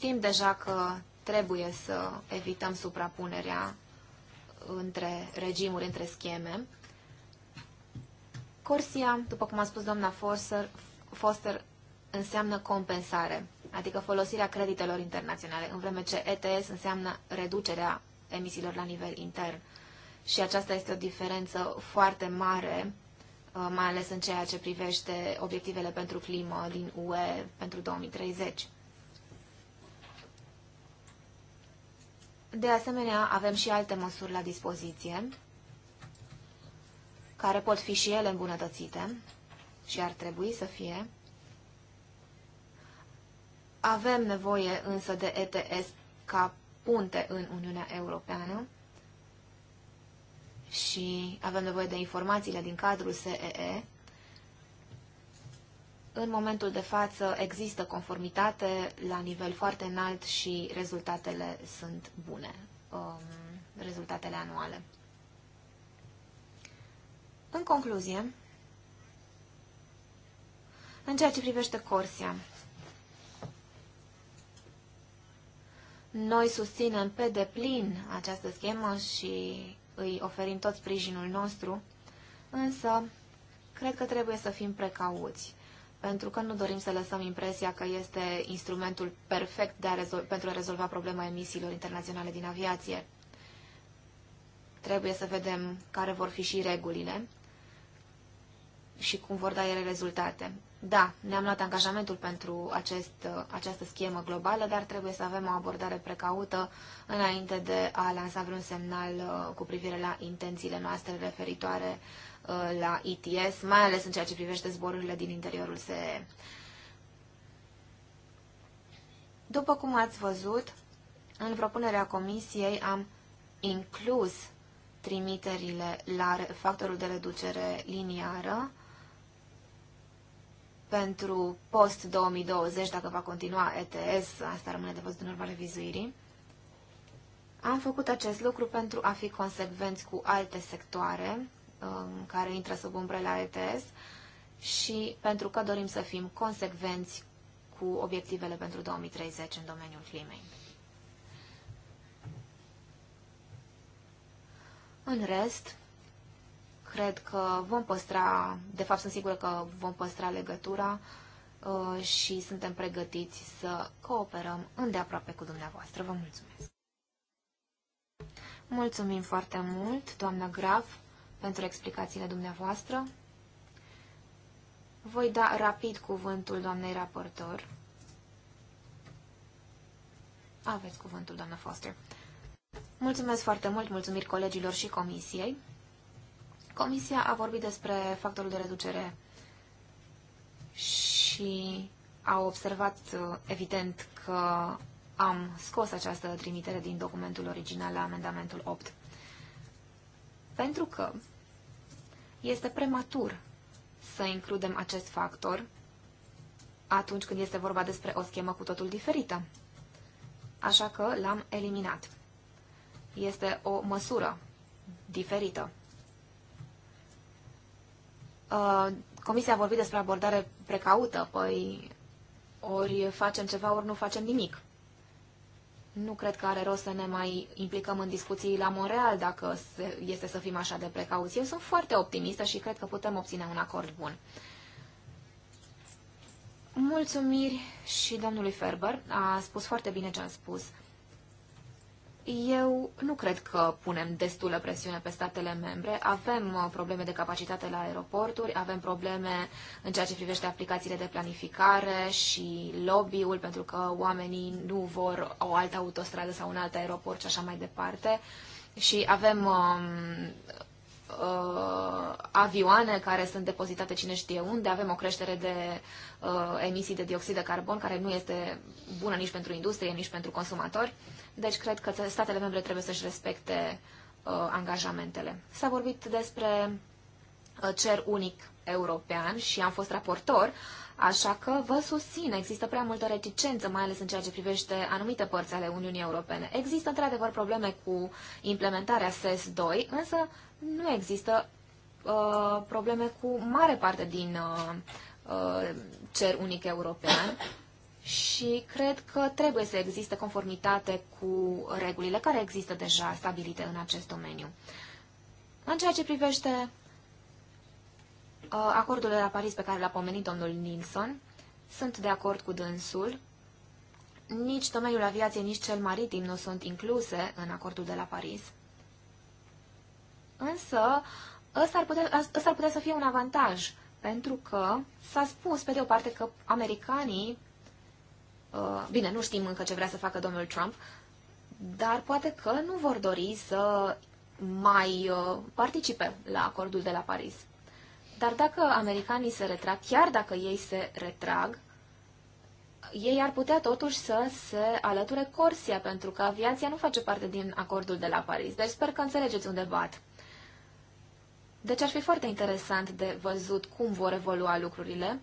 Știm deja că trebuie să evităm suprapunerea între regimuri, între scheme. Corsia, după cum a spus doamna Foster, Foster înseamnă compensare, adică folosirea creditelor internaționale, în vreme ce ETS înseamnă reducerea emisiilor la nivel intern. Și aceasta este o diferență foarte mare, uh, mai ales în ceea ce privește obiectivele pentru climă din UE pentru 2030. De asemenea, avem și alte măsuri la dispoziție, care pot fi și ele îmbunătățite și ar trebui să fie. Avem nevoie însă de ETS ca punte în Uniunea Europeană și avem nevoie de informațiile din cadrul SEE în momentul de față există conformitate la nivel foarte înalt și rezultatele sunt bune, um, rezultatele anuale. În concluzie, în ceea ce privește Corsia, noi susținem pe deplin această schemă și îi oferim tot sprijinul nostru, însă cred că trebuie să fim precauți pentru că nu dorim să lăsăm impresia că este instrumentul perfect de a rezol- pentru a rezolva problema emisiilor internaționale din aviație. Trebuie să vedem care vor fi și regulile și cum vor da ele rezultate. Da, ne-am luat angajamentul pentru acest, această schemă globală, dar trebuie să avem o abordare precaută înainte de a lansa vreun semnal uh, cu privire la intențiile noastre referitoare Uh, la ITS, mai ales în ceea ce privește zborurile din interiorul SE. După cum ați văzut, în propunerea comisiei am inclus trimiterile la factorul de reducere liniară pentru post-2020, dacă va continua ETS, asta rămâne de văzut în urma revizuirii. Am făcut acest lucru pentru a fi consecvenți cu alte sectoare Um, care intră sub umbrela ETS și pentru că dorim să fim consecvenți cu obiectivele pentru 2030 în domeniul climei. În rest, cred că vom păstra, de fapt sunt sigură că vom păstra legătura uh, și suntem pregătiți să cooperăm îndeaproape cu dumneavoastră. Vă mulțumesc! Mulțumim foarte mult, doamna Graf, pentru explicațiile dumneavoastră. Voi da rapid cuvântul doamnei raportor. Aveți cuvântul, doamna Foster. Mulțumesc foarte mult, mulțumiri colegilor și comisiei. Comisia a vorbit despre factorul de reducere și a observat evident că am scos această trimitere din documentul original la amendamentul 8. Pentru că este prematur să includem acest factor atunci când este vorba despre o schemă cu totul diferită. Așa că l-am eliminat. Este o măsură diferită. Uh, Comisia a vorbit despre abordare precaută, păi ori facem ceva, ori nu facem nimic. Nu cred că are rost să ne mai implicăm în discuții la Montreal dacă este să fim așa de precauți. Eu sunt foarte optimistă și cred că putem obține un acord bun. Mulțumiri și domnului Ferber. A spus foarte bine ce a spus. Eu nu cred că punem destulă presiune pe statele membre. Avem uh, probleme de capacitate la aeroporturi, avem probleme în ceea ce privește aplicațiile de planificare și lobby-ul, pentru că oamenii nu vor o altă autostradă sau un alt aeroport și așa mai departe. Și avem um, uh, avioane care sunt depozitate cine știe unde, avem o creștere de uh, emisii de dioxid de carbon care nu este bună nici pentru industrie, nici pentru consumatori. Deci cred că statele membre trebuie să-și respecte uh, angajamentele. S-a vorbit despre uh, cer unic european și am fost raportor Așa că vă susțin, există prea multă reticență, mai ales în ceea ce privește anumite părți ale Uniunii Europene. Există într-adevăr probleme cu implementarea SES-2, însă nu există uh, probleme cu mare parte din uh, uh, cer unic european și cred că trebuie să existe conformitate cu regulile care există deja stabilite în acest domeniu. În ceea ce privește Uh, acordul de la Paris pe care l-a pomenit domnul Nilsson. Sunt de acord cu dânsul. Nici domeniul aviației, nici cel maritim nu sunt incluse în acordul de la Paris. Însă, ăsta ar putea, ăsta ar putea să fie un avantaj, pentru că s-a spus, pe de o parte, că americanii, uh, bine, nu știm încă ce vrea să facă domnul Trump, dar poate că nu vor dori să mai uh, participe la acordul de la Paris. Dar dacă americanii se retrag, chiar dacă ei se retrag, ei ar putea totuși să se alăture Corsia, pentru că aviația nu face parte din acordul de la Paris. Deci sper că înțelegeți unde debat. Deci ar fi foarte interesant de văzut cum vor evolua lucrurile.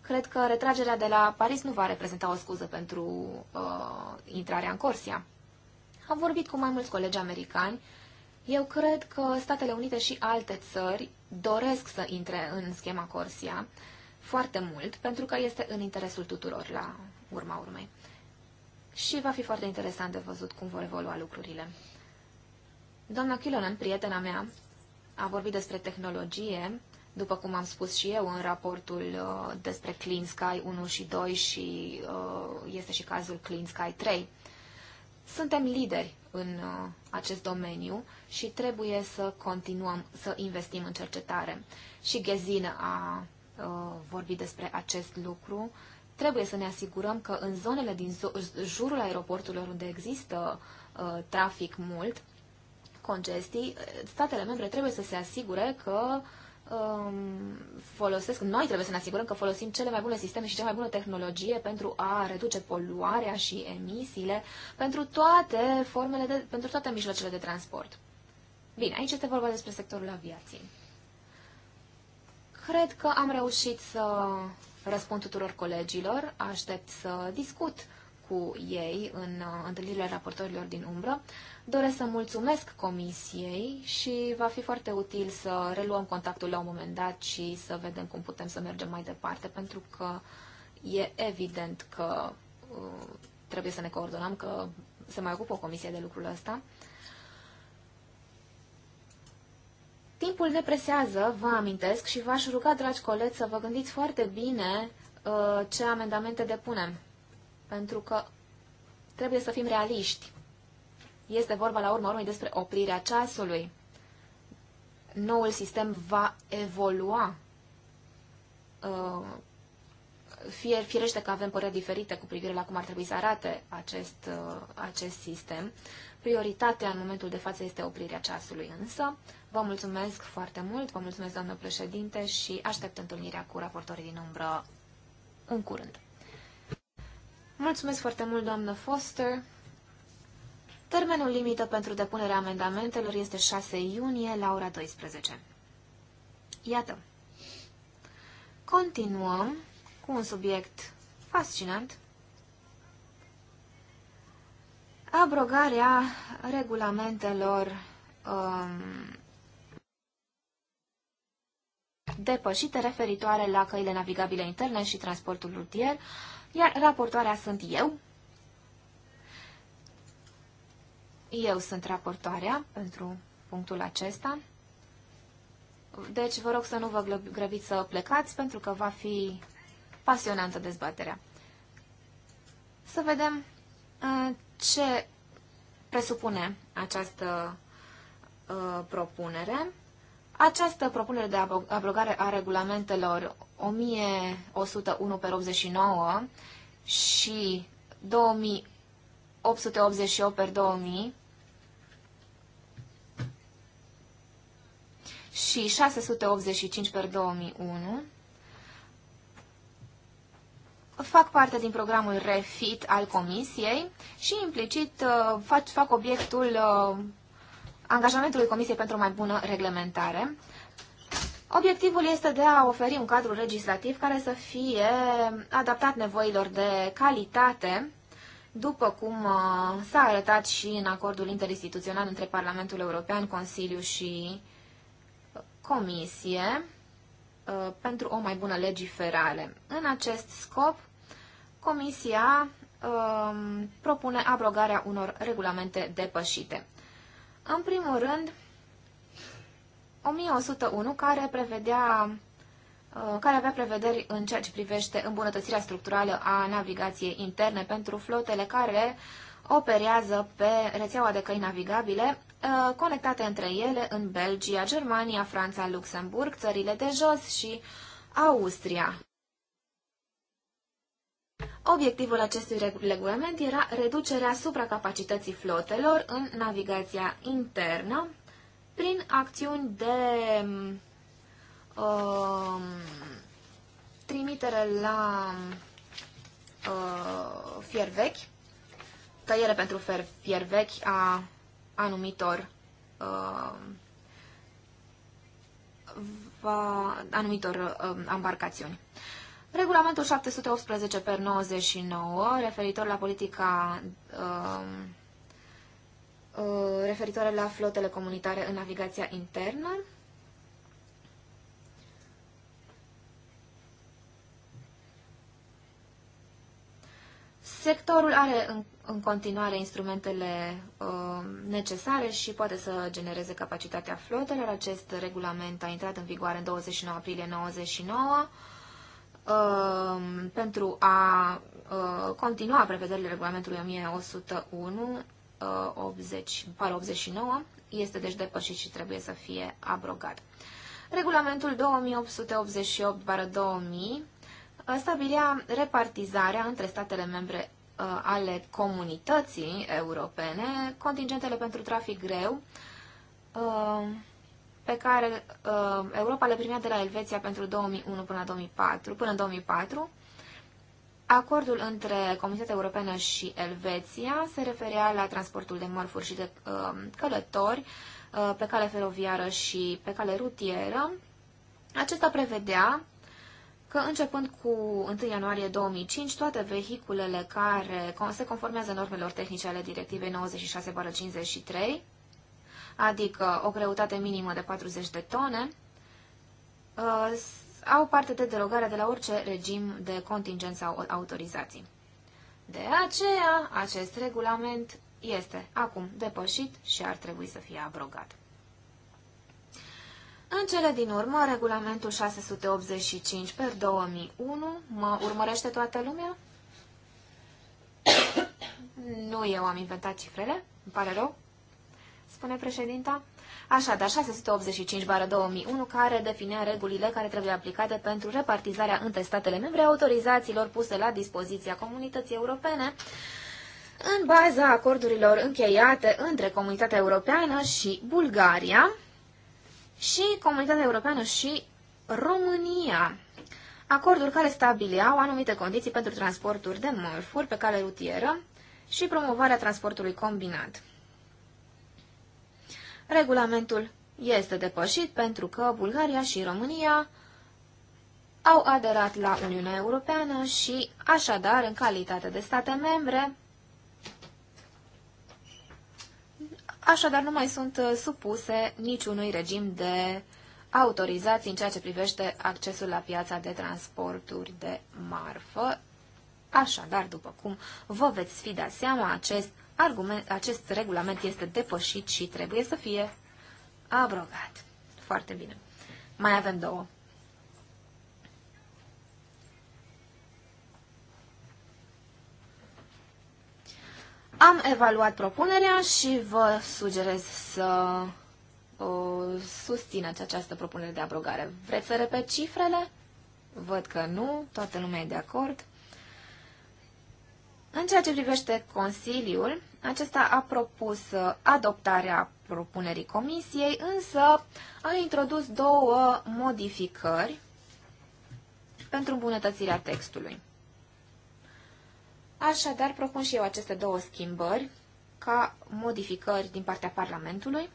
Cred că retragerea de la Paris nu va reprezenta o scuză pentru uh, intrarea în Corsia. Am vorbit cu mai mulți colegi americani eu cred că Statele Unite și alte țări doresc să intre în schema Corsia foarte mult, pentru că este în interesul tuturor la urma urmei. Și va fi foarte interesant de văzut cum vor evolua lucrurile. Doamna Kilonen, prietena mea, a vorbit despre tehnologie, după cum am spus și eu în raportul uh, despre Clean Sky 1 și 2 și uh, este și cazul Clean Sky 3. Suntem lideri în uh, acest domeniu și trebuie să continuăm să investim în cercetare. Și Ghezine a uh, vorbit despre acest lucru. Trebuie să ne asigurăm că în zonele din jurul aeroporturilor unde există uh, trafic mult, congestii, statele membre trebuie să se asigure că uh, um, folosesc, noi trebuie să ne asigurăm că folosim cele mai bune sisteme și cea mai bună tehnologie pentru a reduce poluarea și emisiile pentru toate formele de, pentru toate mijloacele de transport. Bine, aici este vorba despre sectorul aviației. Cred că am reușit să răspund tuturor colegilor, aștept să discut cu ei în uh, întâlnirile raportorilor din umbră. Doresc să mulțumesc comisiei și va fi foarte util să reluăm contactul la un moment dat și să vedem cum putem să mergem mai departe, pentru că e evident că uh, trebuie să ne coordonăm, că se mai ocupă o comisie de lucrul ăsta. Timpul ne presează, vă amintesc, și v-aș ruga, dragi colegi, să vă gândiți foarte bine uh, ce amendamente depunem pentru că trebuie să fim realiști. Este vorba la urma urmei despre oprirea ceasului. Noul sistem va evolua. Uh, fie, firește că avem păreri diferite cu privire la cum ar trebui să arate acest, uh, acest sistem. Prioritatea în momentul de față este oprirea ceasului însă. Vă mulțumesc foarte mult, vă mulțumesc doamnă președinte și aștept întâlnirea cu raportorii din umbră în curând. Mulțumesc foarte mult, doamnă Foster. Termenul limită pentru depunerea amendamentelor este 6 iunie la ora 12. Iată. Continuăm cu un subiect fascinant. Abrogarea regulamentelor um, depășite referitoare la căile navigabile interne și transportul rutier. Uh, iar raportoarea sunt eu. Eu sunt raportoarea pentru punctul acesta. Deci vă rog să nu vă grăbiți să plecați pentru că va fi pasionantă dezbaterea. Să vedem uh, ce presupune această uh, propunere. Această propunere de abrogare a regulamentelor 1101 pe 89 și 2888 2000 și 685 2001 fac parte din programul REFIT al Comisiei și implicit uh, fac, fac obiectul uh, angajamentului Comisiei pentru o mai bună reglementare. Obiectivul este de a oferi un cadru legislativ care să fie adaptat nevoilor de calitate, după cum uh, s-a arătat și în acordul interinstituțional între Parlamentul European, Consiliu și uh, Comisie uh, pentru o mai bună legiferare. În acest scop, Comisia um, propune abrogarea unor regulamente depășite. În primul rând, 1101, care prevedea uh, care avea prevederi în ceea ce privește îmbunătățirea structurală a navigației interne pentru flotele care operează pe rețeaua de căi navigabile uh, conectate între ele în Belgia, Germania, Franța, Luxemburg, țările de jos și Austria. Obiectivul acestui regulament era reducerea supracapacității flotelor în navigația internă prin acțiuni de uh, trimitere la uh, fier vechi, tăiere pentru fier vechi a anumitor uh, va, anumitor uh, um, embarcațiuni. Regulamentul 718 per 99, referitor la politica uh, uh, referitoare la flotele comunitare în navigația internă. Sectorul are în, în continuare instrumentele uh, necesare și poate să genereze capacitatea flotelor. Acest regulament a intrat în vigoare în 29 aprilie 99 Um, pentru a uh, continua prevederile regulamentului 1101 80, par 89 este deci depășit și trebuie să fie abrogat. Regulamentul 2888-2000 uh, stabilea repartizarea între statele membre uh, ale comunității europene, contingentele pentru trafic greu, pe care uh, Europa le primea de la Elveția pentru 2001 până, 2004, până în 2004. Acordul între Comunitatea Europeană și Elveția se referea la transportul de mărfuri și de uh, călători uh, pe cale feroviară și pe cale rutieră. Acesta prevedea că începând cu 1 ianuarie 2005, toate vehiculele care se conformează normelor tehnice ale Directivei 96-53 adică o greutate minimă de 40 de tone, uh, au parte de derogare de la orice regim de contingență sau autorizații. De aceea, acest regulament este acum depășit și ar trebui să fie abrogat. În cele din urmă, regulamentul 685 per 2001, mă urmărește toată lumea? <coughs> nu eu am inventat cifrele, îmi pare rău spune președinta. Așadar, 685 bară 2001, care definea regulile care trebuie aplicate pentru repartizarea între statele membre autorizațiilor puse la dispoziția comunității europene în baza acordurilor încheiate între Comunitatea Europeană și Bulgaria și Comunitatea Europeană și România. Acorduri care stabileau anumite condiții pentru transporturi de mărfuri pe cale rutieră și promovarea transportului combinat. Regulamentul este depășit pentru că Bulgaria și România au aderat la Uniunea Europeană și, așadar, în calitate de state membre, așadar nu mai sunt uh, supuse niciunui regim de autorizații în ceea ce privește accesul la piața de transporturi de marfă. Așadar, după cum vă veți fi da seama, acest argument, acest regulament este depășit și trebuie să fie abrogat. Foarte bine. Mai avem două. Am evaluat propunerea și vă sugerez să o susțineți această propunere de abrogare. Vreți să repet cifrele? Văd că nu, toată lumea e de acord. În ceea ce privește Consiliul, acesta a propus uh, adoptarea propunerii Comisiei, însă a introdus două modificări pentru îmbunătățirea textului. Așadar, propun și eu aceste două schimbări ca modificări din partea Parlamentului.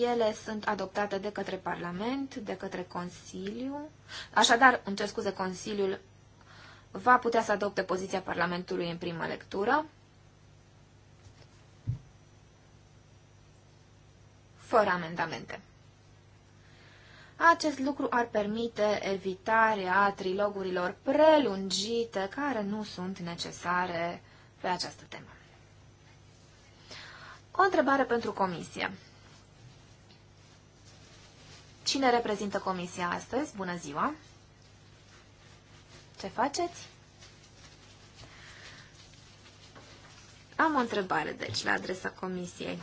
Ele sunt adoptate de către Parlament, de către Consiliu. Așadar, îmi cer scuze, Consiliul va putea să adopte poziția Parlamentului în primă lectură, fără amendamente. Acest lucru ar permite evitarea trilogurilor prelungite care nu sunt necesare pe această temă. O întrebare pentru comisie. Cine reprezintă comisia astăzi? Bună ziua! ce faceți? Am o întrebare, deci, la adresa comisiei.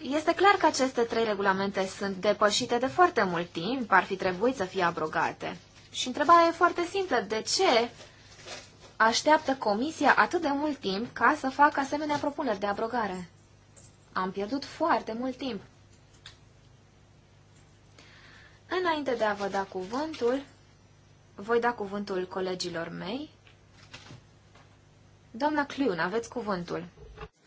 Este clar că aceste trei regulamente sunt depășite de foarte mult timp, ar fi trebuit să fie abrogate. Și întrebarea e foarte simplă, de ce așteaptă comisia atât de mult timp ca să facă asemenea propuneri de abrogare? Am pierdut foarte mult timp. Înainte de a vă da cuvântul, voi da cuvântul colegilor mei. Doamna Cliun, aveți cuvântul.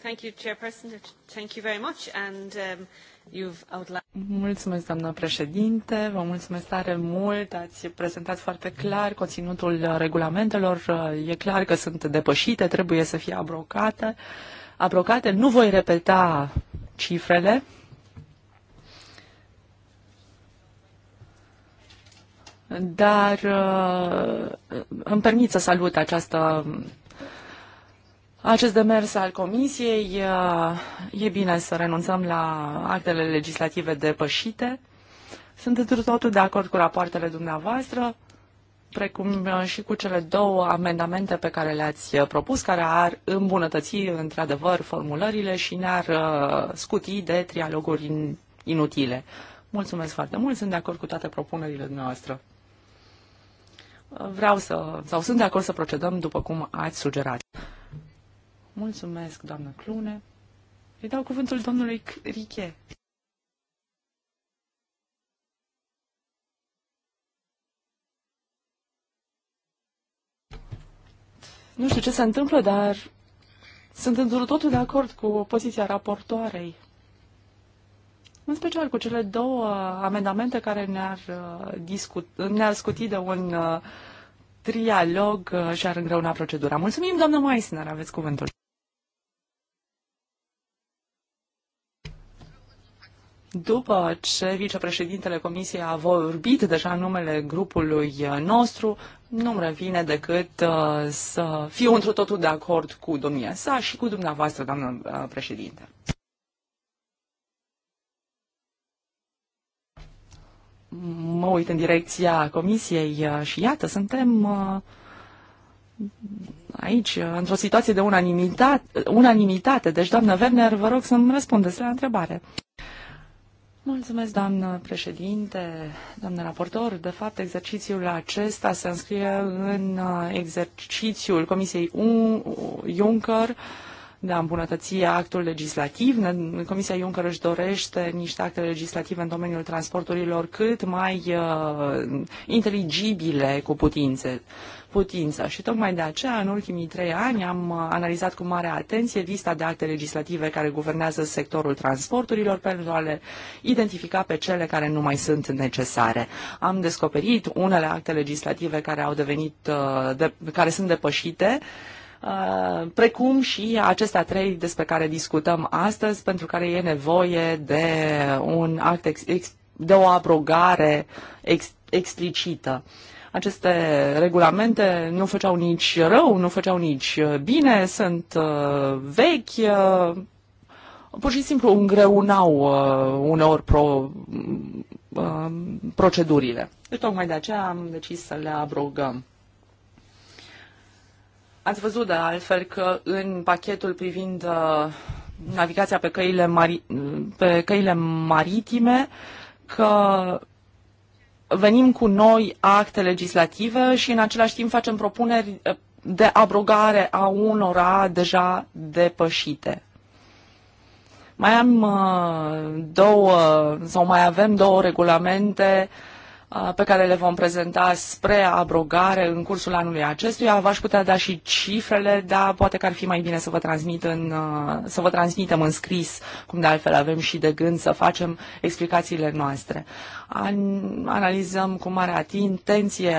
Thank you, Chairperson. Thank you very much. And um, you've outlined... Mulțumesc, doamnă președinte. Vă mulțumesc tare mult. Ați prezentat foarte clar conținutul regulamentelor. E clar că sunt depășite, trebuie să fie abrocate. abrocate. Nu voi repeta cifrele dar uh, îmi permit să salut această acest demers al Comisiei. Uh, e bine să renunțăm la actele legislative depășite. Sunt într totul de acord cu rapoartele dumneavoastră, precum uh, și cu cele două amendamente pe care le-ați propus, care ar îmbunătăți într-adevăr formulările și ne-ar scuti de trialoguri inutile. Mulțumesc foarte mult, sunt de acord cu toate propunerile dumneavoastră vreau să, sau sunt de acord să procedăm după cum ați sugerat. Mulțumesc, doamnă Clune. Îi dau cuvântul domnului Riche. Nu știu ce se întâmplă, dar sunt într totul de acord cu poziția raportoarei în special cu cele două amendamente care ne-ar, uh, discut, ne-ar scuti de un uh, trialog uh, și ar îngreuna procedura. Mulțumim, doamnă Maisner, aveți cuvântul. După ce vicepreședintele Comisiei a vorbit deja în numele grupului nostru, nu-mi revine decât să fiu într totul de acord cu domnia sa și cu dumneavoastră, doamnă președinte. mă uit în direcția comisiei uh, și iată, suntem uh, aici uh, într-o situație de unanimitate, unanimitate. Deci, doamnă Werner, vă rog să-mi răspundeți la întrebare. Mulțumesc, doamnă președinte, doamnă raportor. De fapt, exercițiul acesta se înscrie în exercițiul Comisiei Juncker de a îmbunătăți actul legislativ. Comisia Juncker își dorește niște acte legislative în domeniul transporturilor cât mai uh, inteligibile cu putințe putință. Și tocmai de aceea, în ultimii trei ani, am uh, analizat cu mare atenție lista de acte legislative care guvernează sectorul transporturilor pentru a le identifica pe cele care nu mai sunt necesare. Am descoperit unele acte legislative care au devenit, uh, de, care sunt depășite, Uh, precum și acestea trei despre care discutăm astăzi, pentru care e nevoie de un act ex, ex, de o abrogare ex, explicită. Aceste regulamente nu făceau nici rău, nu făceau nici bine, sunt uh, vechi, uh, pur și simplu îngreunau uh, uneori pro, uh, procedurile. Și deci tocmai de aceea am decis să le abrogăm. Ați văzut de altfel că în pachetul privind uh, navigația pe căile, mari, uh, pe căile maritime că venim cu noi acte legislative și în același timp facem propuneri uh, de abrogare a unora deja depășite. Mai am două sau mai avem două regulamente uh, pe care le vom prezenta spre abrogare în cursul anului acestuia. V-aș putea da și cifrele, dar poate că ar fi mai bine să vă, transmit în, să vă transmitem în scris, cum de altfel avem și de gând să facem explicațiile noastre analizăm cu mare atenție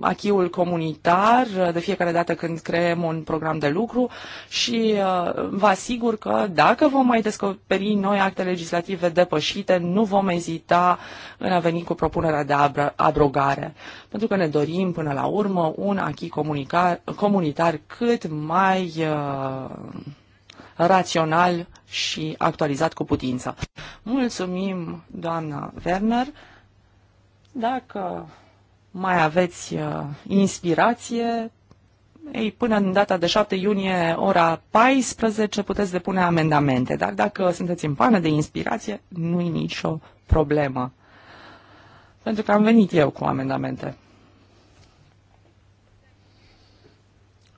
achiul comunitar de fiecare dată când creăm un program de lucru și uh, vă asigur că dacă vom mai descoperi noi acte legislative depășite, nu vom ezita în a veni cu propunerea de abrogare, pentru că ne dorim până la urmă un achi comunitar cât mai uh, rațional și actualizat cu putință. Mulțumim, doamna Werner. Dacă mai aveți uh, inspirație, ei, până în data de 7 iunie, ora 14, puteți depune amendamente. Dar dacă sunteți în pană de inspirație, nu-i nicio problemă. Pentru că am venit eu cu amendamente.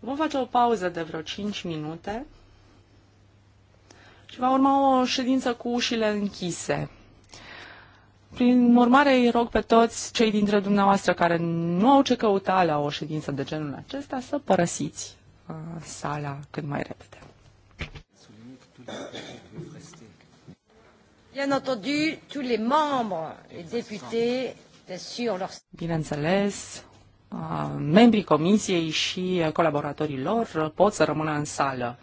Vom face o pauză de vreo 5 minute. Și va urma o ședință cu ușile închise. Prin urmare, îi rog pe toți cei dintre dumneavoastră care nu au ce căuta la o ședință de genul acesta să părăsiți uh, sala cât mai repede. Bien entendu, tous les membres, députés, leur... Bineînțeles, uh, membrii comisiei și uh, colaboratorii lor pot să rămână în sală.